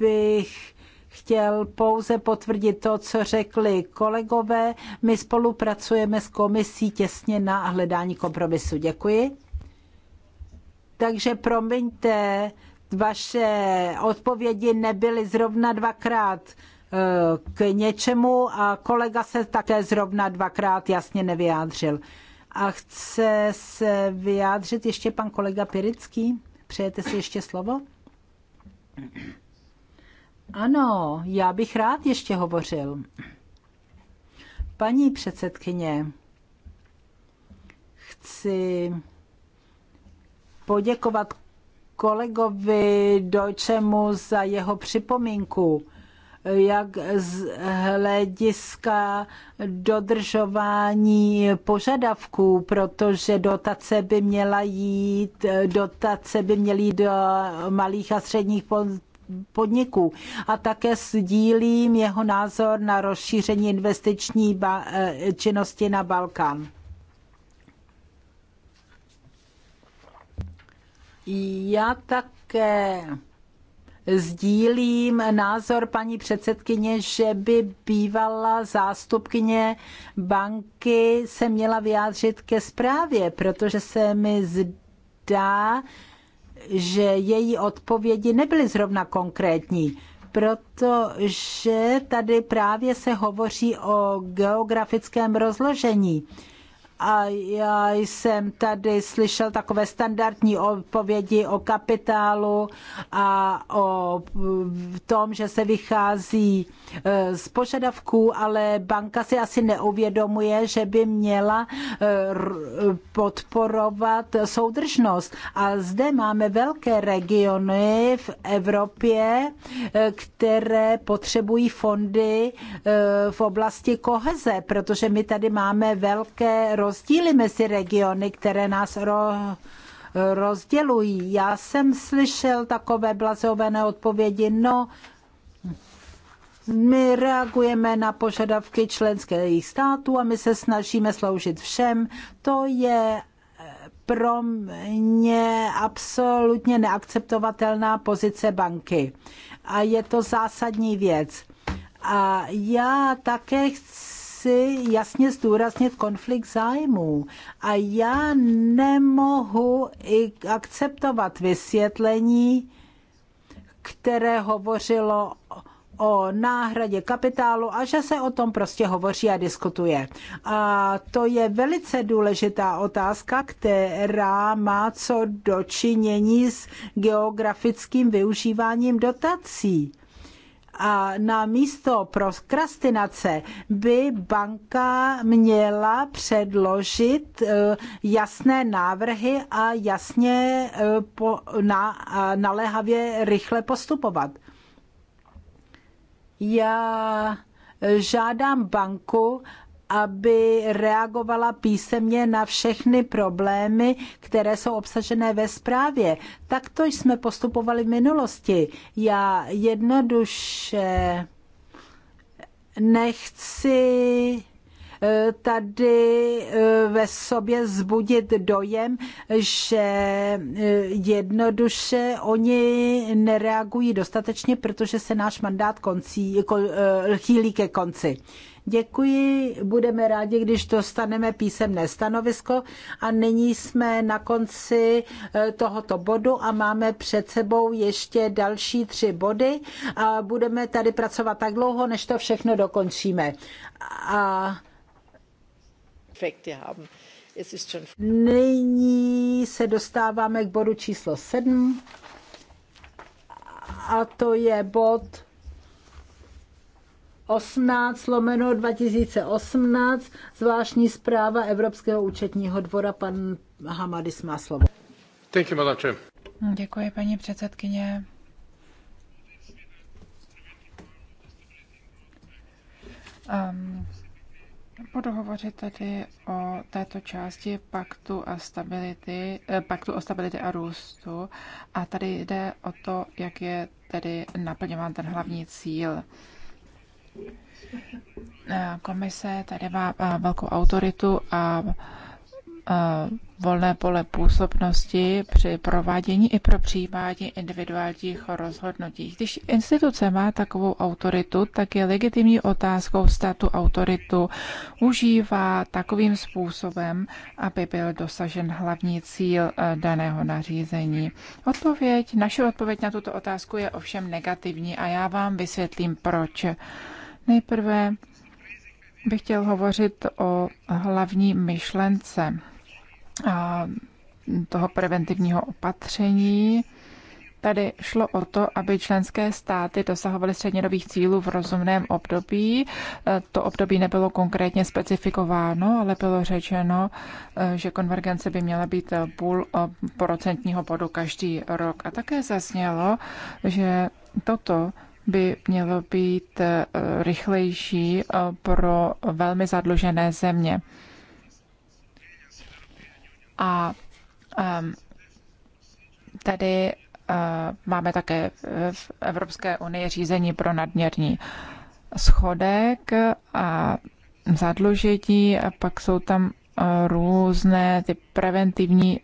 bych chtěl pouze potvrdit to, co řekli kolegové. My spolupracujeme s komisí těsně na hledání kompromisu. Děkuji. Takže promiňte, vaše odpovědi nebyly zrovna dvakrát k něčemu a kolega se také zrovna dvakrát jasně nevyjádřil. A chce se vyjádřit ještě pan kolega Pirický? Přejete si ještě slovo? Ano, já bych rád ještě hovořil. Paní předsedkyně, chci poděkovat kolegovi Dojčemu za jeho připomínku jak z hlediska dodržování požadavků, protože dotace by měla jít, dotace by měly jít do malých a středních podniků. A také sdílím jeho názor na rozšíření investiční činnosti na Balkán. Já také sdílím názor paní předsedkyně, že by bývala zástupkyně banky se měla vyjádřit ke zprávě, protože se mi zdá, že její odpovědi nebyly zrovna konkrétní protože tady právě se hovoří o geografickém rozložení a já jsem tady slyšel takové standardní odpovědi o kapitálu a o tom, že se vychází eh, z požadavků, ale banka si asi neuvědomuje, že by měla eh, podporovat soudržnost. A zde máme velké regiony v Evropě, eh, které potřebují fondy v oblasti koheze, protože my tady máme velké rozdíly rozdíly mezi regiony, které nás ro, rozdělují. Já jsem slyšel takové blazovené odpovědi, no my reagujeme na požadavky členských států a my se snažíme sloužit všem. To je pro mě absolutně neakceptovatelná pozice banky. A je to zásadní věc. A já také chci chci jasně zdůraznit konflikt zájmů. A já nemohu i akceptovat vysvětlení, které hovořilo o náhradě kapitálu a že se o tom prostě hovoří a diskutuje. A to je velice důležitá otázka, která má co dočinění s geografickým využíváním dotací a na místo prokrastinace by banka měla předložit eh, jasné návrhy a jasně eh, po, na, a naléhavě rychle postupovat. Já eh, žádám banku, aby reagovala písemně na všechny problémy, které jsou obsažené ve zprávě. Takto jsme postupovali v minulosti. Já jednoduše nechci eh, tady eh, ve sobě zbudit dojem, že eh, jednoduše oni nereagují dostatečně, protože se náš mandát koncí, chýlí ke konci. Děkuji, budeme rádi, když dostaneme písemné stanovisko a nyní jsme na konci eh, tohoto bodu a máme před sebou ještě další tři body a budeme tady pracovat tak dlouho, než to všechno dokončíme. A Nyní se dostáváme k bodu číslo sedm a to je bod 18 lomeno 2018, zvláštní zpráva Evropského účetního dvora. Pan Hamadis má slovo. Thank you, Děkuji, paní předsedkyně. Um, budu hovořit tady o této části paktu, a stability, eh, paktu o stability a růstu. A tady jde o to, jak je tedy naplňován ten hlavní cíl. Eh, Eh, komise tady má eh, velkou autoritu a eh, volné pole působnosti při provádění i pro přijímání individuálních rozhodnutí. Když instituce má takovou autoritu, tak je legitimní otázkou, zda tu autoritu užívá takovým způsobem, aby byl dosažen hlavní cíl daného nařízení. Odpověď, naše odpověď na tuto otázku je ovšem negativní a já vám vysvětlím, proč. Nejprve bych chtěl hovořit o hlavní myšlence toho preventivního opatření. Tady šlo o to, aby členské státy dosahovaly střednědobých cílů v rozumném období. To období nebylo konkrétně specifikováno, ale bylo řečeno, že konvergence by měla být půl procentního bodu každý rok. A také zaznělo, že toto by mělo být eh, rychlejší eh, pro velmi zadlužené země. A ehm, tady eh, máme také v Evropské unii řízení pro nadměrní schodek a zadlužení a pak jsou tam různé ty preventivní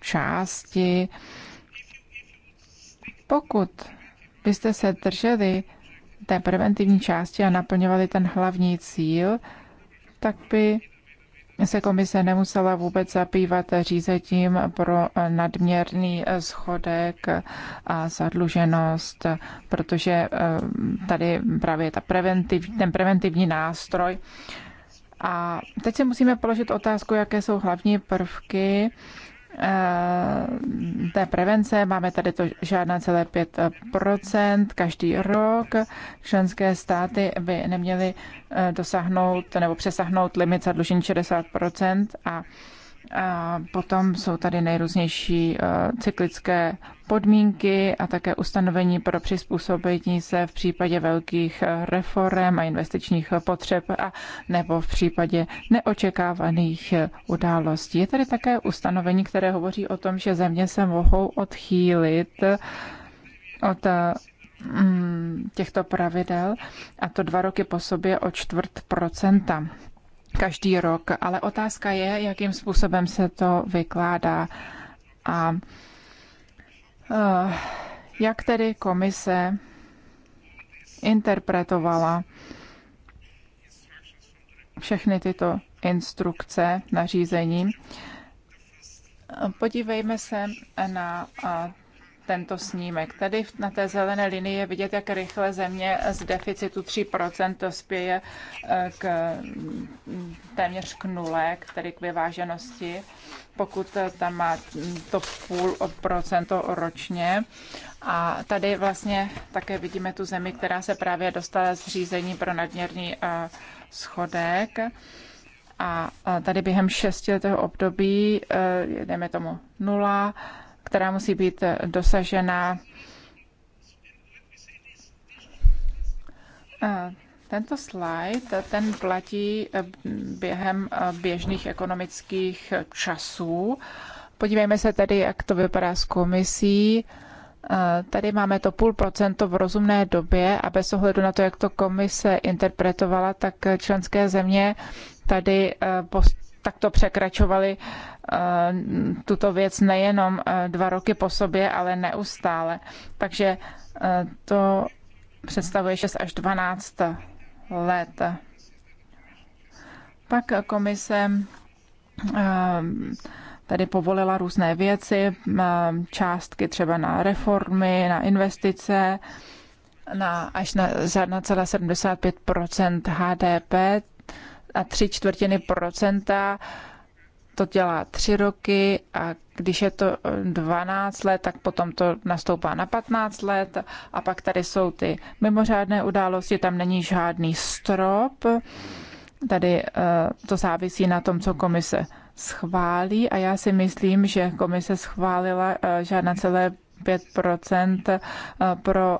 části. Pokud byste se drželi té preventivní části a naplňovali ten hlavní cíl, tak by se komise nemusela vůbec zabývat řízením pro nadměrný schodek a zadluženost, protože eh, tady právě ta preventiv, ten preventivní nástroj. A teď si musíme položit otázku, jaké jsou hlavní prvky Eh, té prevence. Máme tady to žádná celé 5 eh, každý rok. Členské státy by neměly eh, dosáhnout nebo přesáhnout limit zadlužení 60 a a potom jsou tady nejrůznější eh, cyklické podmínky a také ustanovení pro přizpůsobení se v případě velkých eh, reform a investičních potřeb a nebo v případě neočekávaných eh, událostí. Je tady také ustanovení, které hovoří o tom, že země se mohou odchýlit od mm, těchto pravidel a to dva roky po sobě o čtvrt procenta každý rok, ale otázka je, jakým způsobem se to vykládá a uh, jak tedy komise interpretovala všechny tyto instrukce, nařízení. Podívejme se na eh, tento snímek. Tady na té zelené linii je vidět, jak rychle země z deficitu 3% spěje eh, k, mm, téměř k nule, tedy k vyváženosti, pokud eh, tam má mm, to půl procento ročně. A tady vlastně také vidíme tu zemi, která se právě dostala z řízení pro nadměrný eh, schodek. A tady během šestiletého období, dejme tomu nula, která musí být dosažena. Tento slide, ten platí během běžných ekonomických časů. Podívejme se tedy, jak to vypadá s komisí. Tady máme to půl procento v rozumné době a bez ohledu na to, jak to komise interpretovala, tak členské země tady eh, takto překračovaly Eh, tuto věc nejenom eh, dva roky po sobě, ale neustále. Takže eh, to představuje 6 až 12 let. Pak komise tady povolila různé věci, částky třeba na reformy, na investice, na až na 1,75 HDP a tři čtvrtiny procenta to dělá tři roky a když je to 12 eh, let, tak potom to nastoupá na 15 let a pak tady jsou ty mimořádné události, tam není žádný strop. Tady eh, to závisí na tom, co komise schválí a já si myslím, že komise schválila eh, žádná celé 5% pro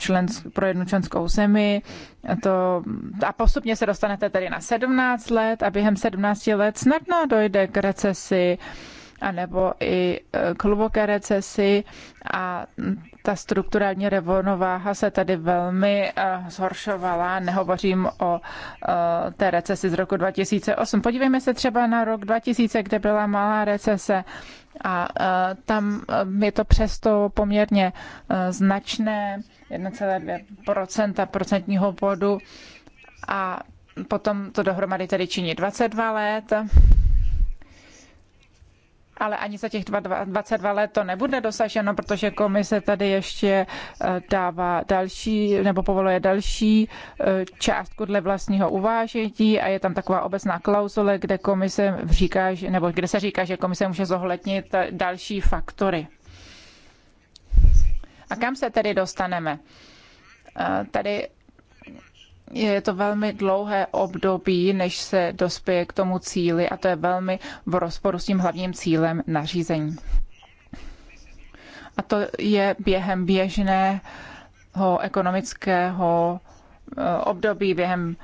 člensk, pro jednu členskou zemi. A, to, a postupně se dostanete tedy na 17 let a během 17 let snadno dojde k recesi anebo i e, k hluboké recesi a ta strukturální rovnováha se tady velmi e, zhoršovala. Nehovořím o e, té recesi z roku 2008. Podívejme se třeba na rok 2000, kde byla malá recese a e, tam e, je to přesto poměrně e, značné, 1,2 procentního bodu a potom to dohromady tedy činí 22 let ale ani za těch 22 let to nebude dosaženo, protože komise tady ještě eh, dává další nebo povoluje další eh, částku dle vlastního uvážení a je tam taková obecná klauzule, kde komise říká, nebo kde se říká, že komise může zohlednit eh, další faktory. A kam se tedy dostaneme? Tady je to velmi dlouhé období, než se dospěje k tomu cíli a to je velmi v rozporu s tím hlavním cílem nařízení. A to je během běžného ekonomického eh, období, během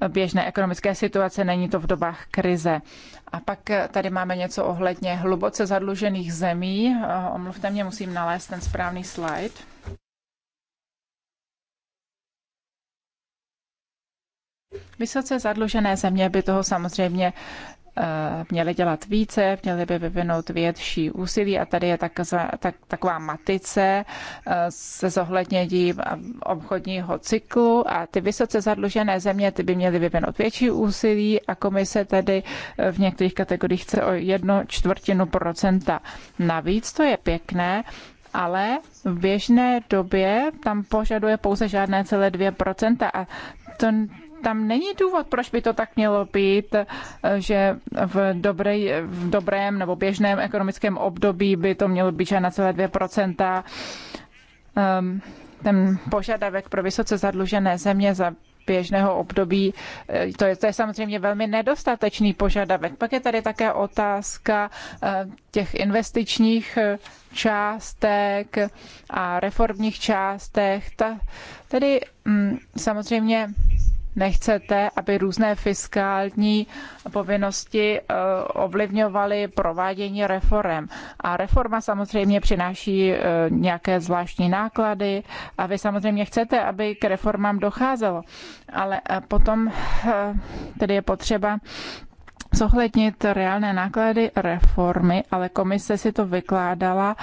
eh, běžné ekonomické situace, není to v dobách krize. A pak eh, tady máme něco ohledně hluboce zadlužených zemí. Omluvte mě, musím nalézt ten správný slide. Vysoce zadlužené země by toho samozřejmě eh, měly dělat více, měly by vyvinout větší úsilí a tady je tak, tak, taková matice eh, se zohledněním obchodního cyklu a ty vysoce zadlužené země ty by měly vyvinout větší úsilí a komise tedy eh, v některých kategoriích chce o jednu čtvrtinu procenta navíc, to je pěkné, ale v běžné době tam požaduje pouze žádné celé 2% a to tam není důvod, proč by to tak mělo být, že v, dobrý, v dobrém nebo běžném ekonomickém období by to mělo být že na celé 2%. Ehm, ten požadavek pro vysoce zadlužené země za běžného období. Eh, to je, to je samozřejmě velmi nedostatečný požadavek. Pak je tady také otázka eh, těch investičních eh, částek a reformních částek. Ta, tedy mm, samozřejmě nechcete, aby různé fiskální povinnosti eh, ovlivňovaly provádění reform. A reforma samozřejmě přináší eh, nějaké zvláštní náklady a vy samozřejmě chcete, aby k reformám docházelo. Ale eh, potom tedy je potřeba zohlednit reálné náklady reformy, ale komise si to vykládala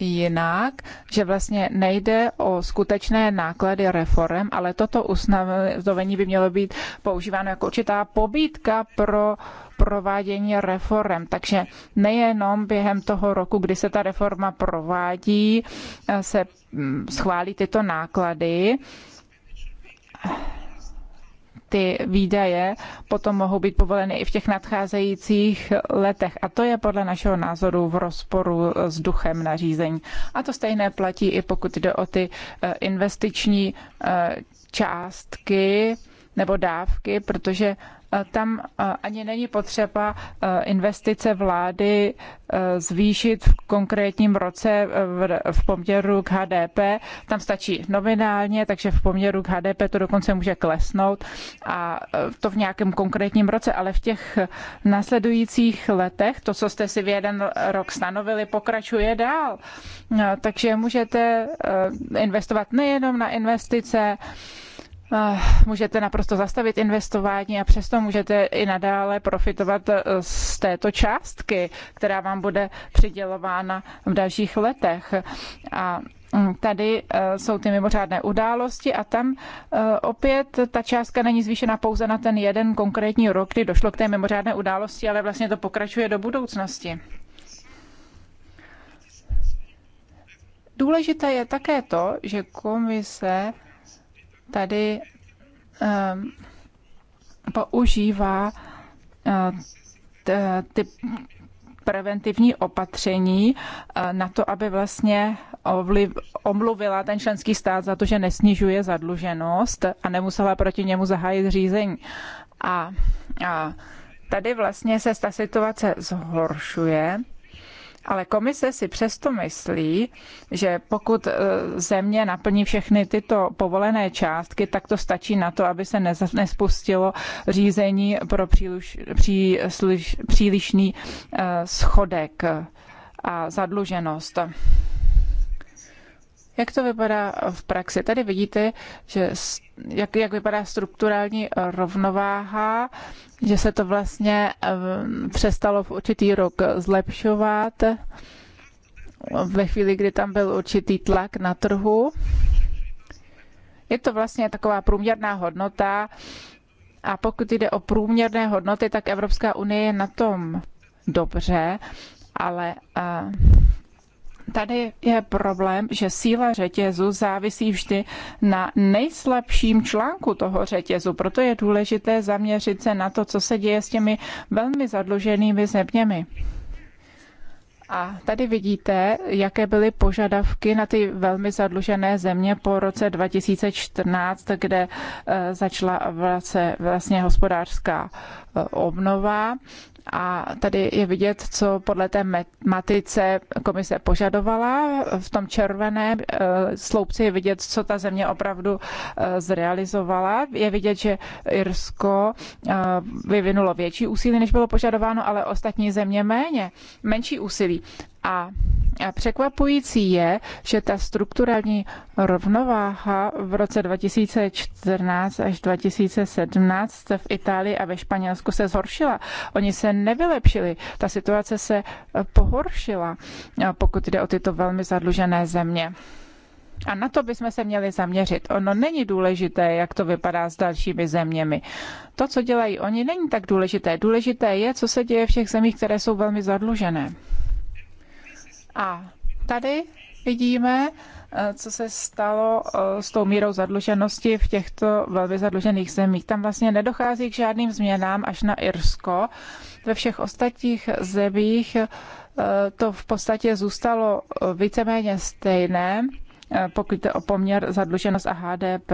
jinak, že vlastně nejde o skutečné náklady reform, ale toto ustanovení by mělo být používáno jako určitá pobídka pro provádění reform. Takže nejenom během toho roku, kdy se ta reforma provádí, eh, se hm, schválí tyto náklady, ty výdaje potom mohou být povoleny i v těch nadcházejících letech. A to je podle našeho názoru v rozporu s duchem nařízení. A to stejné platí i pokud jde o ty eh, investiční eh, částky nebo dávky, protože tam ani není potřeba investice vlády e, zvýšit v konkrétním roce e, v poměru k HDP. Tam stačí nominálně, takže v poměru k HDP to dokonce může klesnout a e, to v nějakém konkrétním roce, ale v těch následujících letech, to, co jste si v jeden rok stanovili, pokračuje dál. Takže můžete investovat nejenom na investice, Eh, můžete naprosto zastavit investování a přesto můžete i nadále profitovat eh, z této částky, která vám bude přidělována v dalších letech. A mm, Tady eh, jsou ty mimořádné události a tam opět ta částka není zvýšena pouze na ten jeden konkrétní rok, kdy došlo k té mimořádné události, ale vlastně to pokračuje do budoucnosti. Důležité je také to, že komise tady um, používá uh, ty preventivní opatření eh, na to, aby vlastně ovliv, omluvila ten členský stát za to, že nesnižuje zadluženost a nemusela proti němu zahájit řízení. A, a tady vlastně se ta situace zhoršuje ale komise si přesto myslí, že pokud e, země naplní všechny tyto povolené částky, tak to stačí na to, aby se nespustilo řízení pro příliš, příliš, přílišný e, schodek a zadluženost. Jak to vypadá v praxi? Tady vidíte, že jak, jak vypadá strukturální rovnováha, že se to vlastně eh, přestalo v určitý rok zlepšovat ve chvíli, kdy tam byl určitý tlak na trhu. Je to vlastně taková průměrná hodnota a pokud jde o průměrné hodnoty, tak Evropská unie je na tom dobře, ale eh, tady je problém, že síla řetězu závisí vždy na nejslabším článku toho řetězu. Proto je důležité zaměřit se na to, co se děje s těmi velmi zadluženými zeměmi. A tady vidíte, jaké byly požadavky na ty velmi zadlužené země po roce 2014, kde eh, začala vlastně hospodářská eh, obnova. A tady je vidět, co podle té matice komise požadovala. V tom červeném eh, sloupci je vidět, co ta země opravdu eh, zrealizovala. Je vidět, že Irsko eh, vyvinulo větší úsilí, než bylo požadováno, ale ostatní země méně, menší úsilí. A překvapující je, že ta strukturální rovnováha v roce 2014 až 2017 v Itálii a ve Španělsku se zhoršila. Oni se nevylepšili, ta situace se pohoršila, pokud jde o tyto velmi zadlužené země. A na to bychom se měli zaměřit. Ono není důležité, jak to vypadá s dalšími zeměmi. To, co dělají oni, není tak důležité. Důležité je, co se děje v těch zemích, které jsou velmi zadlužené. A tady vidíme, eh, co se stalo eh, s tou mírou zadluženosti v těchto velmi zadlužených zemích. Tam vlastně nedochází k žádným změnám až na Irsko. Ve všech ostatních zemích eh, to v podstatě zůstalo víceméně stejné, pokud jde o poměr zadluženost a HDP.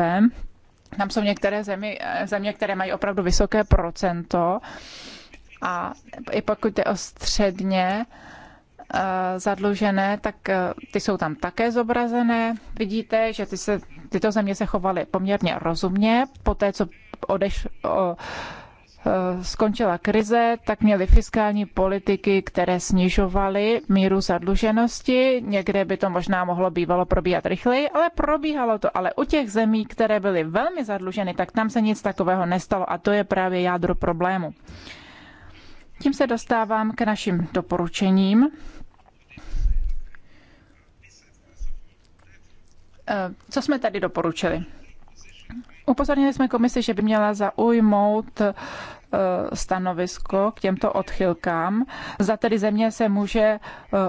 Tam jsou některé země, země, které mají opravdu vysoké procento a i pokud jde o středně, Eh, zadlužené, tak eh, ty jsou tam také zobrazené. Vidíte, že ty se, tyto země se chovaly poměrně rozumně. Po té, co odeš, o, eh, skončila krize, tak měly fiskální politiky, které snižovaly míru zadluženosti. Někde by to možná mohlo bývalo probíhat rychleji, ale probíhalo to. Ale u těch zemí, které byly velmi zadluženy, tak tam se nic takového nestalo a to je právě jádro problému. Tím se dostávám k našim doporučením. Eh, co jsme tady doporučili? Upozornili jsme komisi, že by měla zaujmout eh, stanovisko k těmto odchylkám. Za tedy země se může eh,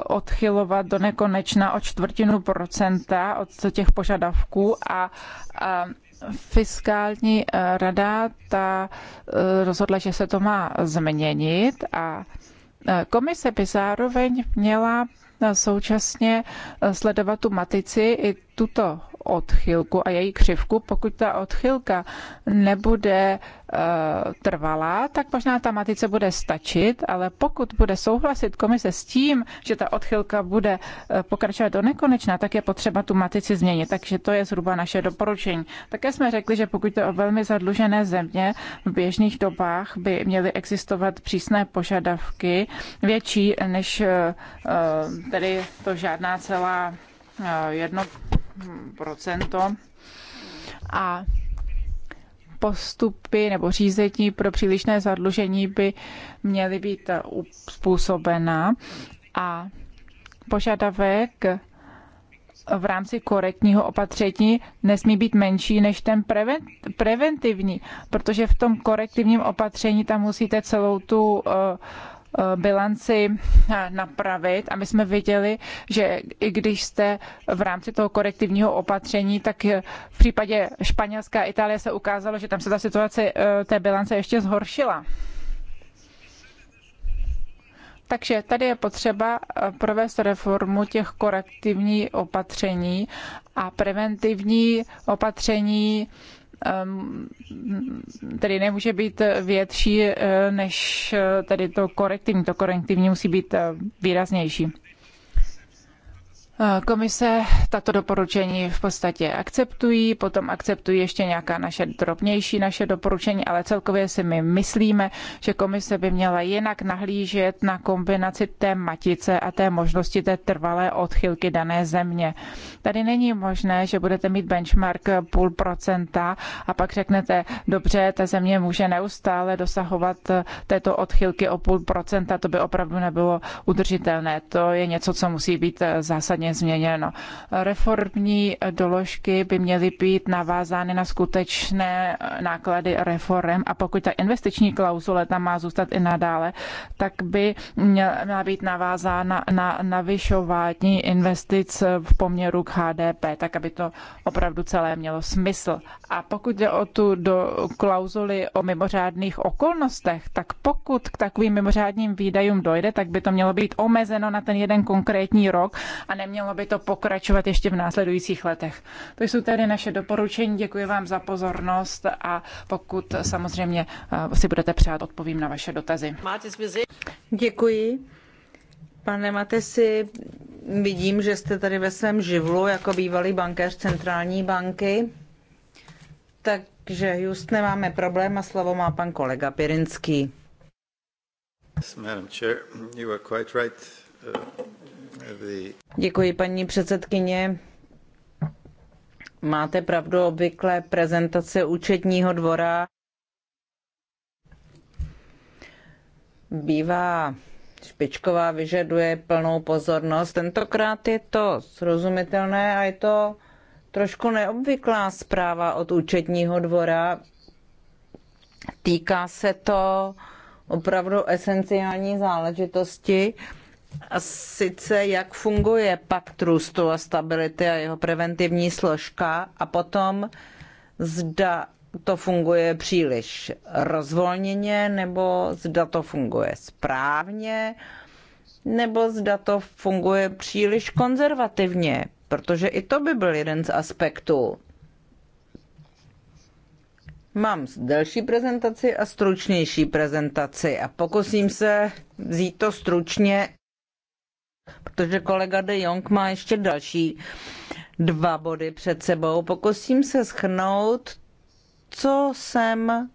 odchylovat do nekonečna o čtvrtinu procenta od těch požadavků a, a fiskální rada ta rozhodla, že se to má změnit a Komise by zároveň měla současně eh, sledovat tu matici i tuto odchylku a její křivku. Pokud ta odchylka nebude eh, trvalá, tak možná ta matice bude stačit, ale pokud bude souhlasit komise s tím, že ta odchylka bude eh, pokračovat do nekonečna, tak je potřeba tu matici změnit. Takže to je zhruba naše doporučení. Také jsme řekli, že pokud to o velmi zadlužené země v běžných dobách by měly existovat přísné požadavky větší než eh, tedy to žádná celá jedno procento. A postupy nebo řízení pro přílišné zadlužení by měly být způsobena a požadavek v rámci korektního opatření nesmí být menší než ten preventivní, protože v tom korektivním opatření tam musíte celou tu uh, Eh, bilanci eh, napravit a my jsme viděli, že i když jste v rámci toho korektivního opatření, tak v případě Španělska a Itálie se ukázalo, že tam se ta situace eh, té bilance ještě zhoršila. Takže tady je potřeba provést reformu těch korektivních opatření a preventivní opatření Ehm, tedy nemůže být větší eh, než eh, tedy to korektivní. To korektivní musí být eh, výraznější. Eh, komise tato doporučení v podstatě akceptují, potom akceptují ještě nějaká naše drobnější naše doporučení, ale celkově si my myslíme, že komise by měla jinak nahlížet na kombinaci té matice a té možnosti té trvalé odchylky dané země. Tady není možné, že budete mít benchmark půl procenta a pak řeknete, dobře, ta země může neustále dosahovat eh, této odchylky o půl procenta, to by opravdu nebylo udržitelné. To je něco, co musí být eh, zásadně změněno. Reformní doložky by měly být navázány na skutečné náklady reform a pokud ta investiční klauzule tam má zůstat i nadále, tak by měla být navázána na navyšování investic v poměru k HDP, tak aby to opravdu celé mělo smysl. A pokud jde o tu do klauzuli o mimořádných okolnostech, tak pokud k takovým mimořádným výdajům dojde, tak by to mělo být omezeno na ten jeden konkrétní rok a nemělo mělo by to pokračovat ještě v následujících letech. To jsou tedy naše doporučení. Děkuji vám za pozornost a pokud samozřejmě eh, si budete přát, odpovím na vaše dotazy. Děkuji. Pane Matesi, vidím, že jste tady ve svém živlu jako bývalý bankéř centrální banky. Takže just nemáme problém a slovo má pan kolega Pirinský. Yes, Madam Chair, you are quite right. Uh... Děkuji, paní předsedkyně. Máte pravdu, obvykle prezentace účetního dvora bývá špičková, vyžaduje plnou pozornost. Tentokrát je to srozumitelné a je to trošku neobvyklá zpráva od účetního dvora. Týká se to opravdu esenciální záležitosti a sice jak funguje pakt růstu a stability a jeho preventivní složka a potom zda to funguje příliš rozvolněně nebo zda to funguje správně nebo zda to funguje příliš konzervativně, protože i to by byl jeden z aspektů. Mám delší prezentaci a stručnější prezentaci a pokusím se vzít to stručně protože kolega de Jong má ještě další dva body před sebou. Pokusím se schnout, co jsem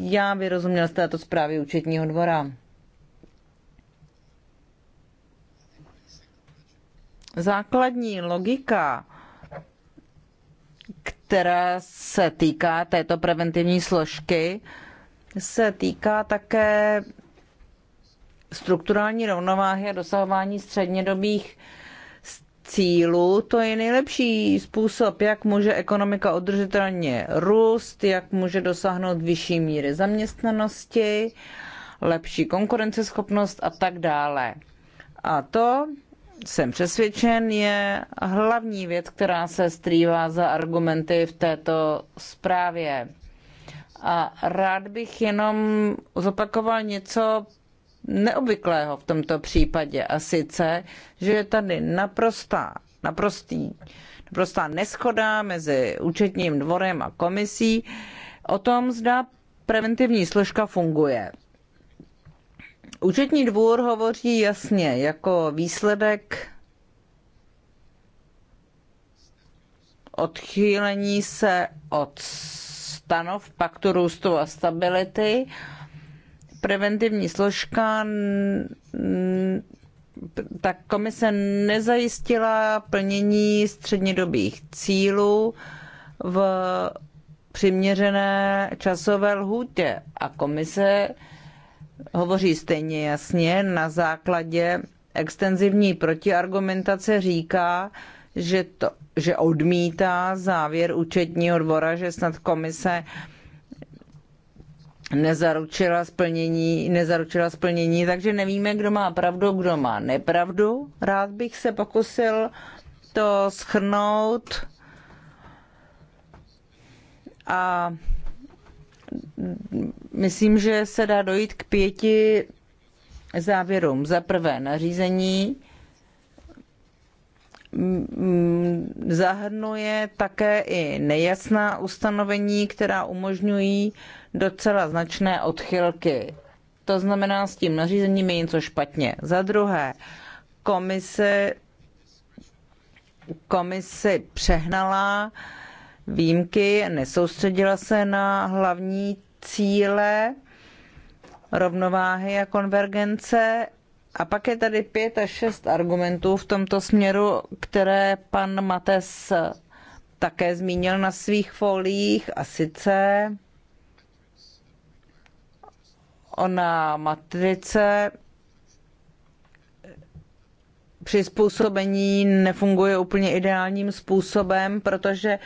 já vyrozuměl z této zprávy účetního dvora. Základní logika, která se týká této preventivní složky, se týká také strukturální rovnováhy a dosahování střednědobých cílů, to je nejlepší způsob, jak může ekonomika udržitelně růst, jak může dosáhnout vyšší míry zaměstnanosti, lepší konkurenceschopnost a tak dále. A to, jsem přesvědčen, je hlavní věc, která se strývá za argumenty v této zprávě. A rád bych jenom zopakoval něco, neobvyklého v tomto případě a sice, že je tady naprostá, naprostý, naprostá neschoda mezi účetním dvorem a komisí o tom, zda preventivní složka funguje. Účetní dvůr hovoří jasně jako výsledek odchýlení se od stanov paktu růstu a stability preventivní složka, tak komise nezajistila plnění střednědobých cílů v přiměřené časové lhůtě. A komise hovoří stejně jasně na základě extenzivní protiargumentace říká, že, to, že odmítá závěr účetního dvora, že snad komise uh, nezaručila splnění, nezaručila splnění, takže nevíme, kdo má pravdu, kdo má nepravdu. Rád bych se pokusil to schrnout a myslím, že se dá dojít k pěti závěrům. Za prvé nařízení zahrnuje také i nejasná ustanovení, která umožňují docela značné odchylky. To znamená, s tím nařízením je něco špatně. Za druhé, komise komise přehnala výjimky, nesoustředila se na hlavní cíle rovnováhy a konvergence. A pak je tady pět a šest argumentů v tomto směru, které pan Mates také zmínil na svých folích a sice ona matrice přizpůsobení nefunguje úplně ideálním způsobem, protože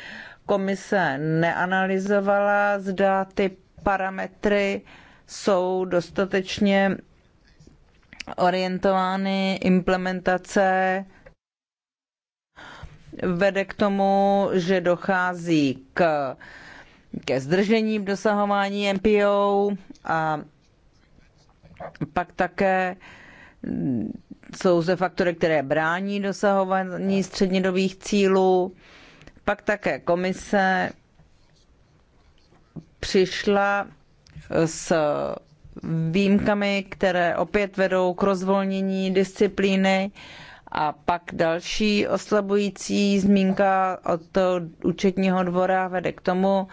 komise neanalyzovala, zda ty parametry jsou dostatečně orientovány implementace vede k tomu, že dochází k, ke zdržení v dosahování MPO a pak také jsou zde faktory, které brání dosahování střednědobých cílů. Pak také komise přišla s výjimkami, které opět vedou k rozvolnění disciplíny. A pak další oslabující zmínka od toho účetního dvora vede k tomu,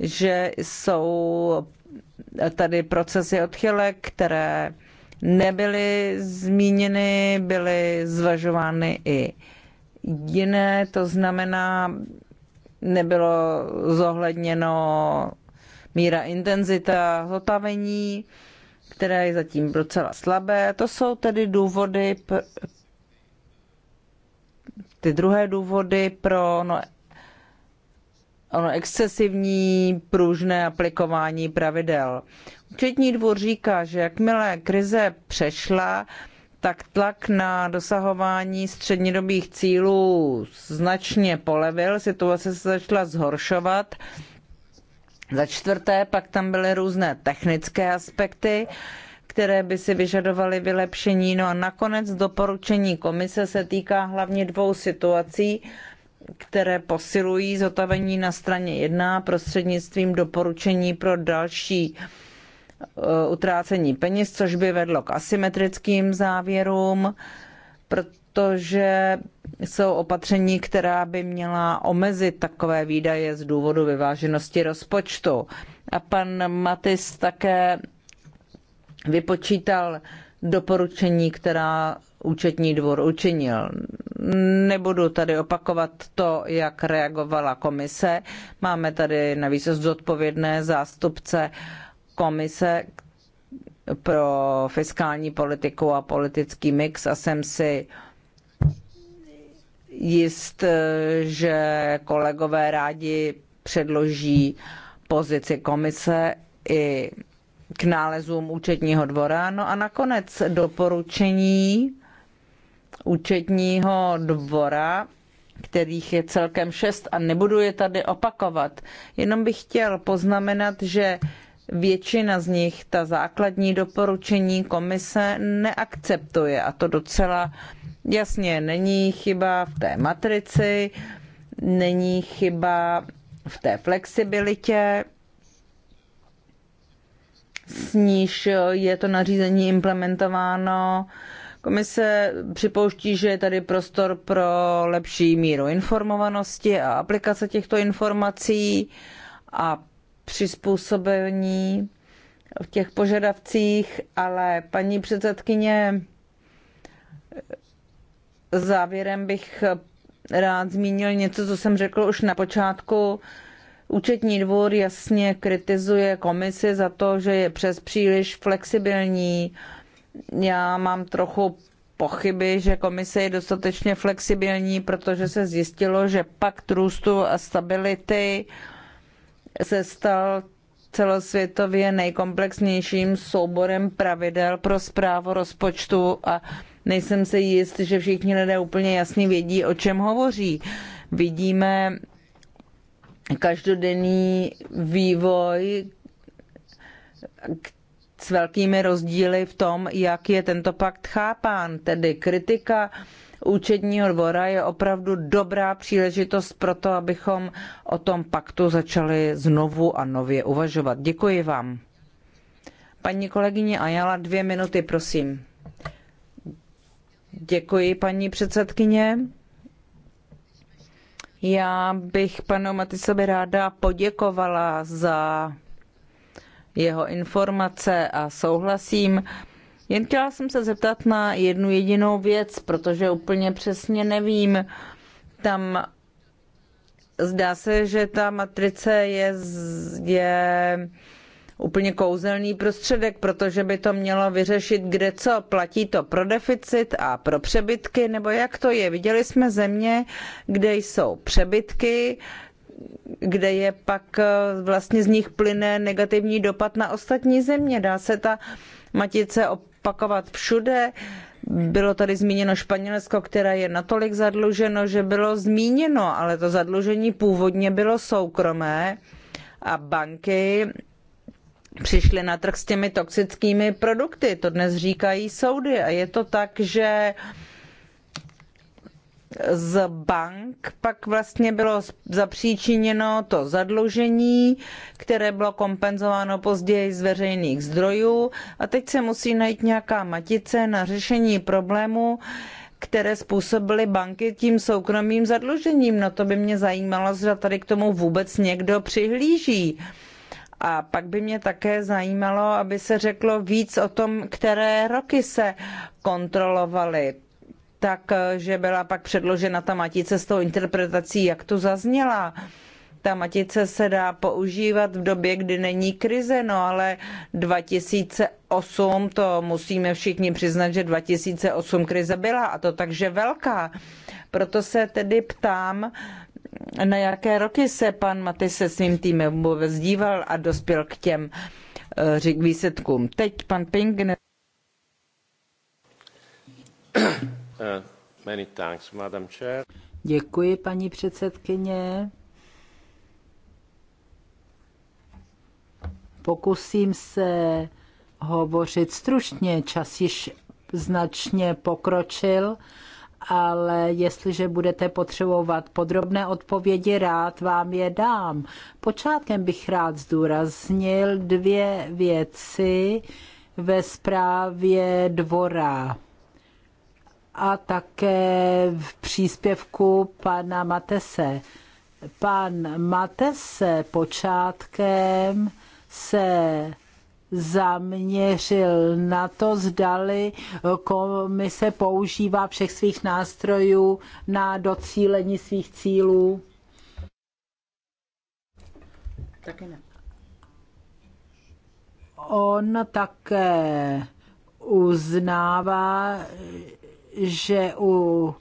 že jsou tady procesy odchylek, které nebyly zmíněny, byly zvažovány i jiné, to znamená, nebylo zohledněno míra intenzita zotavení, které je zatím docela slabé. To jsou tedy důvody, ty druhé důvody pro no, ono excesivní pružné aplikování pravidel. Učetní dvůr říká, že jakmile krize přešla, tak tlak na dosahování střednědobých cílů značně polevil, situace se začala zhoršovat. Za čtvrté pak tam byly různé technické aspekty, které by si vyžadovaly vylepšení. No a nakonec doporučení komise se týká hlavně dvou situací, které posilují zotavení na straně 1 prostřednictvím doporučení pro další eh, utrácení peněz, což by vedlo k asymetrickým závěrům, protože jsou opatření, která by měla omezit takové výdaje z důvodu vyváženosti rozpočtu. A pan Matis také vypočítal doporučení, která účetní dvůr učinil. Nebudu tady opakovat to, jak reagovala komise. Máme tady navíc zodpovědné zástupce komise pro fiskální politiku a politický mix a jsem si jist, že kolegové rádi předloží pozici komise i k nálezům účetního dvora. No a nakonec doporučení účetního dvora, kterých je celkem šest a nebudu je tady opakovat. Jenom bych chtěl poznamenat, že většina z nich ta základní doporučení komise neakceptuje a to docela jasně není chyba v té matrici, není chyba v té flexibilitě, s níž je to nařízení implementováno, Komise připouští, že je tady prostor pro lepší míru informovanosti a aplikace těchto informací a přizpůsobení v těch požadavcích, ale paní předsedkyně, závěrem bych rád zmínil něco, co jsem řekl už na počátku. Účetní dvůr jasně kritizuje komisi za to, že je přes příliš flexibilní já mám trochu pochyby, že komise je dostatečně flexibilní, protože se zjistilo, že pakt růstu a stability se stal celosvětově nejkomplexnějším souborem pravidel pro zprávu rozpočtu a nejsem si jist, že všichni lidé úplně jasně vědí, o čem hovoří. Vidíme každodenní vývoj, s velkými rozdíly v tom, jak je tento pakt chápán. Tedy kritika účetního dvora je opravdu dobrá příležitost pro to, abychom o tom paktu začali znovu a nově uvažovat. Děkuji vám. Paní kolegyně Ajala, dvě minuty, prosím. Děkuji, paní předsedkyně. Já bych panu Matisovi ráda poděkovala za jeho informace a souhlasím. Jen chtěla jsem se zeptat na jednu jedinou věc, protože úplně přesně nevím. Tam zdá se, že ta matrice je, je úplně kouzelný prostředek, protože by to mělo vyřešit, kde co. Platí to pro deficit a pro přebytky, nebo jak to je? Viděli jsme země, kde jsou přebytky, kde je pak eh, vlastně z nich plyne negativní dopad na ostatní země. Dá se ta matice opakovat všude. Bylo tady zmíněno Španělsko, které je natolik zadluženo, že bylo zmíněno, ale to zadlužení původně bylo soukromé a banky přišly na trh s těmi toxickými produkty. To dnes říkají soudy a je to tak, že z bank pak vlastně bylo zapříčiněno to zadlužení, které bylo kompenzováno později z veřejných zdrojů a teď se musí najít nějaká matice na řešení problému, které způsobily banky tím soukromým zadlužením. No to by mě zajímalo, zda tady k tomu vůbec někdo přihlíží. A pak by mě také zajímalo, aby se řeklo víc o tom, které roky se kontrolovaly takže eh, byla pak předložena ta matice s tou interpretací, jak to zazněla. Ta matice se dá používat v době, kdy není krize, no ale 2008, to musíme všichni přiznat, že 2008 krize byla a to takže velká. Proto se tedy ptám, na jaké roky se pan Maty se svým týmem vůbec díval a dospěl k těm uh, výsledkům. Teď pan Ping. Eh, Děkuji, paní předsedkyně. Pokusím se hovořit stručně, čas již značně pokročil, ale jestliže budete potřebovat podrobné odpovědi, rád vám je dám. Počátkem bych rád zdůraznil dvě věci ve zprávě dvora a také v příspěvku pana Matese. Pan Matese počátkem se zaměřil na to, zdali komise používá všech svých nástrojů na docílení svých cílů. Taky ne. On také uznává, že u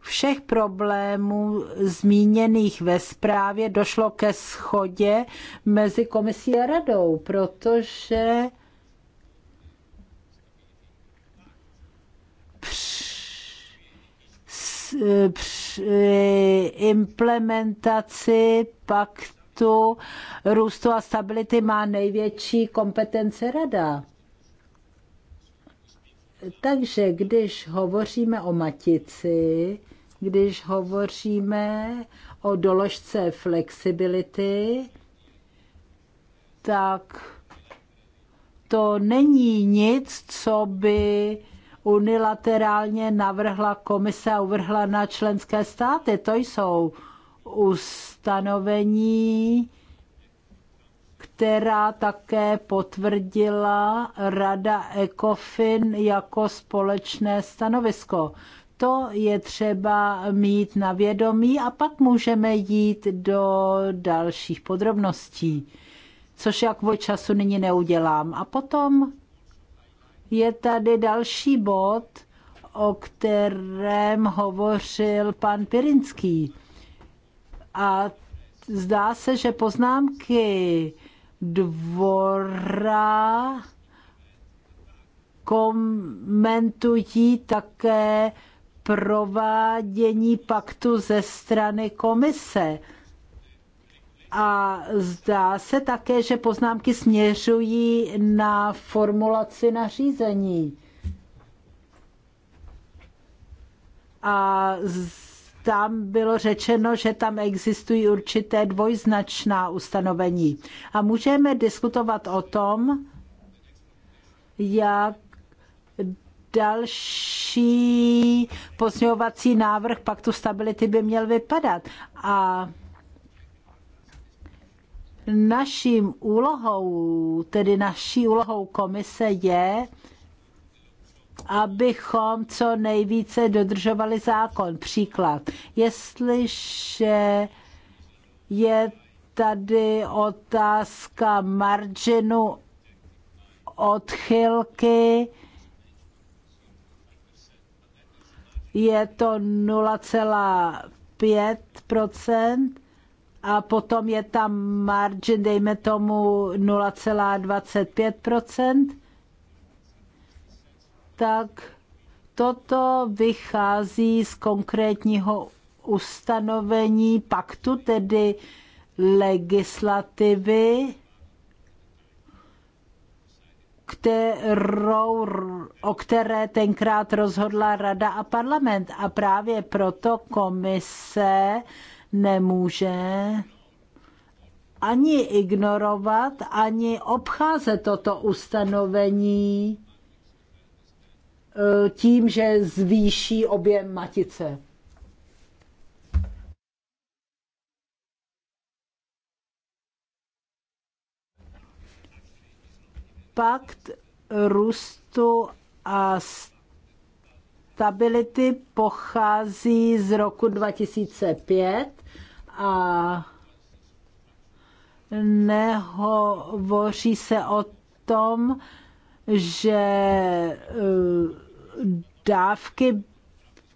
všech problémů zmíněných ve zprávě došlo ke schodě mezi komisí a radou, protože při implementaci paktu růstu a stability má největší kompetence rada. Takže když hovoříme o matici, když hovoříme o doložce flexibility, tak to není nic, co by unilaterálně navrhla komise a uvrhla na členské státy. To jsou ustanovení, která také potvrdila Rada ECOFIN jako společné stanovisko. To je třeba mít na vědomí a pak můžeme jít do dalších podrobností, což jak kvůli času nyní neudělám. A potom je tady další bod, o kterém hovořil pan Pirinský. A zdá se, že poznámky dvora komentují také provádění paktu ze strany komise. A zdá se také, že poznámky směřují na formulaci nařízení. A z tam bylo řečeno, že tam existují určité dvojznačná ustanovení. A můžeme diskutovat o tom, jak další pozměňovací návrh paktu stability by měl vypadat. A naším úlohou, tedy naší úlohou komise je, abychom co nejvíce dodržovali zákon. Příklad, jestliže je tady otázka marginu odchylky, je to 0,5 a potom je tam margin, dejme tomu 0,25 tak toto vychází z konkrétního ustanovení paktu, tedy legislativy, kterou, o které tenkrát rozhodla Rada a parlament. A právě proto komise nemůže ani ignorovat, ani obcházet toto ustanovení Eh, tím, že zvýší objem matice. Pakt růstu a stability pochází z roku 2005 a nehovoří se o tom, že eh, dávky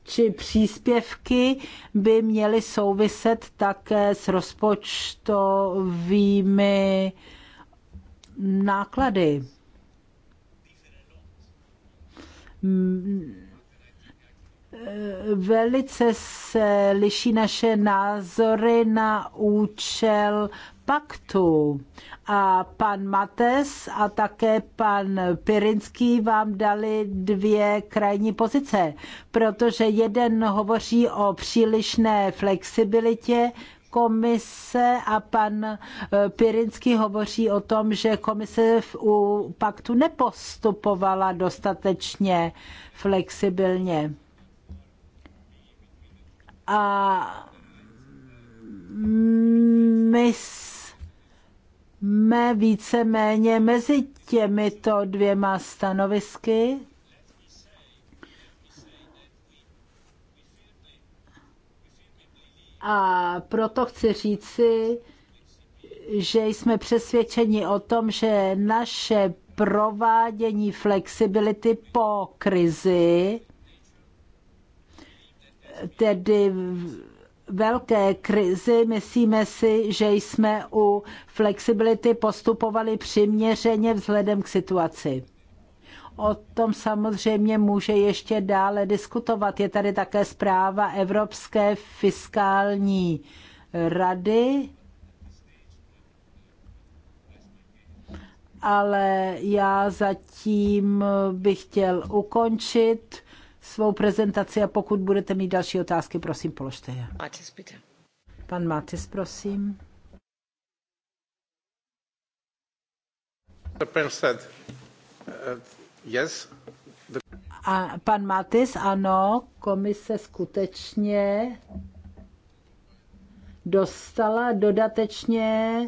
či příspěvky by měly souviset také s rozpočtovými náklady. Eh, velice se liší naše názory na účel paktu. A pan Mates a také pan Pirinský vám dali dvě krajní pozice, protože jeden hovoří o přílišné flexibilitě, komise a pan e, Pirinský hovoří o tom, že komise u paktu nepostupovala dostatečně flexibilně. A my jsme víceméně mezi těmito dvěma stanovisky. A proto chci říci, že jsme přesvědčeni o tom, že naše provádění flexibility po krizi, tedy velké krizi myslíme si, že jsme u flexibility postupovali přiměřeně vzhledem k situaci. O tom samozřejmě může ještě dále diskutovat. Je tady také zpráva Evropské fiskální rady, ale já zatím bych chtěl ukončit svou prezentaci a pokud budete mít další otázky, prosím, položte je. Matis, bitte. Pan Matis, prosím. Eh, a pan Matis, ano, komise skutečně dostala dodatečně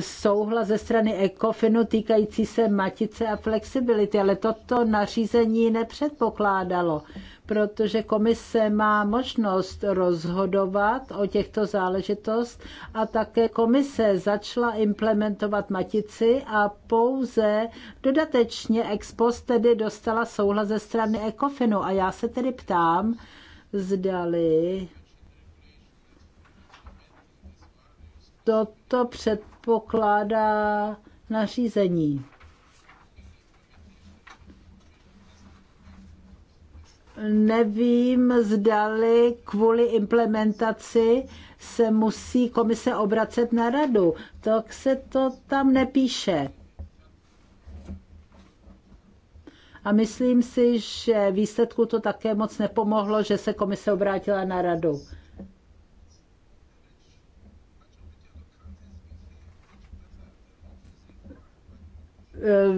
souhlas ze strany ECOFINu týkající se matice a flexibility, ale toto nařízení nepředpokládalo, protože komise má možnost rozhodovat o těchto záležitost a také komise začala implementovat matici a pouze dodatečně ex post tedy dostala souhlas ze strany ECOFINu. A já se tedy ptám, zdali toto před pokládá nařízení. Nevím, zdali kvůli implementaci se musí komise obracet na radu. Tak se to tam nepíše. A myslím si, že výsledku to také moc nepomohlo, že se komise obrátila na radu.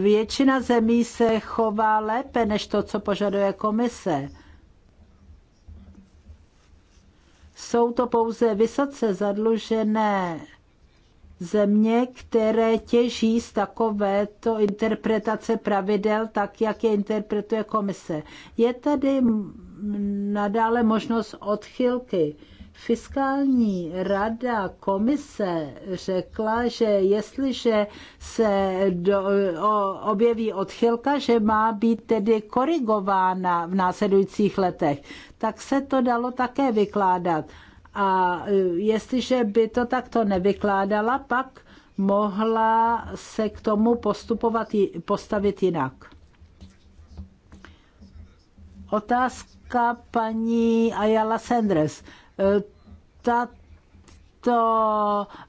většina zemí se chová lépe než to, co požaduje komise. Jsou to pouze vysoce zadlužené země, které těží z takovéto interpretace pravidel, tak jak je interpretuje komise. Je tady nadále možnost odchylky Fiskální rada komise řekla, že jestliže se do, o, objeví odchylka, že má být tedy korigována v následujících letech, tak se to dalo také vykládat. A e, jestliže by to takto nevykládala, pak mohla se k tomu postupovat, postavit jinak. Otázka paní Ayala Sanders. Tato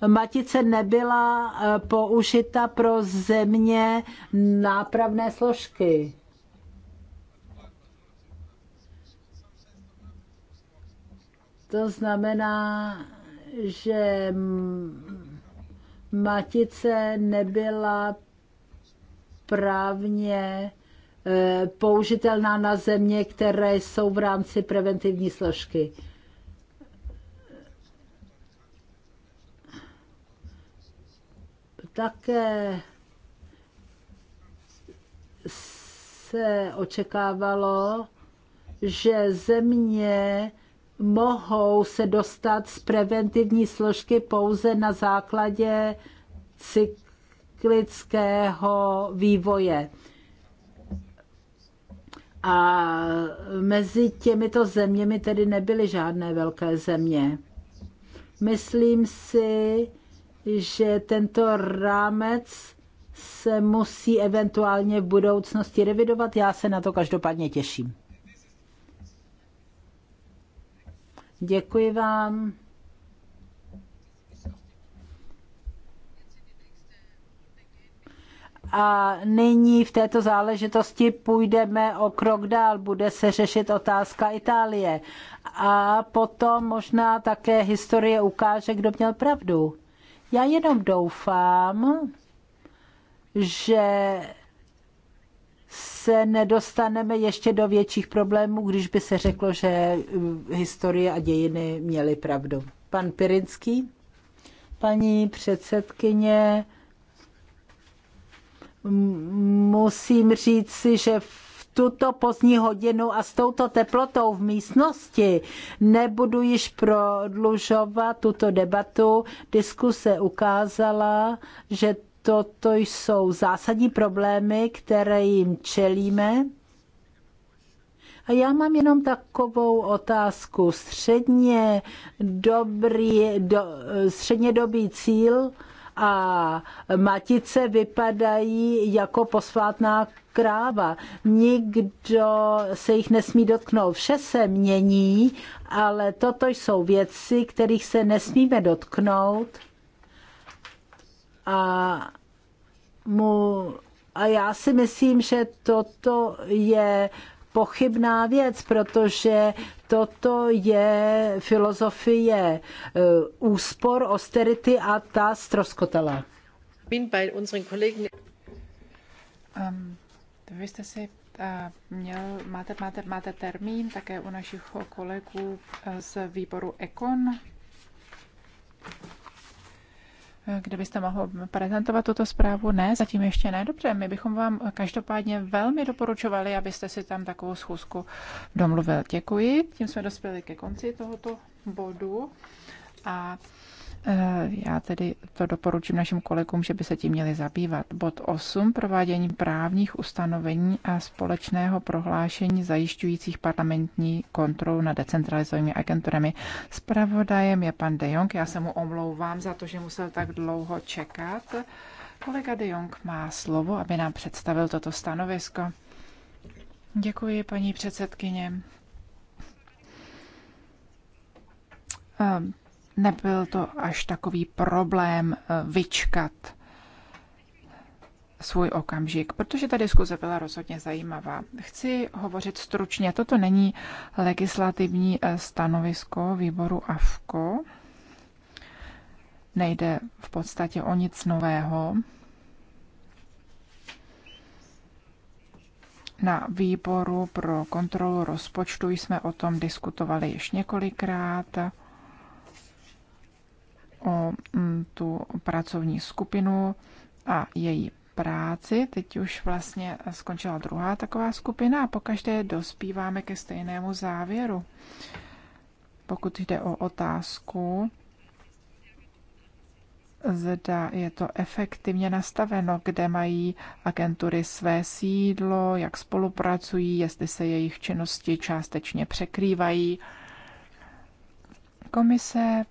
matice nebyla eh, použita pro země nápravné složky. To znamená, že matice nebyla právně eh, použitelná na země, které jsou v rámci preventivní složky. Také se očekávalo, že země mohou se dostat z preventivní složky pouze na základě cyklického vývoje. A mezi těmito zeměmi tedy nebyly žádné velké země. Myslím si, že tento rámec se musí eventuálně v budoucnosti revidovat. Já se na to každopádně těším. Děkuji vám. A nyní v této záležitosti půjdeme o krok dál. Bude se řešit otázka Itálie. A potom možná také historie ukáže, kdo měl pravdu. Já jenom doufám, že se nedostaneme ještě do větších problémů, když by se řeklo, že eh, historie a dějiny měly pravdu. Pan Pirinský, paní předsedkyně, musím říct si, že tuto pozdní hodinu a s touto teplotou v místnosti nebudu již prodlužovat tuto debatu. Diskuse ukázala, že toto jsou zásadní problémy, které jim čelíme. A já mám jenom takovou otázku. Středně dobrý, do, dobrý cíl a matice vypadají jako posvátná kráva. Nikdo se jich nesmí dotknout. Vše se mění, ale toto jsou věci, kterých se nesmíme dotknout. A mu a já si myslím, že toto je pochybná věc, protože toto je filozofie eh, úspor, austerity a ta stroskotala. Um, ehm, vy jste si eh, měl, máte, máte, máte termín také u našich kolegů eh, z výboru Ekon kdybyste mohl prezentovat tuto zprávu. Ne, zatím ještě ne. Dobře, my bychom vám každopádně velmi doporučovali, abyste si tam takovou schůzku domluvil. Děkuji. Tím jsme dospěli ke konci tohoto bodu. A Eh, já tedy to doporučím našim kolegům, že by se tím měli zabývat. Bod 8. Provádění právních ustanovení a společného prohlášení zajišťujících parlamentní kontrolu nad decentralizovanými agenturami. Spravodajem je pan De Jong. Já se mu omlouvám za to, že musel tak dlouho čekat. Kolega De Jong má slovo, aby nám představil toto stanovisko. Děkuji, paní předsedkyně. Ehm, nebyl to až takový problém eh, vyčkat svůj okamžik, protože ta diskuze byla rozhodně zajímavá. Chci hovořit stručně. Toto není legislativní eh, stanovisko výboru AFKO. Nejde v podstatě o nic nového. Na výboru pro kontrolu rozpočtu jsme o tom diskutovali již několikrát o mm, tu pracovní skupinu a její práci. Teď už vlastně skončila druhá taková skupina a pokaždé dospíváme ke stejnému závěru. Pokud jde o otázku, zda je to efektivně nastaveno, kde mají agentury své sídlo, jak spolupracují, jestli se jejich činnosti částečně překrývají. Komise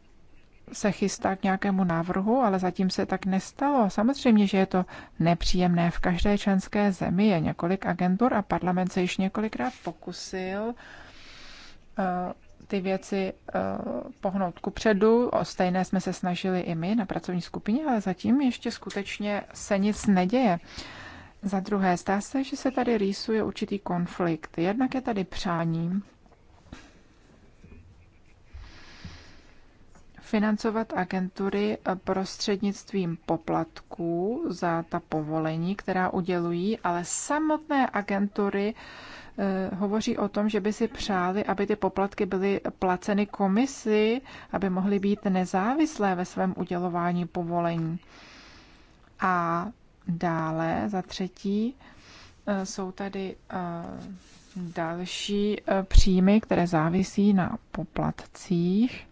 se chystá k nějakému návrhu, ale zatím se tak nestalo. Samozřejmě, že je to nepříjemné. V každé členské zemi je několik agentur a parlament se již několikrát pokusil eh, ty věci eh, pohnout ku předu. O stejné jsme se snažili i my na pracovní skupině, ale zatím ještě skutečně se nic neděje. Za druhé, zdá se, že se tady rýsuje určitý konflikt. Jednak je tady přání financovat agentury eh, prostřednictvím poplatků za ta povolení, která udělují, ale samotné agentury eh, hovoří o tom, že by si přáli, aby ty poplatky byly placeny komisi, aby mohly být nezávislé ve svém udělování povolení. A dále, za třetí, eh, jsou tady další příjmy, které závisí na poplatcích.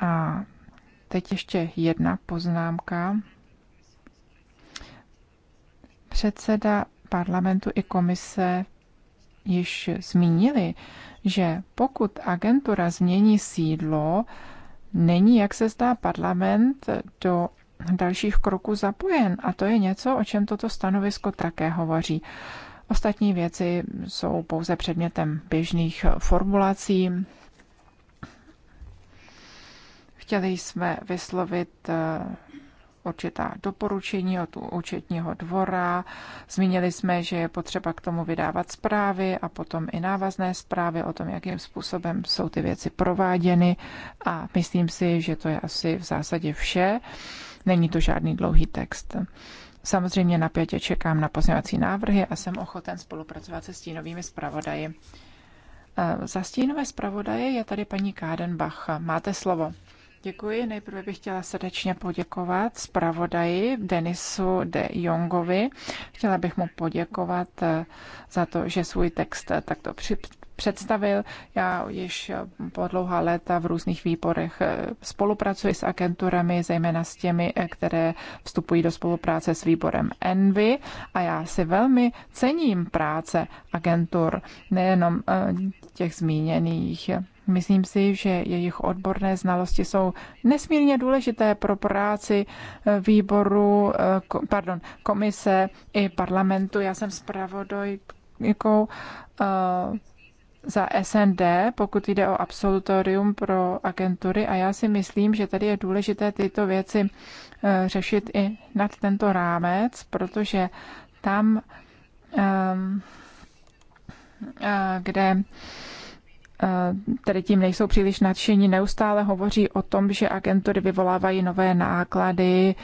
A teď ještě jedna poznámka. Předseda parlamentu i komise již zmínili, že pokud agentura změní sídlo, není, jak se zdá, parlament do dalších kroků zapojen. A to je něco, o čem toto stanovisko také hovoří. Ostatní věci jsou pouze předmětem běžných formulací Chtěli jsme vyslovit eh, určitá doporučení od účetního dvora. Zmínili jsme, že je potřeba k tomu vydávat zprávy a potom i návazné zprávy o tom, jakým způsobem jsou ty věci prováděny a myslím si, že to je asi v zásadě vše. Není to žádný dlouhý text. Samozřejmě napětě čekám na pozměňovací návrhy a jsem ochoten spolupracovat se stínovými zpravodaji. Eh, za stínové zpravodaje je tady paní Kádenbach. Máte slovo. Děkuji. Nejprve bych chtěla srdečně poděkovat zpravodaji Denisu de Jongovi. Chtěla bych mu poděkovat eh, za to, že svůj text eh, takto připravil představil. Já již eh, po dlouhá léta v různých výborech spolupracuji s agenturami, zejména s těmi, které vstupují do spolupráce s výborem Envy a já si velmi cením práce agentur, nejenom těch zmíněných. Myslím si, že jejich odborné znalosti jsou nesmírně důležité pro práci eh, výboru, eh, pardon, komise i parlamentu. Já jsem zpravodajkou eh, za SND, pokud jde o absolutorium pro agentury a já si myslím, že tady je důležité tyto věci řešit i nad tento rámec, protože tam um, Eh, kde eh, tedy tím nejsou příliš nadšení, neustále hovoří o tom, že agentury vyvolávají nové náklady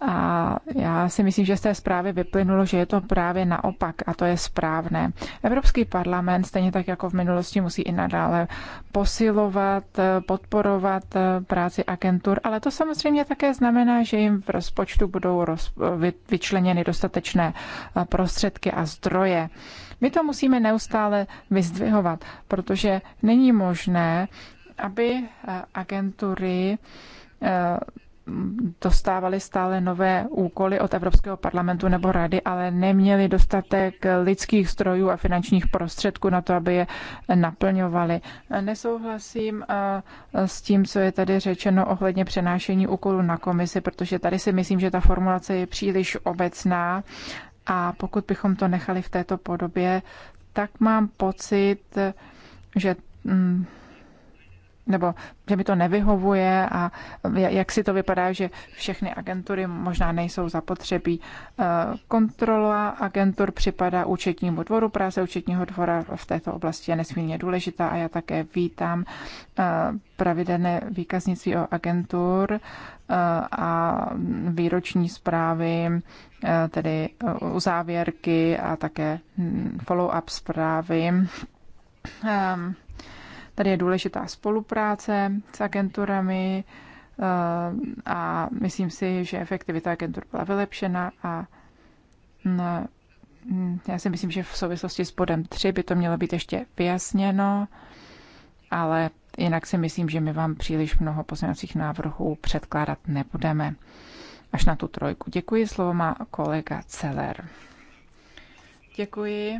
a já si myslím, že z té zprávy vyplynulo, že je to právě naopak a to je správné. Evropský parlament, stejně tak jako v minulosti, musí i nadále posilovat, eh, podporovat práci agentur, ale to samozřejmě také znamená, že jim v rozpočtu budou roz, vyčleněny dostatečné prostředky a zdroje. My to musíme neustále vyzdvihovat, protože není možné, aby eh, agentury eh, dostávali stále nové úkoly od Evropského parlamentu nebo rady, ale neměli dostatek lidských strojů a finančních prostředků na to, aby je naplňovali. Nesouhlasím eh, s tím, co je tady řečeno ohledně přenášení úkolů na komisi, protože tady si myslím, že ta formulace je příliš obecná a pokud bychom to nechali v této podobě, tak mám pocit, že mm, nebo že mi to nevyhovuje a jak si to vypadá, že všechny agentury možná nejsou zapotřebí. Eh, kontrola agentur připadá účetnímu dvoru, práce účetního dvora v této oblasti je nesmírně důležitá a já také vítám eh, pravidelné výkaznictví o agentur eh, a výroční zprávy Eh, tedy eh, uzávěrky a také hm, follow-up zprávy. Ehm, tady je důležitá spolupráce s agenturami eh, a myslím si, že efektivita agentur byla vylepšena a hm, hm, já si myslím, že v souvislosti s bodem 3 by to mělo být ještě vyjasněno, ale jinak si myslím, že my vám příliš mnoho pozměňovacích návrhů předkládat nebudeme až na tu trojku. Děkuji, slovo má kolega Celer. Děkuji.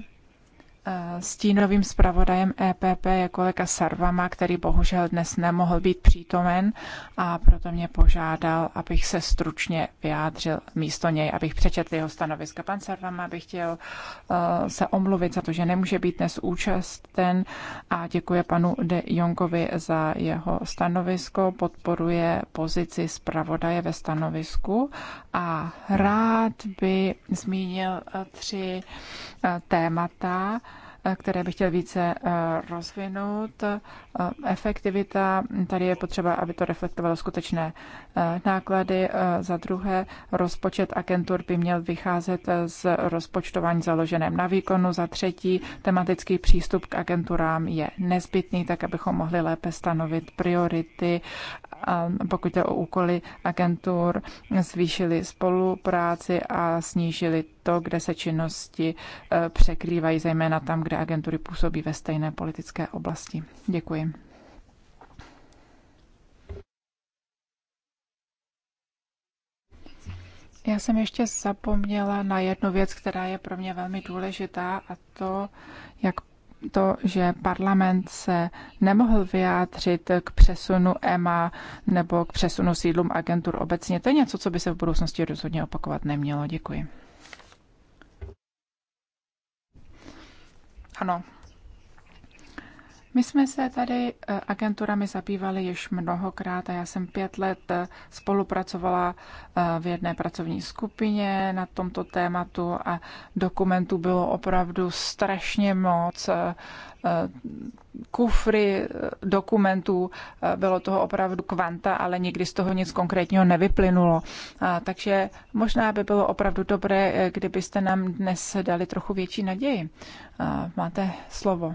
Eh, stínovým zpravodajem EPP je kolega Sarvama, který bohužel dnes nemohl být přítomen a proto mě požádal, abych se stručně vyjádřil místo něj, abych přečetl jeho stanoviska. Pan Sarvama bych chtěl eh, se omluvit za to, že nemůže být dnes účasten a děkuje panu De Jongovi za jeho stanovisko, podporuje pozici zpravodaje ve stanovisku a rád by zmínil eh, tři témata, Eh, které bych chtěl více eh, rozvinout. Eh, efektivita, tady je potřeba, aby to reflektovalo skutečné náklady. Za druhé, rozpočet agentur by měl vycházet z rozpočtování založeném na výkonu. Za třetí, tematický přístup k agenturám je nezbytný, tak abychom mohli lépe stanovit priority, ehm, pokud je o úkoly agentur, zvýšili spolupráci a snížili to, kde se činnosti překrývají, zejména tam, kde agentury působí ve stejné politické oblasti. Děkuji. Já jsem ještě zapomněla na jednu věc, která je pro mě velmi důležitá, a to, jak to, že parlament se nemohl vyjádřit k přesunu EMA nebo k přesunu sídlům agentur obecně. To je něco, co by se v budoucnosti rozhodně opakovat nemělo. Děkuji. Ano. My jsme se tady eh, agenturami zabývali již mnohokrát a já jsem pět let eh, spolupracovala eh, v jedné pracovní skupině na tomto tématu a dokumentů bylo opravdu strašně moc. Kufry dokumentů, bylo toho opravdu kvanta, ale nikdy z toho nic konkrétního nevyplynulo. Takže možná by bylo opravdu dobré, kdybyste nám dnes dali trochu větší naději. Máte slovo.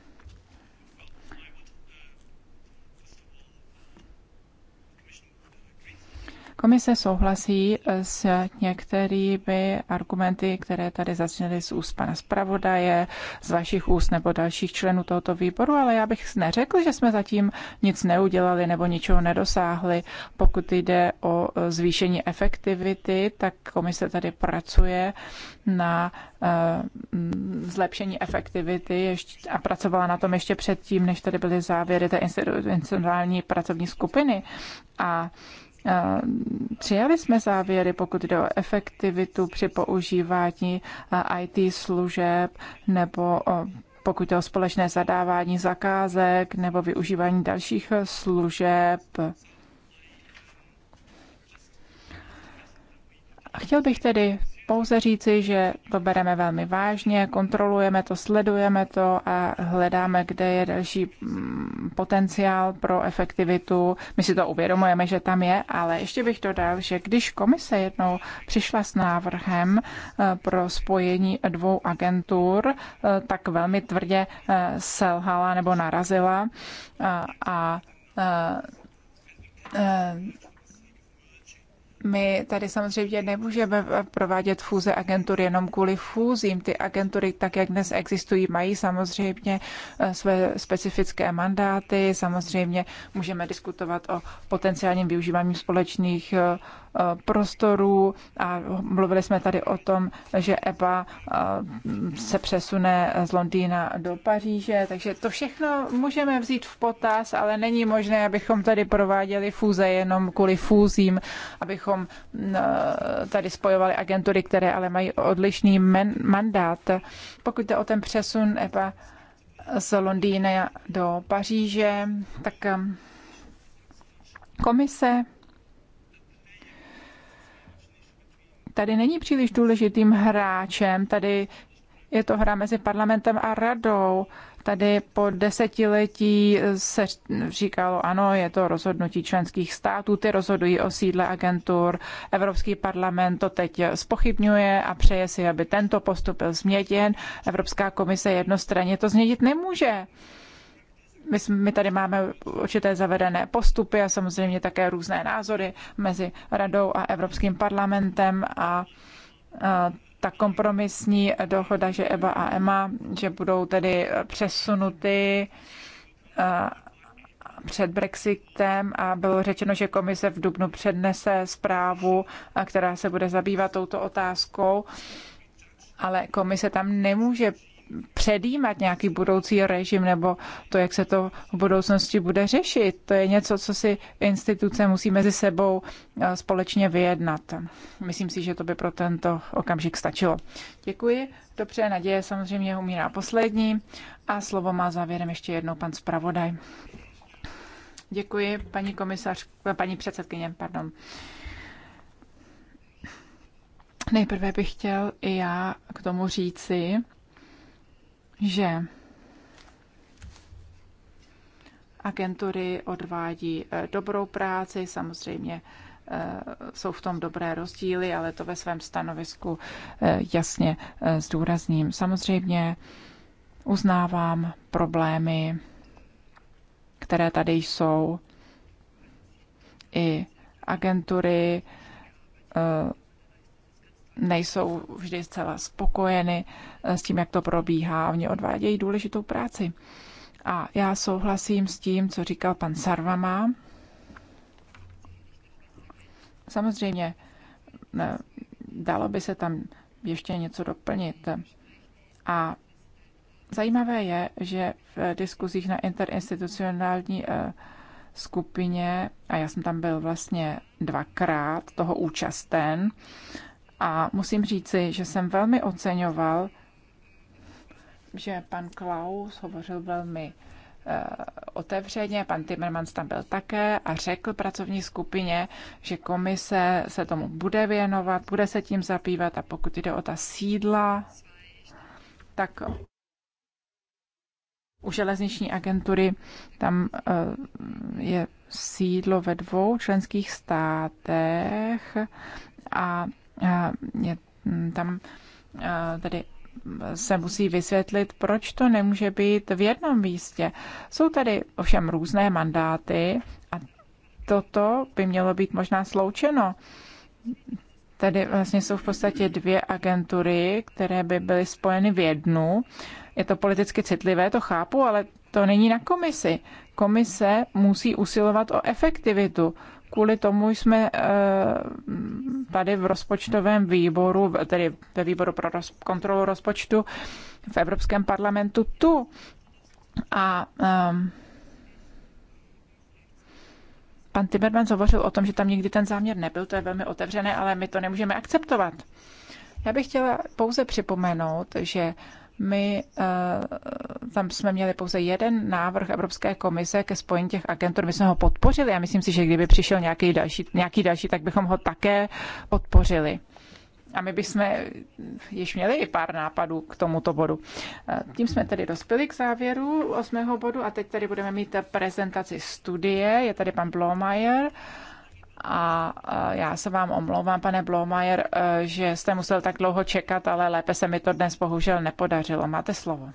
Komise souhlasí s některými argumenty, které tady zazněly z úst pana zpravodaje, z vašich úst nebo dalších členů tohoto výboru, ale já bych neřekl, že jsme zatím nic neudělali nebo ničeho nedosáhli. Pokud jde o zvýšení efektivity, tak komise tady pracuje na eh, zlepšení efektivity a pracovala na tom ještě předtím, než tady byly závěry té institucionální pracovní skupiny. A Eh, přijali jsme závěry, pokud jde o efektivitu při používání eh, IT služeb nebo pokud jde o společné zadávání zakázek nebo využívání dalších eh, služeb. Chtěl bych tedy pouze říci, že to bereme velmi vážně, kontrolujeme to, sledujeme to a hledáme, kde je další mm, potenciál pro efektivitu. My si to uvědomujeme, že tam je, ale ještě bych dodal, že když komise jednou přišla s návrhem eh, pro spojení dvou agentur, eh, tak velmi tvrdě eh, selhala nebo narazila a, a, a my tady samozřejmě nemůžeme provádět fúze agentur jenom kvůli fúzím. Ty agentury, tak jak dnes existují, mají samozřejmě eh, své specifické mandáty. Samozřejmě můžeme diskutovat o potenciálním využívání společných eh, Eh, prostorů a mluvili jsme tady o tom, že EPA eh, se přesune z Londýna do Paříže, takže to všechno můžeme vzít v potaz, ale není možné, abychom tady prováděli fúze jenom kvůli fúzím, abychom eh, tady spojovali agentury, které ale mají odlišný mandát. Pokud jde o ten přesun EPA z Londýna do Paříže, tak komise tady není příliš důležitým hráčem, tady je to hra mezi parlamentem a radou. Tady po desetiletí se říkalo, ano, je to rozhodnutí členských států, ty rozhodují o sídle agentur. Evropský parlament to teď spochybňuje a přeje si, aby tento postup byl změněn. Evropská komise jednostranně to změnit nemůže my, my tady máme určité zavedené postupy a samozřejmě také různé názory mezi radou a Evropským parlamentem a, a ta kompromisní dohoda, že EBA a EMA, že budou tedy přesunuty a, před Brexitem a bylo řečeno, že komise v Dubnu přednese zprávu, která se bude zabývat touto otázkou, ale komise tam nemůže předjímat nějaký budoucí režim nebo to, jak se to v budoucnosti bude řešit. To je něco, co si instituce musí mezi sebou eh, společně vyjednat. Myslím si, že to by pro tento okamžik stačilo. Děkuji. Dobře, naděje samozřejmě umírá poslední. A slovo má závěrem ještě jednou pan zpravodaj. Děkuji, paní komisař, eh, paní předsedkyně, pardon. Nejprve bych chtěl i já k tomu říci, že agentury odvádí eh, dobrou práci, samozřejmě eh, jsou v tom dobré rozdíly, ale to ve svém stanovisku eh, jasně zdůrazním. Samozřejmě uznávám problémy, které tady jsou. I agentury nejsou vždy zcela spokojeny eh, s tím, jak to probíhá. Oni odvádějí důležitou práci. A já souhlasím s tím, co říkal pan Sarvama. Samozřejmě, eh, dalo by se tam ještě něco doplnit. A zajímavé je, že v diskuzích na interinstitucionální eh, skupině, a já jsem tam byl vlastně dvakrát toho účasten, a musím říci, že jsem velmi oceňoval, že pan Klaus hovořil velmi eh, otevřeně, pan Timmermans tam byl také a řekl pracovní skupině, že komise se tomu bude věnovat, bude se tím zabývat a pokud jde o ta sídla, tak u železniční agentury tam eh, je sídlo ve dvou členských státech a je mm, tam tedy se musí vysvětlit, proč to nemůže být v jednom místě. Jsou tady ovšem různé mandáty a toto by mělo být možná sloučeno. Tady vlastně jsou v podstatě dvě agentury, které by byly spojeny v jednu. Je to politicky citlivé, to chápu, ale to není na komisi. Komise musí usilovat o efektivitu kvůli tomu jsme eh, tady v rozpočtovém výboru, tedy ve výboru pro kontrolu rozpočtu v Evropském parlamentu tu. A ehm, pan Timmermans hovořil o tom, že tam nikdy ten záměr nebyl, to je velmi otevřené, ale my to nemůžeme akceptovat. Já bych chtěla pouze připomenout, že my eh, tam jsme měli pouze jeden návrh Evropské komise ke spojení těch agentur. My jsme ho podpořili a myslím si, že kdyby přišel nějaký další, nějaký další tak bychom ho také podpořili. A my bychom již měli i pár nápadů k tomuto bodu. Eh, tím jsme tedy dospěli k závěru osmého bodu a teď tady budeme mít prezentaci studie. Je tady pan Blomayer a já se vám omlouvám, pane Blomajer, e, že jste musel tak dlouho čekat, ale lépe se mi to dnes bohužel nepodařilo. Máte slovo.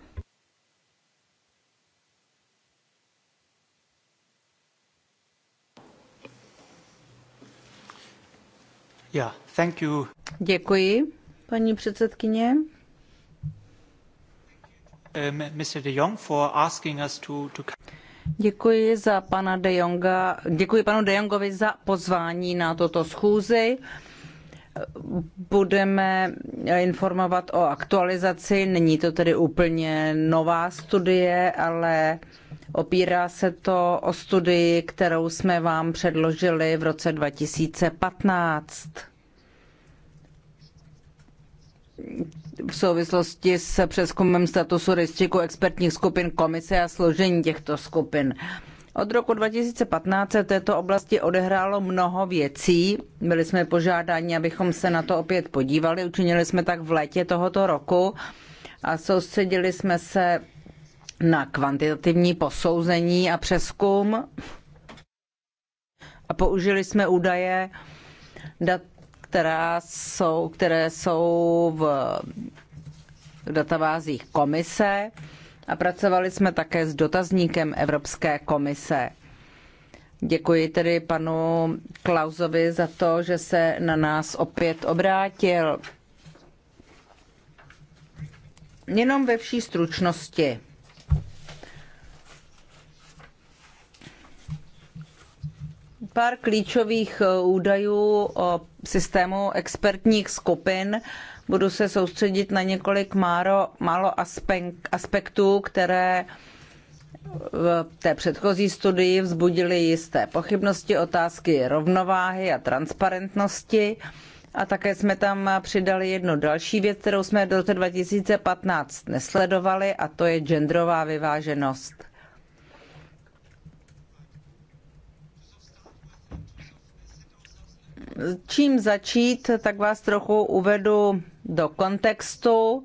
Yeah, thank you. Děkuji, paní předsedkyně. Uh, Mr. De Jong for asking us to, to... Děkuji za pana De Jonga, děkuji panu De Jongovi za pozvání na toto schůzi. Budeme informovat o aktualizaci, není to tedy úplně nová studie, ale opírá se to o studii, kterou jsme vám předložili v roce 2015 v souvislosti s přeskumem statusu rejstříku expertních skupin komise a složení těchto skupin. Od roku 2015 se v této oblasti odehrálo mnoho věcí. Byli jsme požádáni, abychom se na to opět podívali. Učinili jsme tak v létě tohoto roku a soustředili jsme se na kvantitativní posouzení a přeskum. A použili jsme údaje dat která jsou, které jsou v databázích komise a pracovali jsme také s dotazníkem Evropské komise. Děkuji tedy panu Klausovi za to, že se na nás opět obrátil. Jenom ve vší stručnosti. Pár klíčových údajů o systému expertních skupin. Budu se soustředit na několik málo, málo aspektů, které v té předchozí studii vzbudily jisté pochybnosti, otázky rovnováhy a transparentnosti. A také jsme tam přidali jednu další věc, kterou jsme do roce 2015 nesledovali, a to je genderová vyváženost. čím začít, tak vás trochu uvedu do kontextu,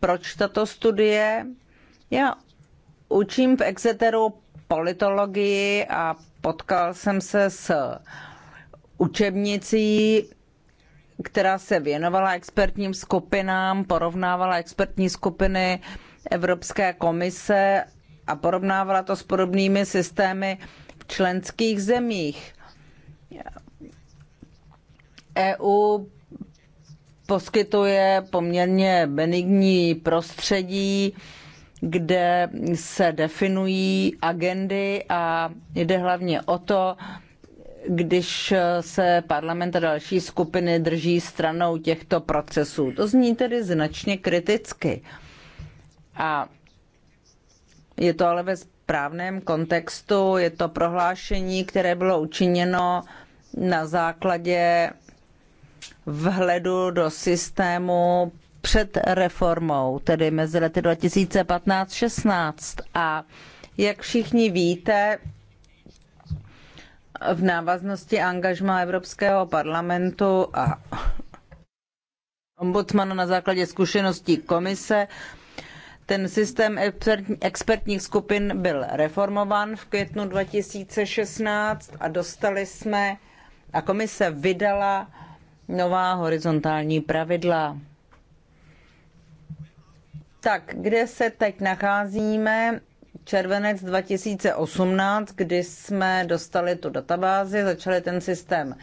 proč tato studie. Já učím v Exeteru politologii a potkal jsem se s učebnicí, která se věnovala expertním skupinám, porovnávala expertní skupiny Evropské komise a porovnávala to s podobnými systémy v členských zemích. EU poskytuje poměrně benigní prostředí, kde se definují agendy a jde hlavně o to, když se parlament a další skupiny drží stranou těchto procesů. To zní tedy značně kriticky. A je to ale ve správném kontextu, je to prohlášení, které bylo učiněno na základě vhledu do systému před reformou, tedy mezi lety 2015-16. A jak všichni víte, v návaznosti angažma Evropského parlamentu a ombudsmana na základě zkušeností komise ten systém expertních skupin byl reformován v květnu 2016 a dostali jsme a komise vydala nová horizontální pravidla. Tak, kde se teď nacházíme? Červenec 2018, kdy jsme dostali tu databázi, začali ten systém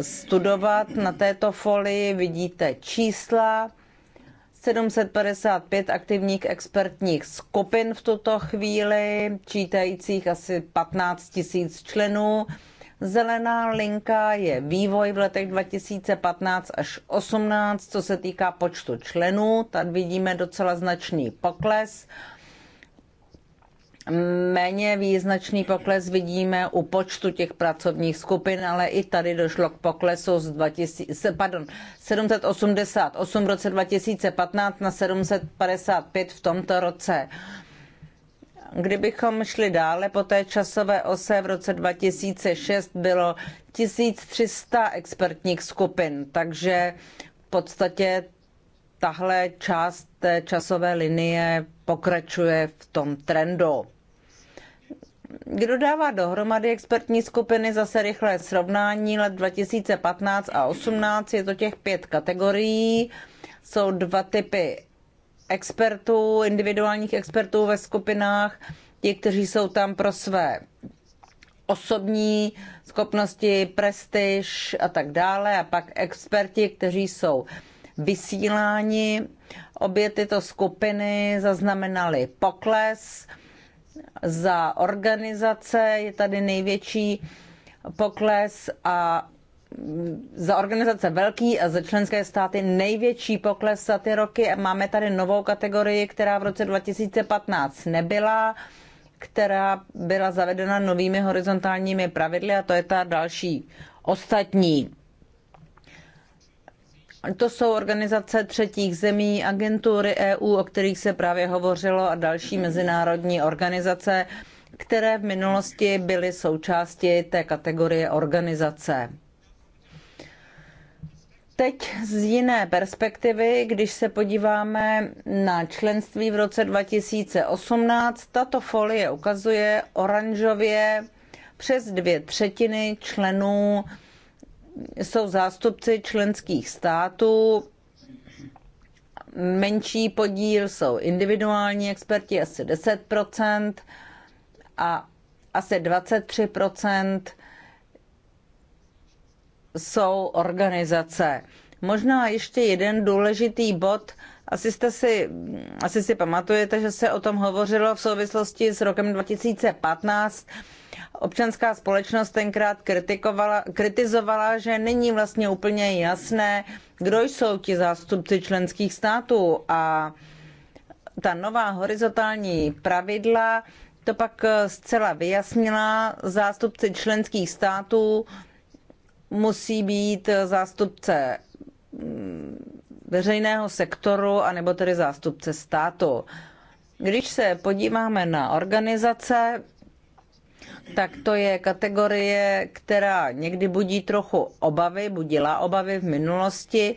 studovat. Na této folii vidíte čísla. 755 aktivních expertních skupin v tuto chvíli, čítajících asi 15 000 členů. Zelená linka je vývoj v letech 2015 až 18, co se týká počtu členů. Tady vidíme docela značný pokles. Méně význačný pokles vidíme u počtu těch pracovních skupin, ale i tady došlo k poklesu z 2000, pardon, 788 v roce 2015 na 755 v tomto roce. Kdybychom šli dále po té časové ose, v roce 2006 bylo 1300 expertních skupin, takže v podstatě tahle část té časové linie pokračuje v tom trendu. Kdo dává dohromady expertní skupiny zase rychlé srovnání let 2015 a 18, je to těch pět kategorií. Jsou dva typy expertů, individuálních expertů ve skupinách, ti, kteří jsou tam pro své osobní schopnosti, prestiž a tak dále, a pak experti, kteří jsou vysíláni. Obě tyto skupiny zaznamenaly pokles. Za organizace je tady největší pokles a za organizace velký a za členské státy největší pokles za ty roky. Máme tady novou kategorii, která v roce 2015 nebyla, která byla zavedena novými horizontálními pravidly a to je ta další ostatní. To jsou organizace třetích zemí, agentury EU, o kterých se právě hovořilo, a další mezinárodní organizace, které v minulosti byly součástí té kategorie organizace. Teď z jiné perspektivy, když se podíváme na členství v roce 2018, tato folie ukazuje oranžově přes dvě třetiny členů jsou zástupci členských států. Menší podíl jsou individuální experti, asi 10 a asi 23 jsou organizace. Možná ještě jeden důležitý bod. Asi, jste si, asi si pamatujete, že se o tom hovořilo v souvislosti s rokem 2015. Občanská společnost tenkrát kritikovala, kritizovala, že není vlastně úplně jasné, kdo jsou ti zástupci členských států a ta nová horizontální pravidla to pak zcela vyjasnila zástupci členských států musí být zástupce mm, veřejného sektoru anebo tedy zástupce státu. Když se podíváme na organizace, tak to je kategorie, která někdy budí trochu obavy, budila obavy v minulosti.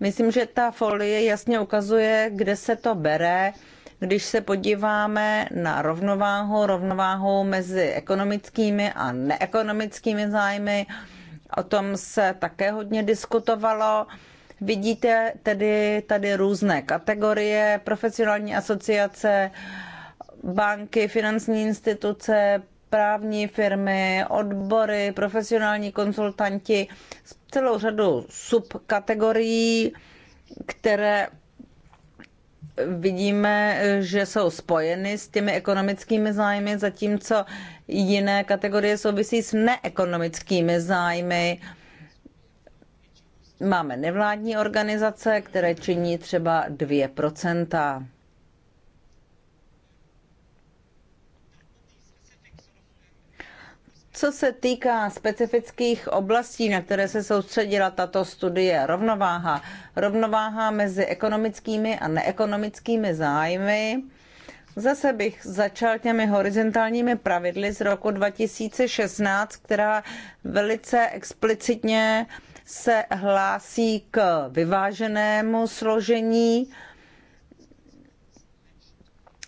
Myslím, že ta folie jasně ukazuje, kde se to bere, když se podíváme na rovnováhu, rovnováhu mezi ekonomickými a neekonomickými zájmy, O tom se také hodně diskutovalo. Vidíte tedy tady různé kategorie, profesionální asociace, banky, finanční instituce, právní firmy, odbory, profesionální konzultanti, celou řadu subkategorií, které vidíme, že jsou spojeny s těmi ekonomickými zájmy, zatímco jiné kategorie souvisí s neekonomickými zájmy. Máme nevládní organizace, které činí třeba 2%. Co se týká specifických oblastí, na které se soustředila tato studie, rovnováha. Rovnováha mezi ekonomickými a neekonomickými zájmy. Zase bych začal těmi horizontálními pravidly z roku 2016, která velice explicitně se hlásí k vyváženému složení.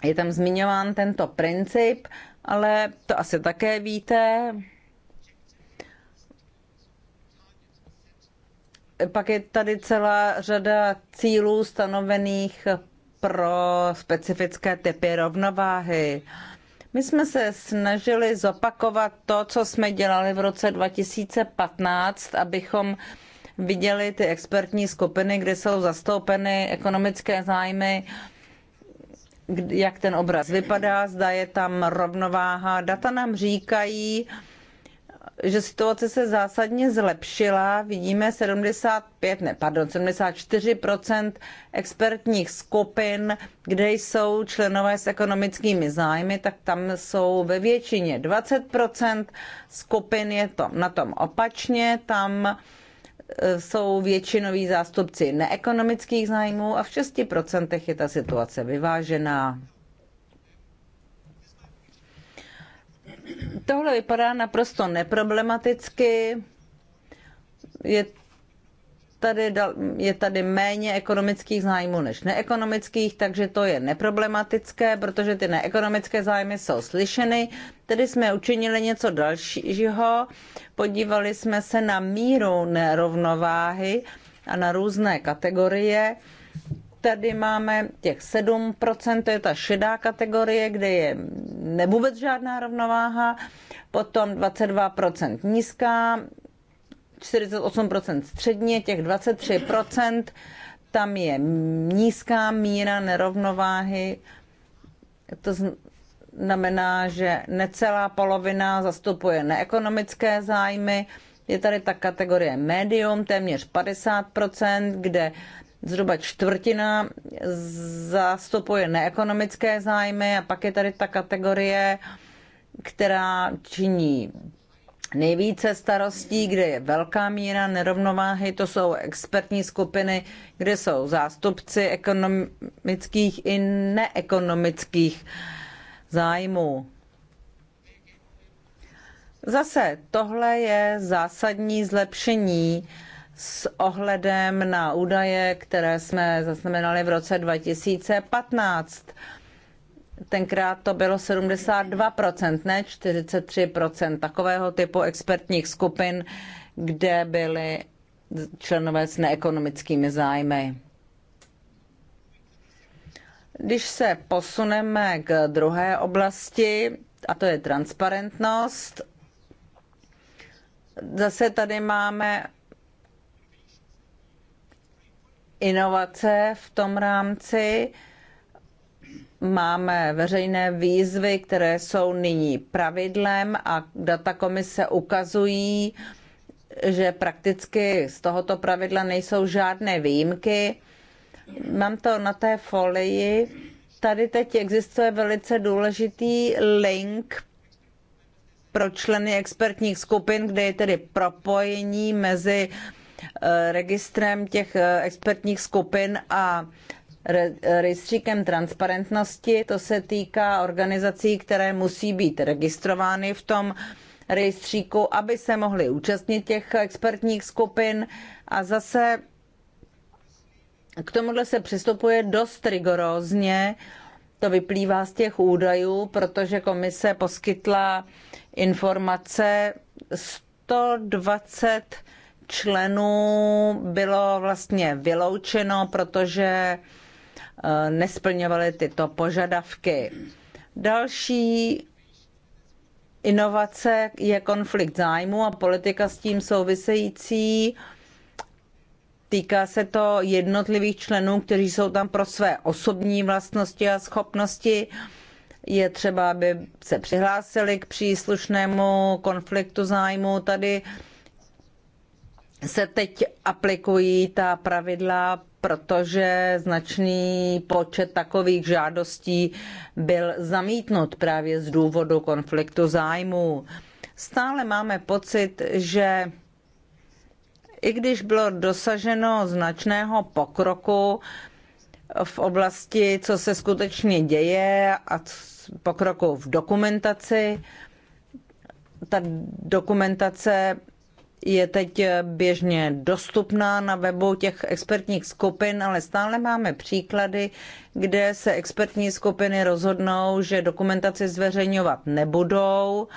Je tam zmiňován tento princip ale to asi také víte. Pak je tady celá řada cílů stanovených pro specifické typy rovnováhy. My jsme se snažili zopakovat to, co jsme dělali v roce 2015, abychom viděli ty expertní skupiny, kde jsou zastoupeny ekonomické zájmy, jak ten obraz vypadá, zda je tam rovnováha. Data nám říkají, že situace se zásadně zlepšila. Vidíme 75, ne, pardon, 74% expertních skupin, kde jsou členové s ekonomickými zájmy, tak tam jsou ve většině 20%. Skupin je to na tom opačně, tam Eh, jsou většinoví zástupci neekonomických zájmů a v 6% je ta situace vyvážená. Tohle vypadá naprosto neproblematicky. Je tady, je tady méně ekonomických zájmů než neekonomických, takže to je neproblematické, protože ty neekonomické zájmy jsou slyšeny. Tedy jsme učinili něco dalšího, podívali jsme se na míru nerovnováhy a na různé kategorie. Tady máme těch 7%, to je ta šedá kategorie, kde je vůbec žádná rovnováha, potom 22% nízká 48% středně, těch 23% tam je nízká míra nerovnováhy. To znamená, že necelá polovina zastupuje neekonomické zájmy. Je tady ta kategorie médium, téměř 50%, kde zhruba čtvrtina zastupuje neekonomické zájmy a pak je tady ta kategorie, která činí Nejvíce starostí, kde je velká míra nerovnováhy, to jsou expertní skupiny, kde jsou zástupci ekonomických i neekonomických zájmů. Zase tohle je zásadní zlepšení s ohledem na údaje, které jsme zaznamenali v roce 2015 tenkrát to bylo 72%, ne 43% takového typu expertních skupin, kde byly členové s neekonomickými zájmy. Když se posuneme k druhé oblasti, a to je transparentnost, zase tady máme inovace v tom rámci, Máme veřejné výzvy, které jsou nyní pravidlem a data komise ukazují, že prakticky z tohoto pravidla nejsou žádné výjimky. Mám to na té folii. Tady teď existuje velice důležitý link pro členy expertních skupin, kde je tedy propojení mezi eh, registrem těch eh, expertních skupin a rejstříkem transparentnosti. To se týká organizací, které musí být registrovány v tom rejstříku, aby se mohly účastnit těch expertních skupin. A zase k tomuhle se přistupuje dost rigorózně. To vyplývá z těch údajů, protože komise poskytla informace 120 členů bylo vlastně vyloučeno, protože Eh, nesplňovaly tyto požadavky. Další inovace je konflikt zájmu a politika s tím související. Týká se to jednotlivých členů, kteří jsou tam pro své osobní vlastnosti a schopnosti. Je třeba, aby se přihlásili k příslušnému konfliktu zájmu. Tady se teď aplikují ta pravidla protože značný počet takových žádostí byl zamítnut právě z důvodu konfliktu zájmů. Stále máme pocit, že i když bylo dosaženo značného pokroku v oblasti, co se skutečně děje a pokroku v dokumentaci, ta dokumentace je teď eh, běžně dostupná na webu těch expertních skupin, ale stále máme příklady, kde se expertní skupiny rozhodnou, že dokumentaci zveřejňovat nebudou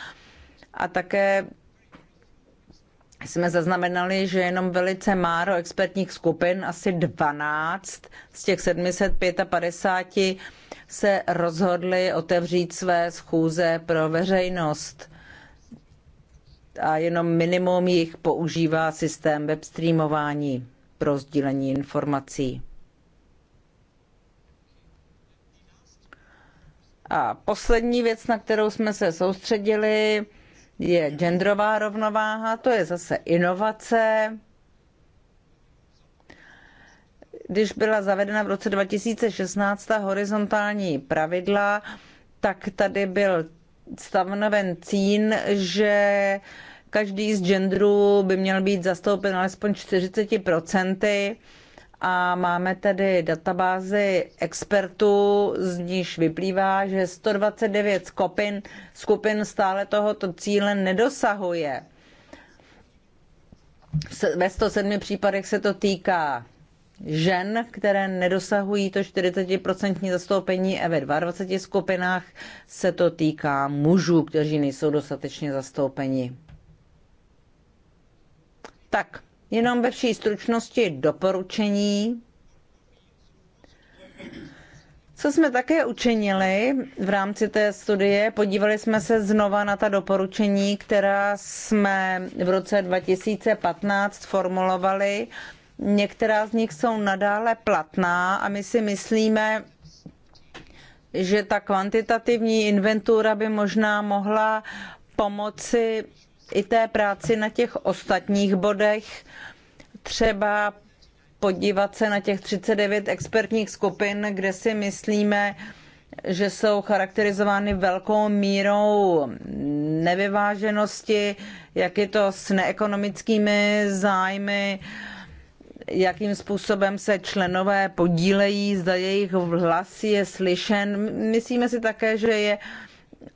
a také jsme zaznamenali, že jenom velice máro expertních skupin, asi 12 z těch 755 se rozhodli otevřít své schůze pro veřejnost a jenom minimum jich používá systém webstreamování pro sdílení informací. A poslední věc, na kterou jsme se soustředili, je genderová rovnováha, to je zase inovace. Když byla zavedena v roce 2016 ta horizontální pravidla, tak tady byl stanoven cín, že každý z genderů by měl být zastoupen alespoň 40%. A máme tedy databázi expertů, z níž vyplývá, že 129 skupin, skupin stále tohoto cíle nedosahuje. Ve 107 případech se to týká žen, které nedosahují to 40% zastoupení a ve 22 skupinách se to týká mužů, kteří nejsou dostatečně zastoupeni. Tak, jenom ve vší stručnosti doporučení. Co jsme také učinili v rámci té studie, podívali jsme se znova na ta doporučení, která jsme v roce 2015 formulovali Některá z nich jsou nadále platná a my si myslíme, že ta kvantitativní inventura by možná mohla pomoci i té práci na těch ostatních bodech, třeba podívat se na těch 39 expertních skupin, kde si myslíme, že jsou charakterizovány velkou mírou nevyváženosti, jak je to s neekonomickými zájmy, jakým způsobem se členové podílejí, zda jejich hlas je slyšen. Myslíme si také, že je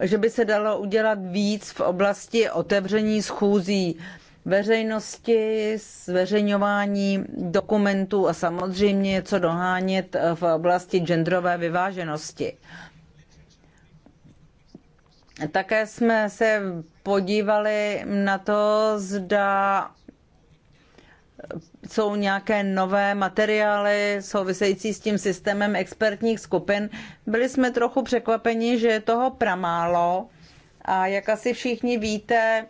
že by se dalo udělat víc v oblasti otevření schůzí veřejnosti, zveřejňování dokumentů a samozřejmě něco dohánět v oblasti genderové vyváženosti. Také jsme se podívali na to, zda jsou nějaké nové materiály související s tím systémem expertních skupin. Byli jsme trochu překvapeni, že je toho pramálo a jak asi všichni víte,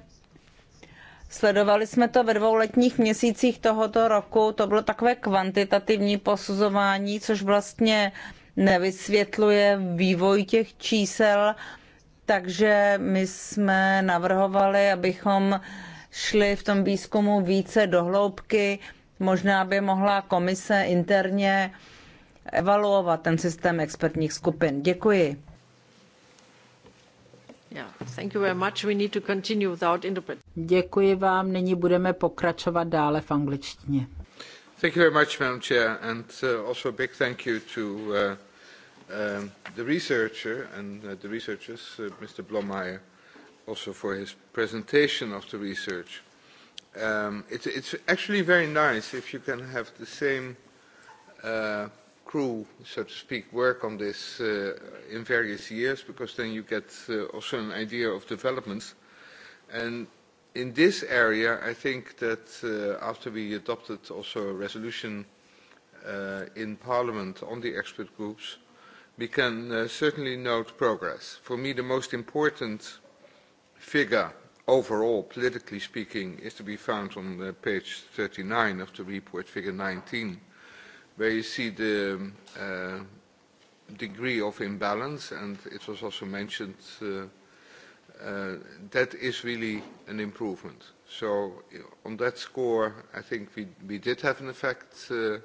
Sledovali jsme to ve dvou letních měsících tohoto roku. To bylo takové kvantitativní posuzování, což vlastně nevysvětluje vývoj těch čísel. Takže my jsme navrhovali, abychom šli v tom výzkumu více do hloubky. Možná by mohla komise interně evaluovat ten systém expertních skupin. Děkuji. Děkuji vám, nyní budeme pokračovat dále v angličtině. Thank you very much, Madam Chair, and uh, also a big thank you to uh, um, the researcher and uh, the researchers, uh, Mr. Blomeyer also for his presentation of the research. Um, it, it's actually very nice if you can have the same uh, crew, so to speak, work on this uh, in various years, because then you get uh, also an idea of developments. And in this area, I think that uh, after we adopted also a resolution uh, in Parliament on the expert groups, we can uh, certainly note progress. For me, the most important figure, overall, politically speaking, is to be found on uh, page 39 of the report, figure 19, where you see the um, uh, degree of imbalance, and it was also mentioned uh, uh, that is really an improvement. So on that score, I think we, we did have an effect uh,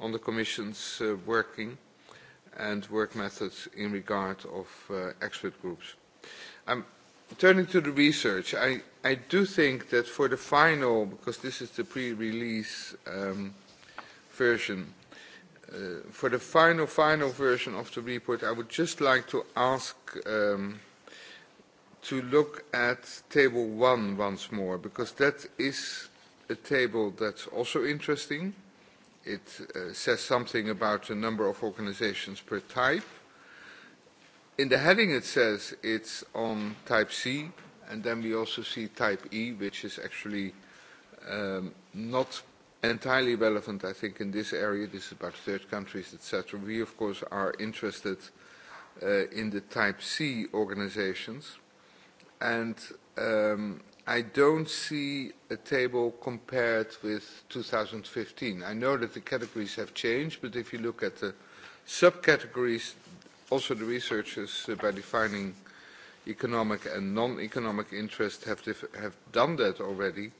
on the Commission's uh, working and work methods in regard of uh, expert groups. I'm um, Turning to the research, I, I do think that for the final, because this is the pre-release um, version, uh, for the final, final version of the report, I would just like to ask um, to look at table one once more, because that is a table that's also interesting. It uh, says something about the number of organizations per type in the heading it says it's on type C, and then we also see type E, which is actually um, not entirely relevant, I think, in this area. This is about third countries, etc. We, of course, are interested uh, in the type C organizations. And um, I don't see a table compared with 2015. I know that the categories have changed, but if you look at the subcategories, Also, the researchers, uh, by defining economic and non-economic interest, have, have done that already.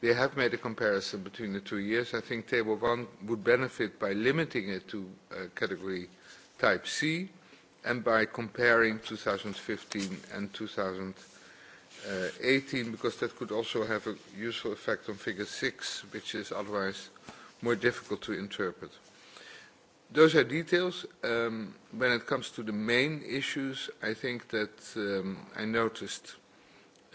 They have made a comparison between the two years. I think Table one would benefit by limiting it to uh, category Type C and by comparing 2015 and 2018, because that could also have a useful effect on Figure six, which is otherwise more difficult to interpret. Those are details. Um, when it comes to the main issues, I think that um, I noticed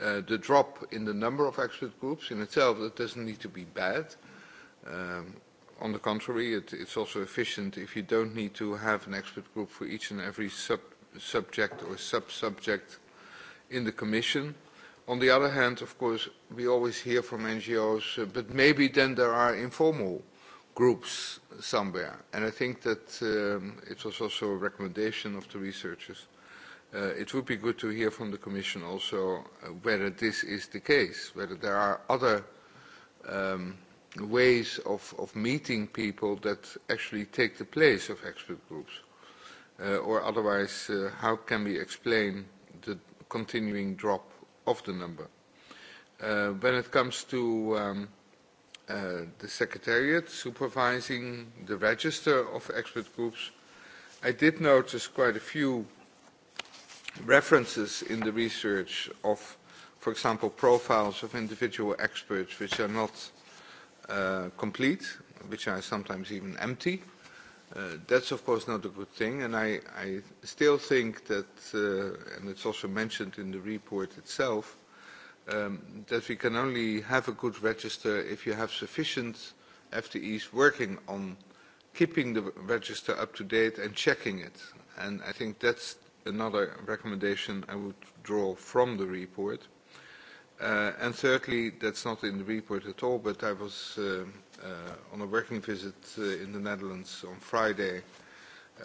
uh, the drop in the number of expert groups in itself. That doesn't need to be bad. Um, on the contrary, it, it's also efficient if you don't need to have an expert group for each and every sub subject or sub-subject in the Commission. On the other hand, of course, we always hear from NGOs, uh, but maybe then there are informal uh, groups somewhere. And I think that um, it was also a recommendation of the researchers. Uh, it would be good to hear from the Commission also uh, whether this is the case, whether there are other um, ways of, of meeting people that actually take the place of expert groups. Uh, or otherwise, uh, how can we explain the continuing drop of the number? Uh, when it comes to um, Uh, the Secretariat supervising the register of expert groups. I did notice quite a few references in the research of, for example, profiles of individual experts which are not uh, complete, which are sometimes even empty. Uh, that's of course not a good thing, and I, I still think that, uh, and it's also mentioned in the report itself, Um, that we can only have a good register if you have sufficient FTEs working on keeping the register up to date and checking it. And I think that's another recommendation I would draw from the report. Uh, and thirdly, that's not in the report at all, but I was uh, uh, on a working visit uh, in the Netherlands on Friday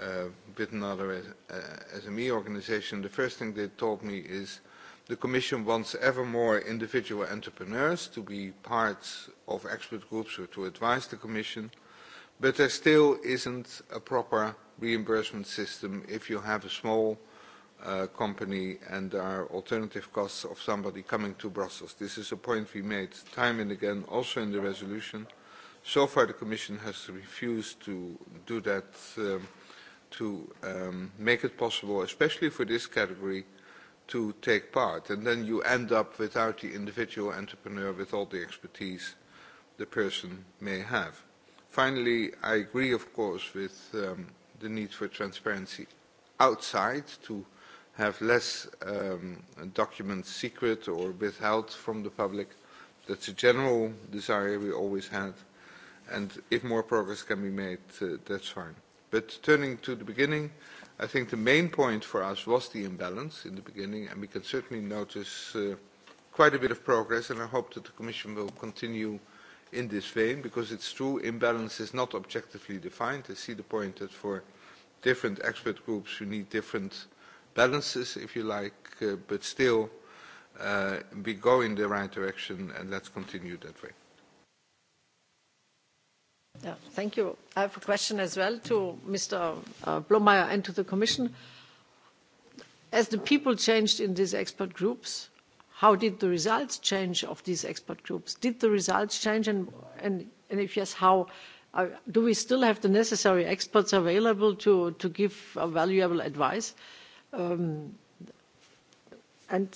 uh, with another uh, SME organization. The first thing they told me is The Commission wants ever more individual entrepreneurs to be part of expert groups or to advise the Commission, but there still isn't a proper reimbursement system if you have a small uh, company and there are alternative costs of somebody coming to Brussels. This is a point we made time and again, also in the resolution. So far, the Commission has refused to do that, um, to um, make it possible, especially for this category, to take part. And then you end up without the individual entrepreneur with all the expertise the person may have. Finally, I agree, of course, with um, the need for transparency outside to have less um, documents secret or withheld from the public. That's a general desire we always had. And if more progress can be made, uh, that's fine. But turning to the beginning, i think the main point for us was the imbalance in the beginning, and we can certainly notice uh, quite a bit of progress, and I hope that the Commission will continue in this vein, because it's true, imbalance is not objectively defined. I see the point that for different expert groups you need different balances, if you like, uh, but still uh, we go in the right direction, and let's continue that way thank you. I have a question as well to Mr. Uh, Blomeyer and to the Commission. As the people changed in these expert groups, how did the results change of these expert groups? Did the results change, and, and, and if yes, how? Uh, do we still have the necessary experts available to, to give valuable advice? Um, and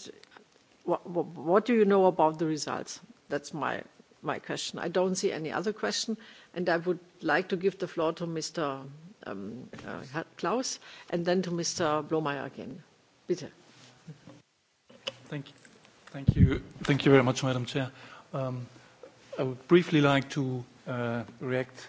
what, what do you know about the results? That's my my question. I don't see any other question, and I would like to give the floor to Mr. Um, uh, Klaus and then to Mr. Blomeyer again. Bitte. Thank you. Thank you. Thank you very much, Madam Chair. Um, I would briefly like to uh, react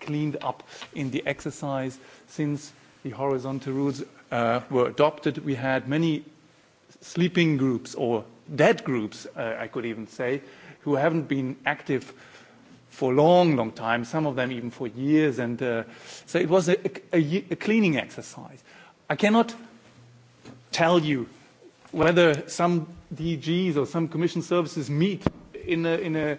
cleaned up in the exercise since the horizontal rules uh, were adopted. We had many sleeping groups or dead groups, uh, I could even say, who haven't been active for a long, long time, some of them even for years. And uh, so it was a, a, a cleaning exercise. I cannot tell you whether some DGs or some commission services meet in a, in a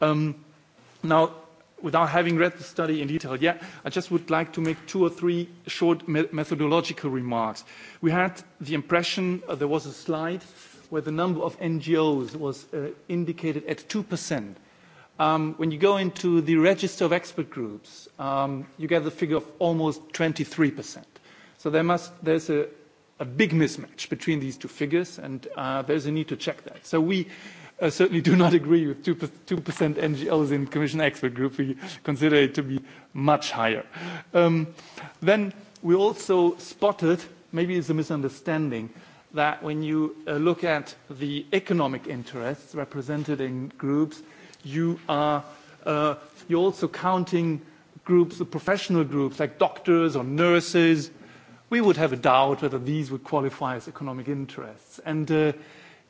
Um, now, without having read the study in detail yet, I just would like to make two or three short me methodological remarks. We had the impression uh, there was a slide where the number of NGOs was uh, indicated at 2%. Um, when you go into the register of expert groups, um, you get the figure of almost 23%. So there must, there's a, a big mismatch between these two figures, and uh, there's a need to check that. So we i certainly do not agree with 2%, 2 NGLs in Commission Expert Group. We consider it to be much higher. Um, then we also spotted, maybe it's a misunderstanding, that when you uh, look at the economic interests represented in groups, you are uh, you're also counting groups, the professional groups like doctors or nurses. We would have a doubt whether these would qualify as economic interests. And uh,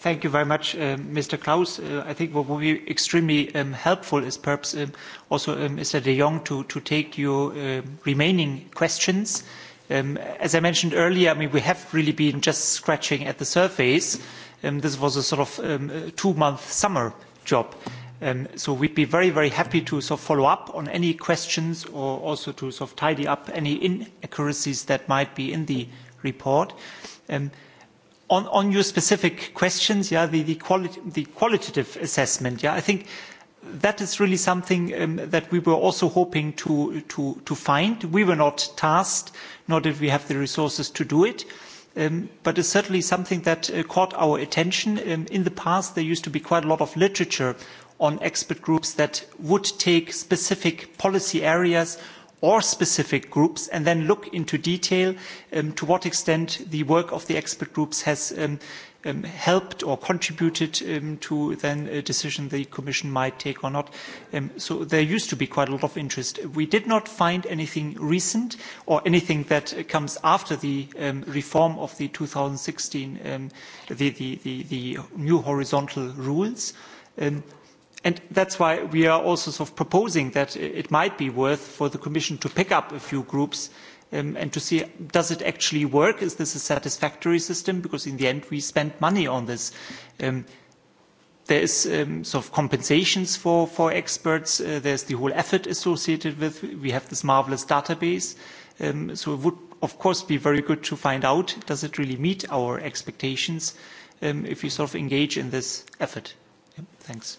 thank you very much, uh, Mr. Klaus. Uh, I think what will be extremely um, helpful is perhaps um, also um, Mr. de Jong to, to take your uh, remaining questions. Um, as I mentioned earlier, I mean, we have really been just scratching at the surface. Um, this was a sort of um, two-month summer job. Um, so we'd be very, very happy to sort of follow up on any questions or also to sort of tidy up any inaccuracies that might be in the report. Um, On, your specific questions, yeah, the, qualitative assessment, yeah, I think that is really something um, that we were also hoping to, find. We were not tasked, nor did we have the resources to do it. Um, but it's certainly something that uh, caught our attention. Um, in the past, there used to be quite a lot of literature on expert groups that would take specific policy areas or specific groups and then look into detail um, to what extent the work of the expert groups has um, um, helped or contributed um, to then a decision the Commission might take or not. Um, so there used to be quite a lot of interest. We did not find anything recent or anything that comes after the um, reform of the 2016, um, the, the, the, the new horizontal rules. Um, And that's why we are also sort of proposing that it might be worth for the Commission to pick up a few groups um, and to see does it actually work? Is this a satisfactory system? Because in the end, we spend money on this. Um, there is um, sort of compensations for, for experts. Uh, there's the whole effort associated with. We have this marvelous database. Um, so it would, of course, be very good to find out does it really meet our expectations um, if you sort of engage in this effort. Yep, thanks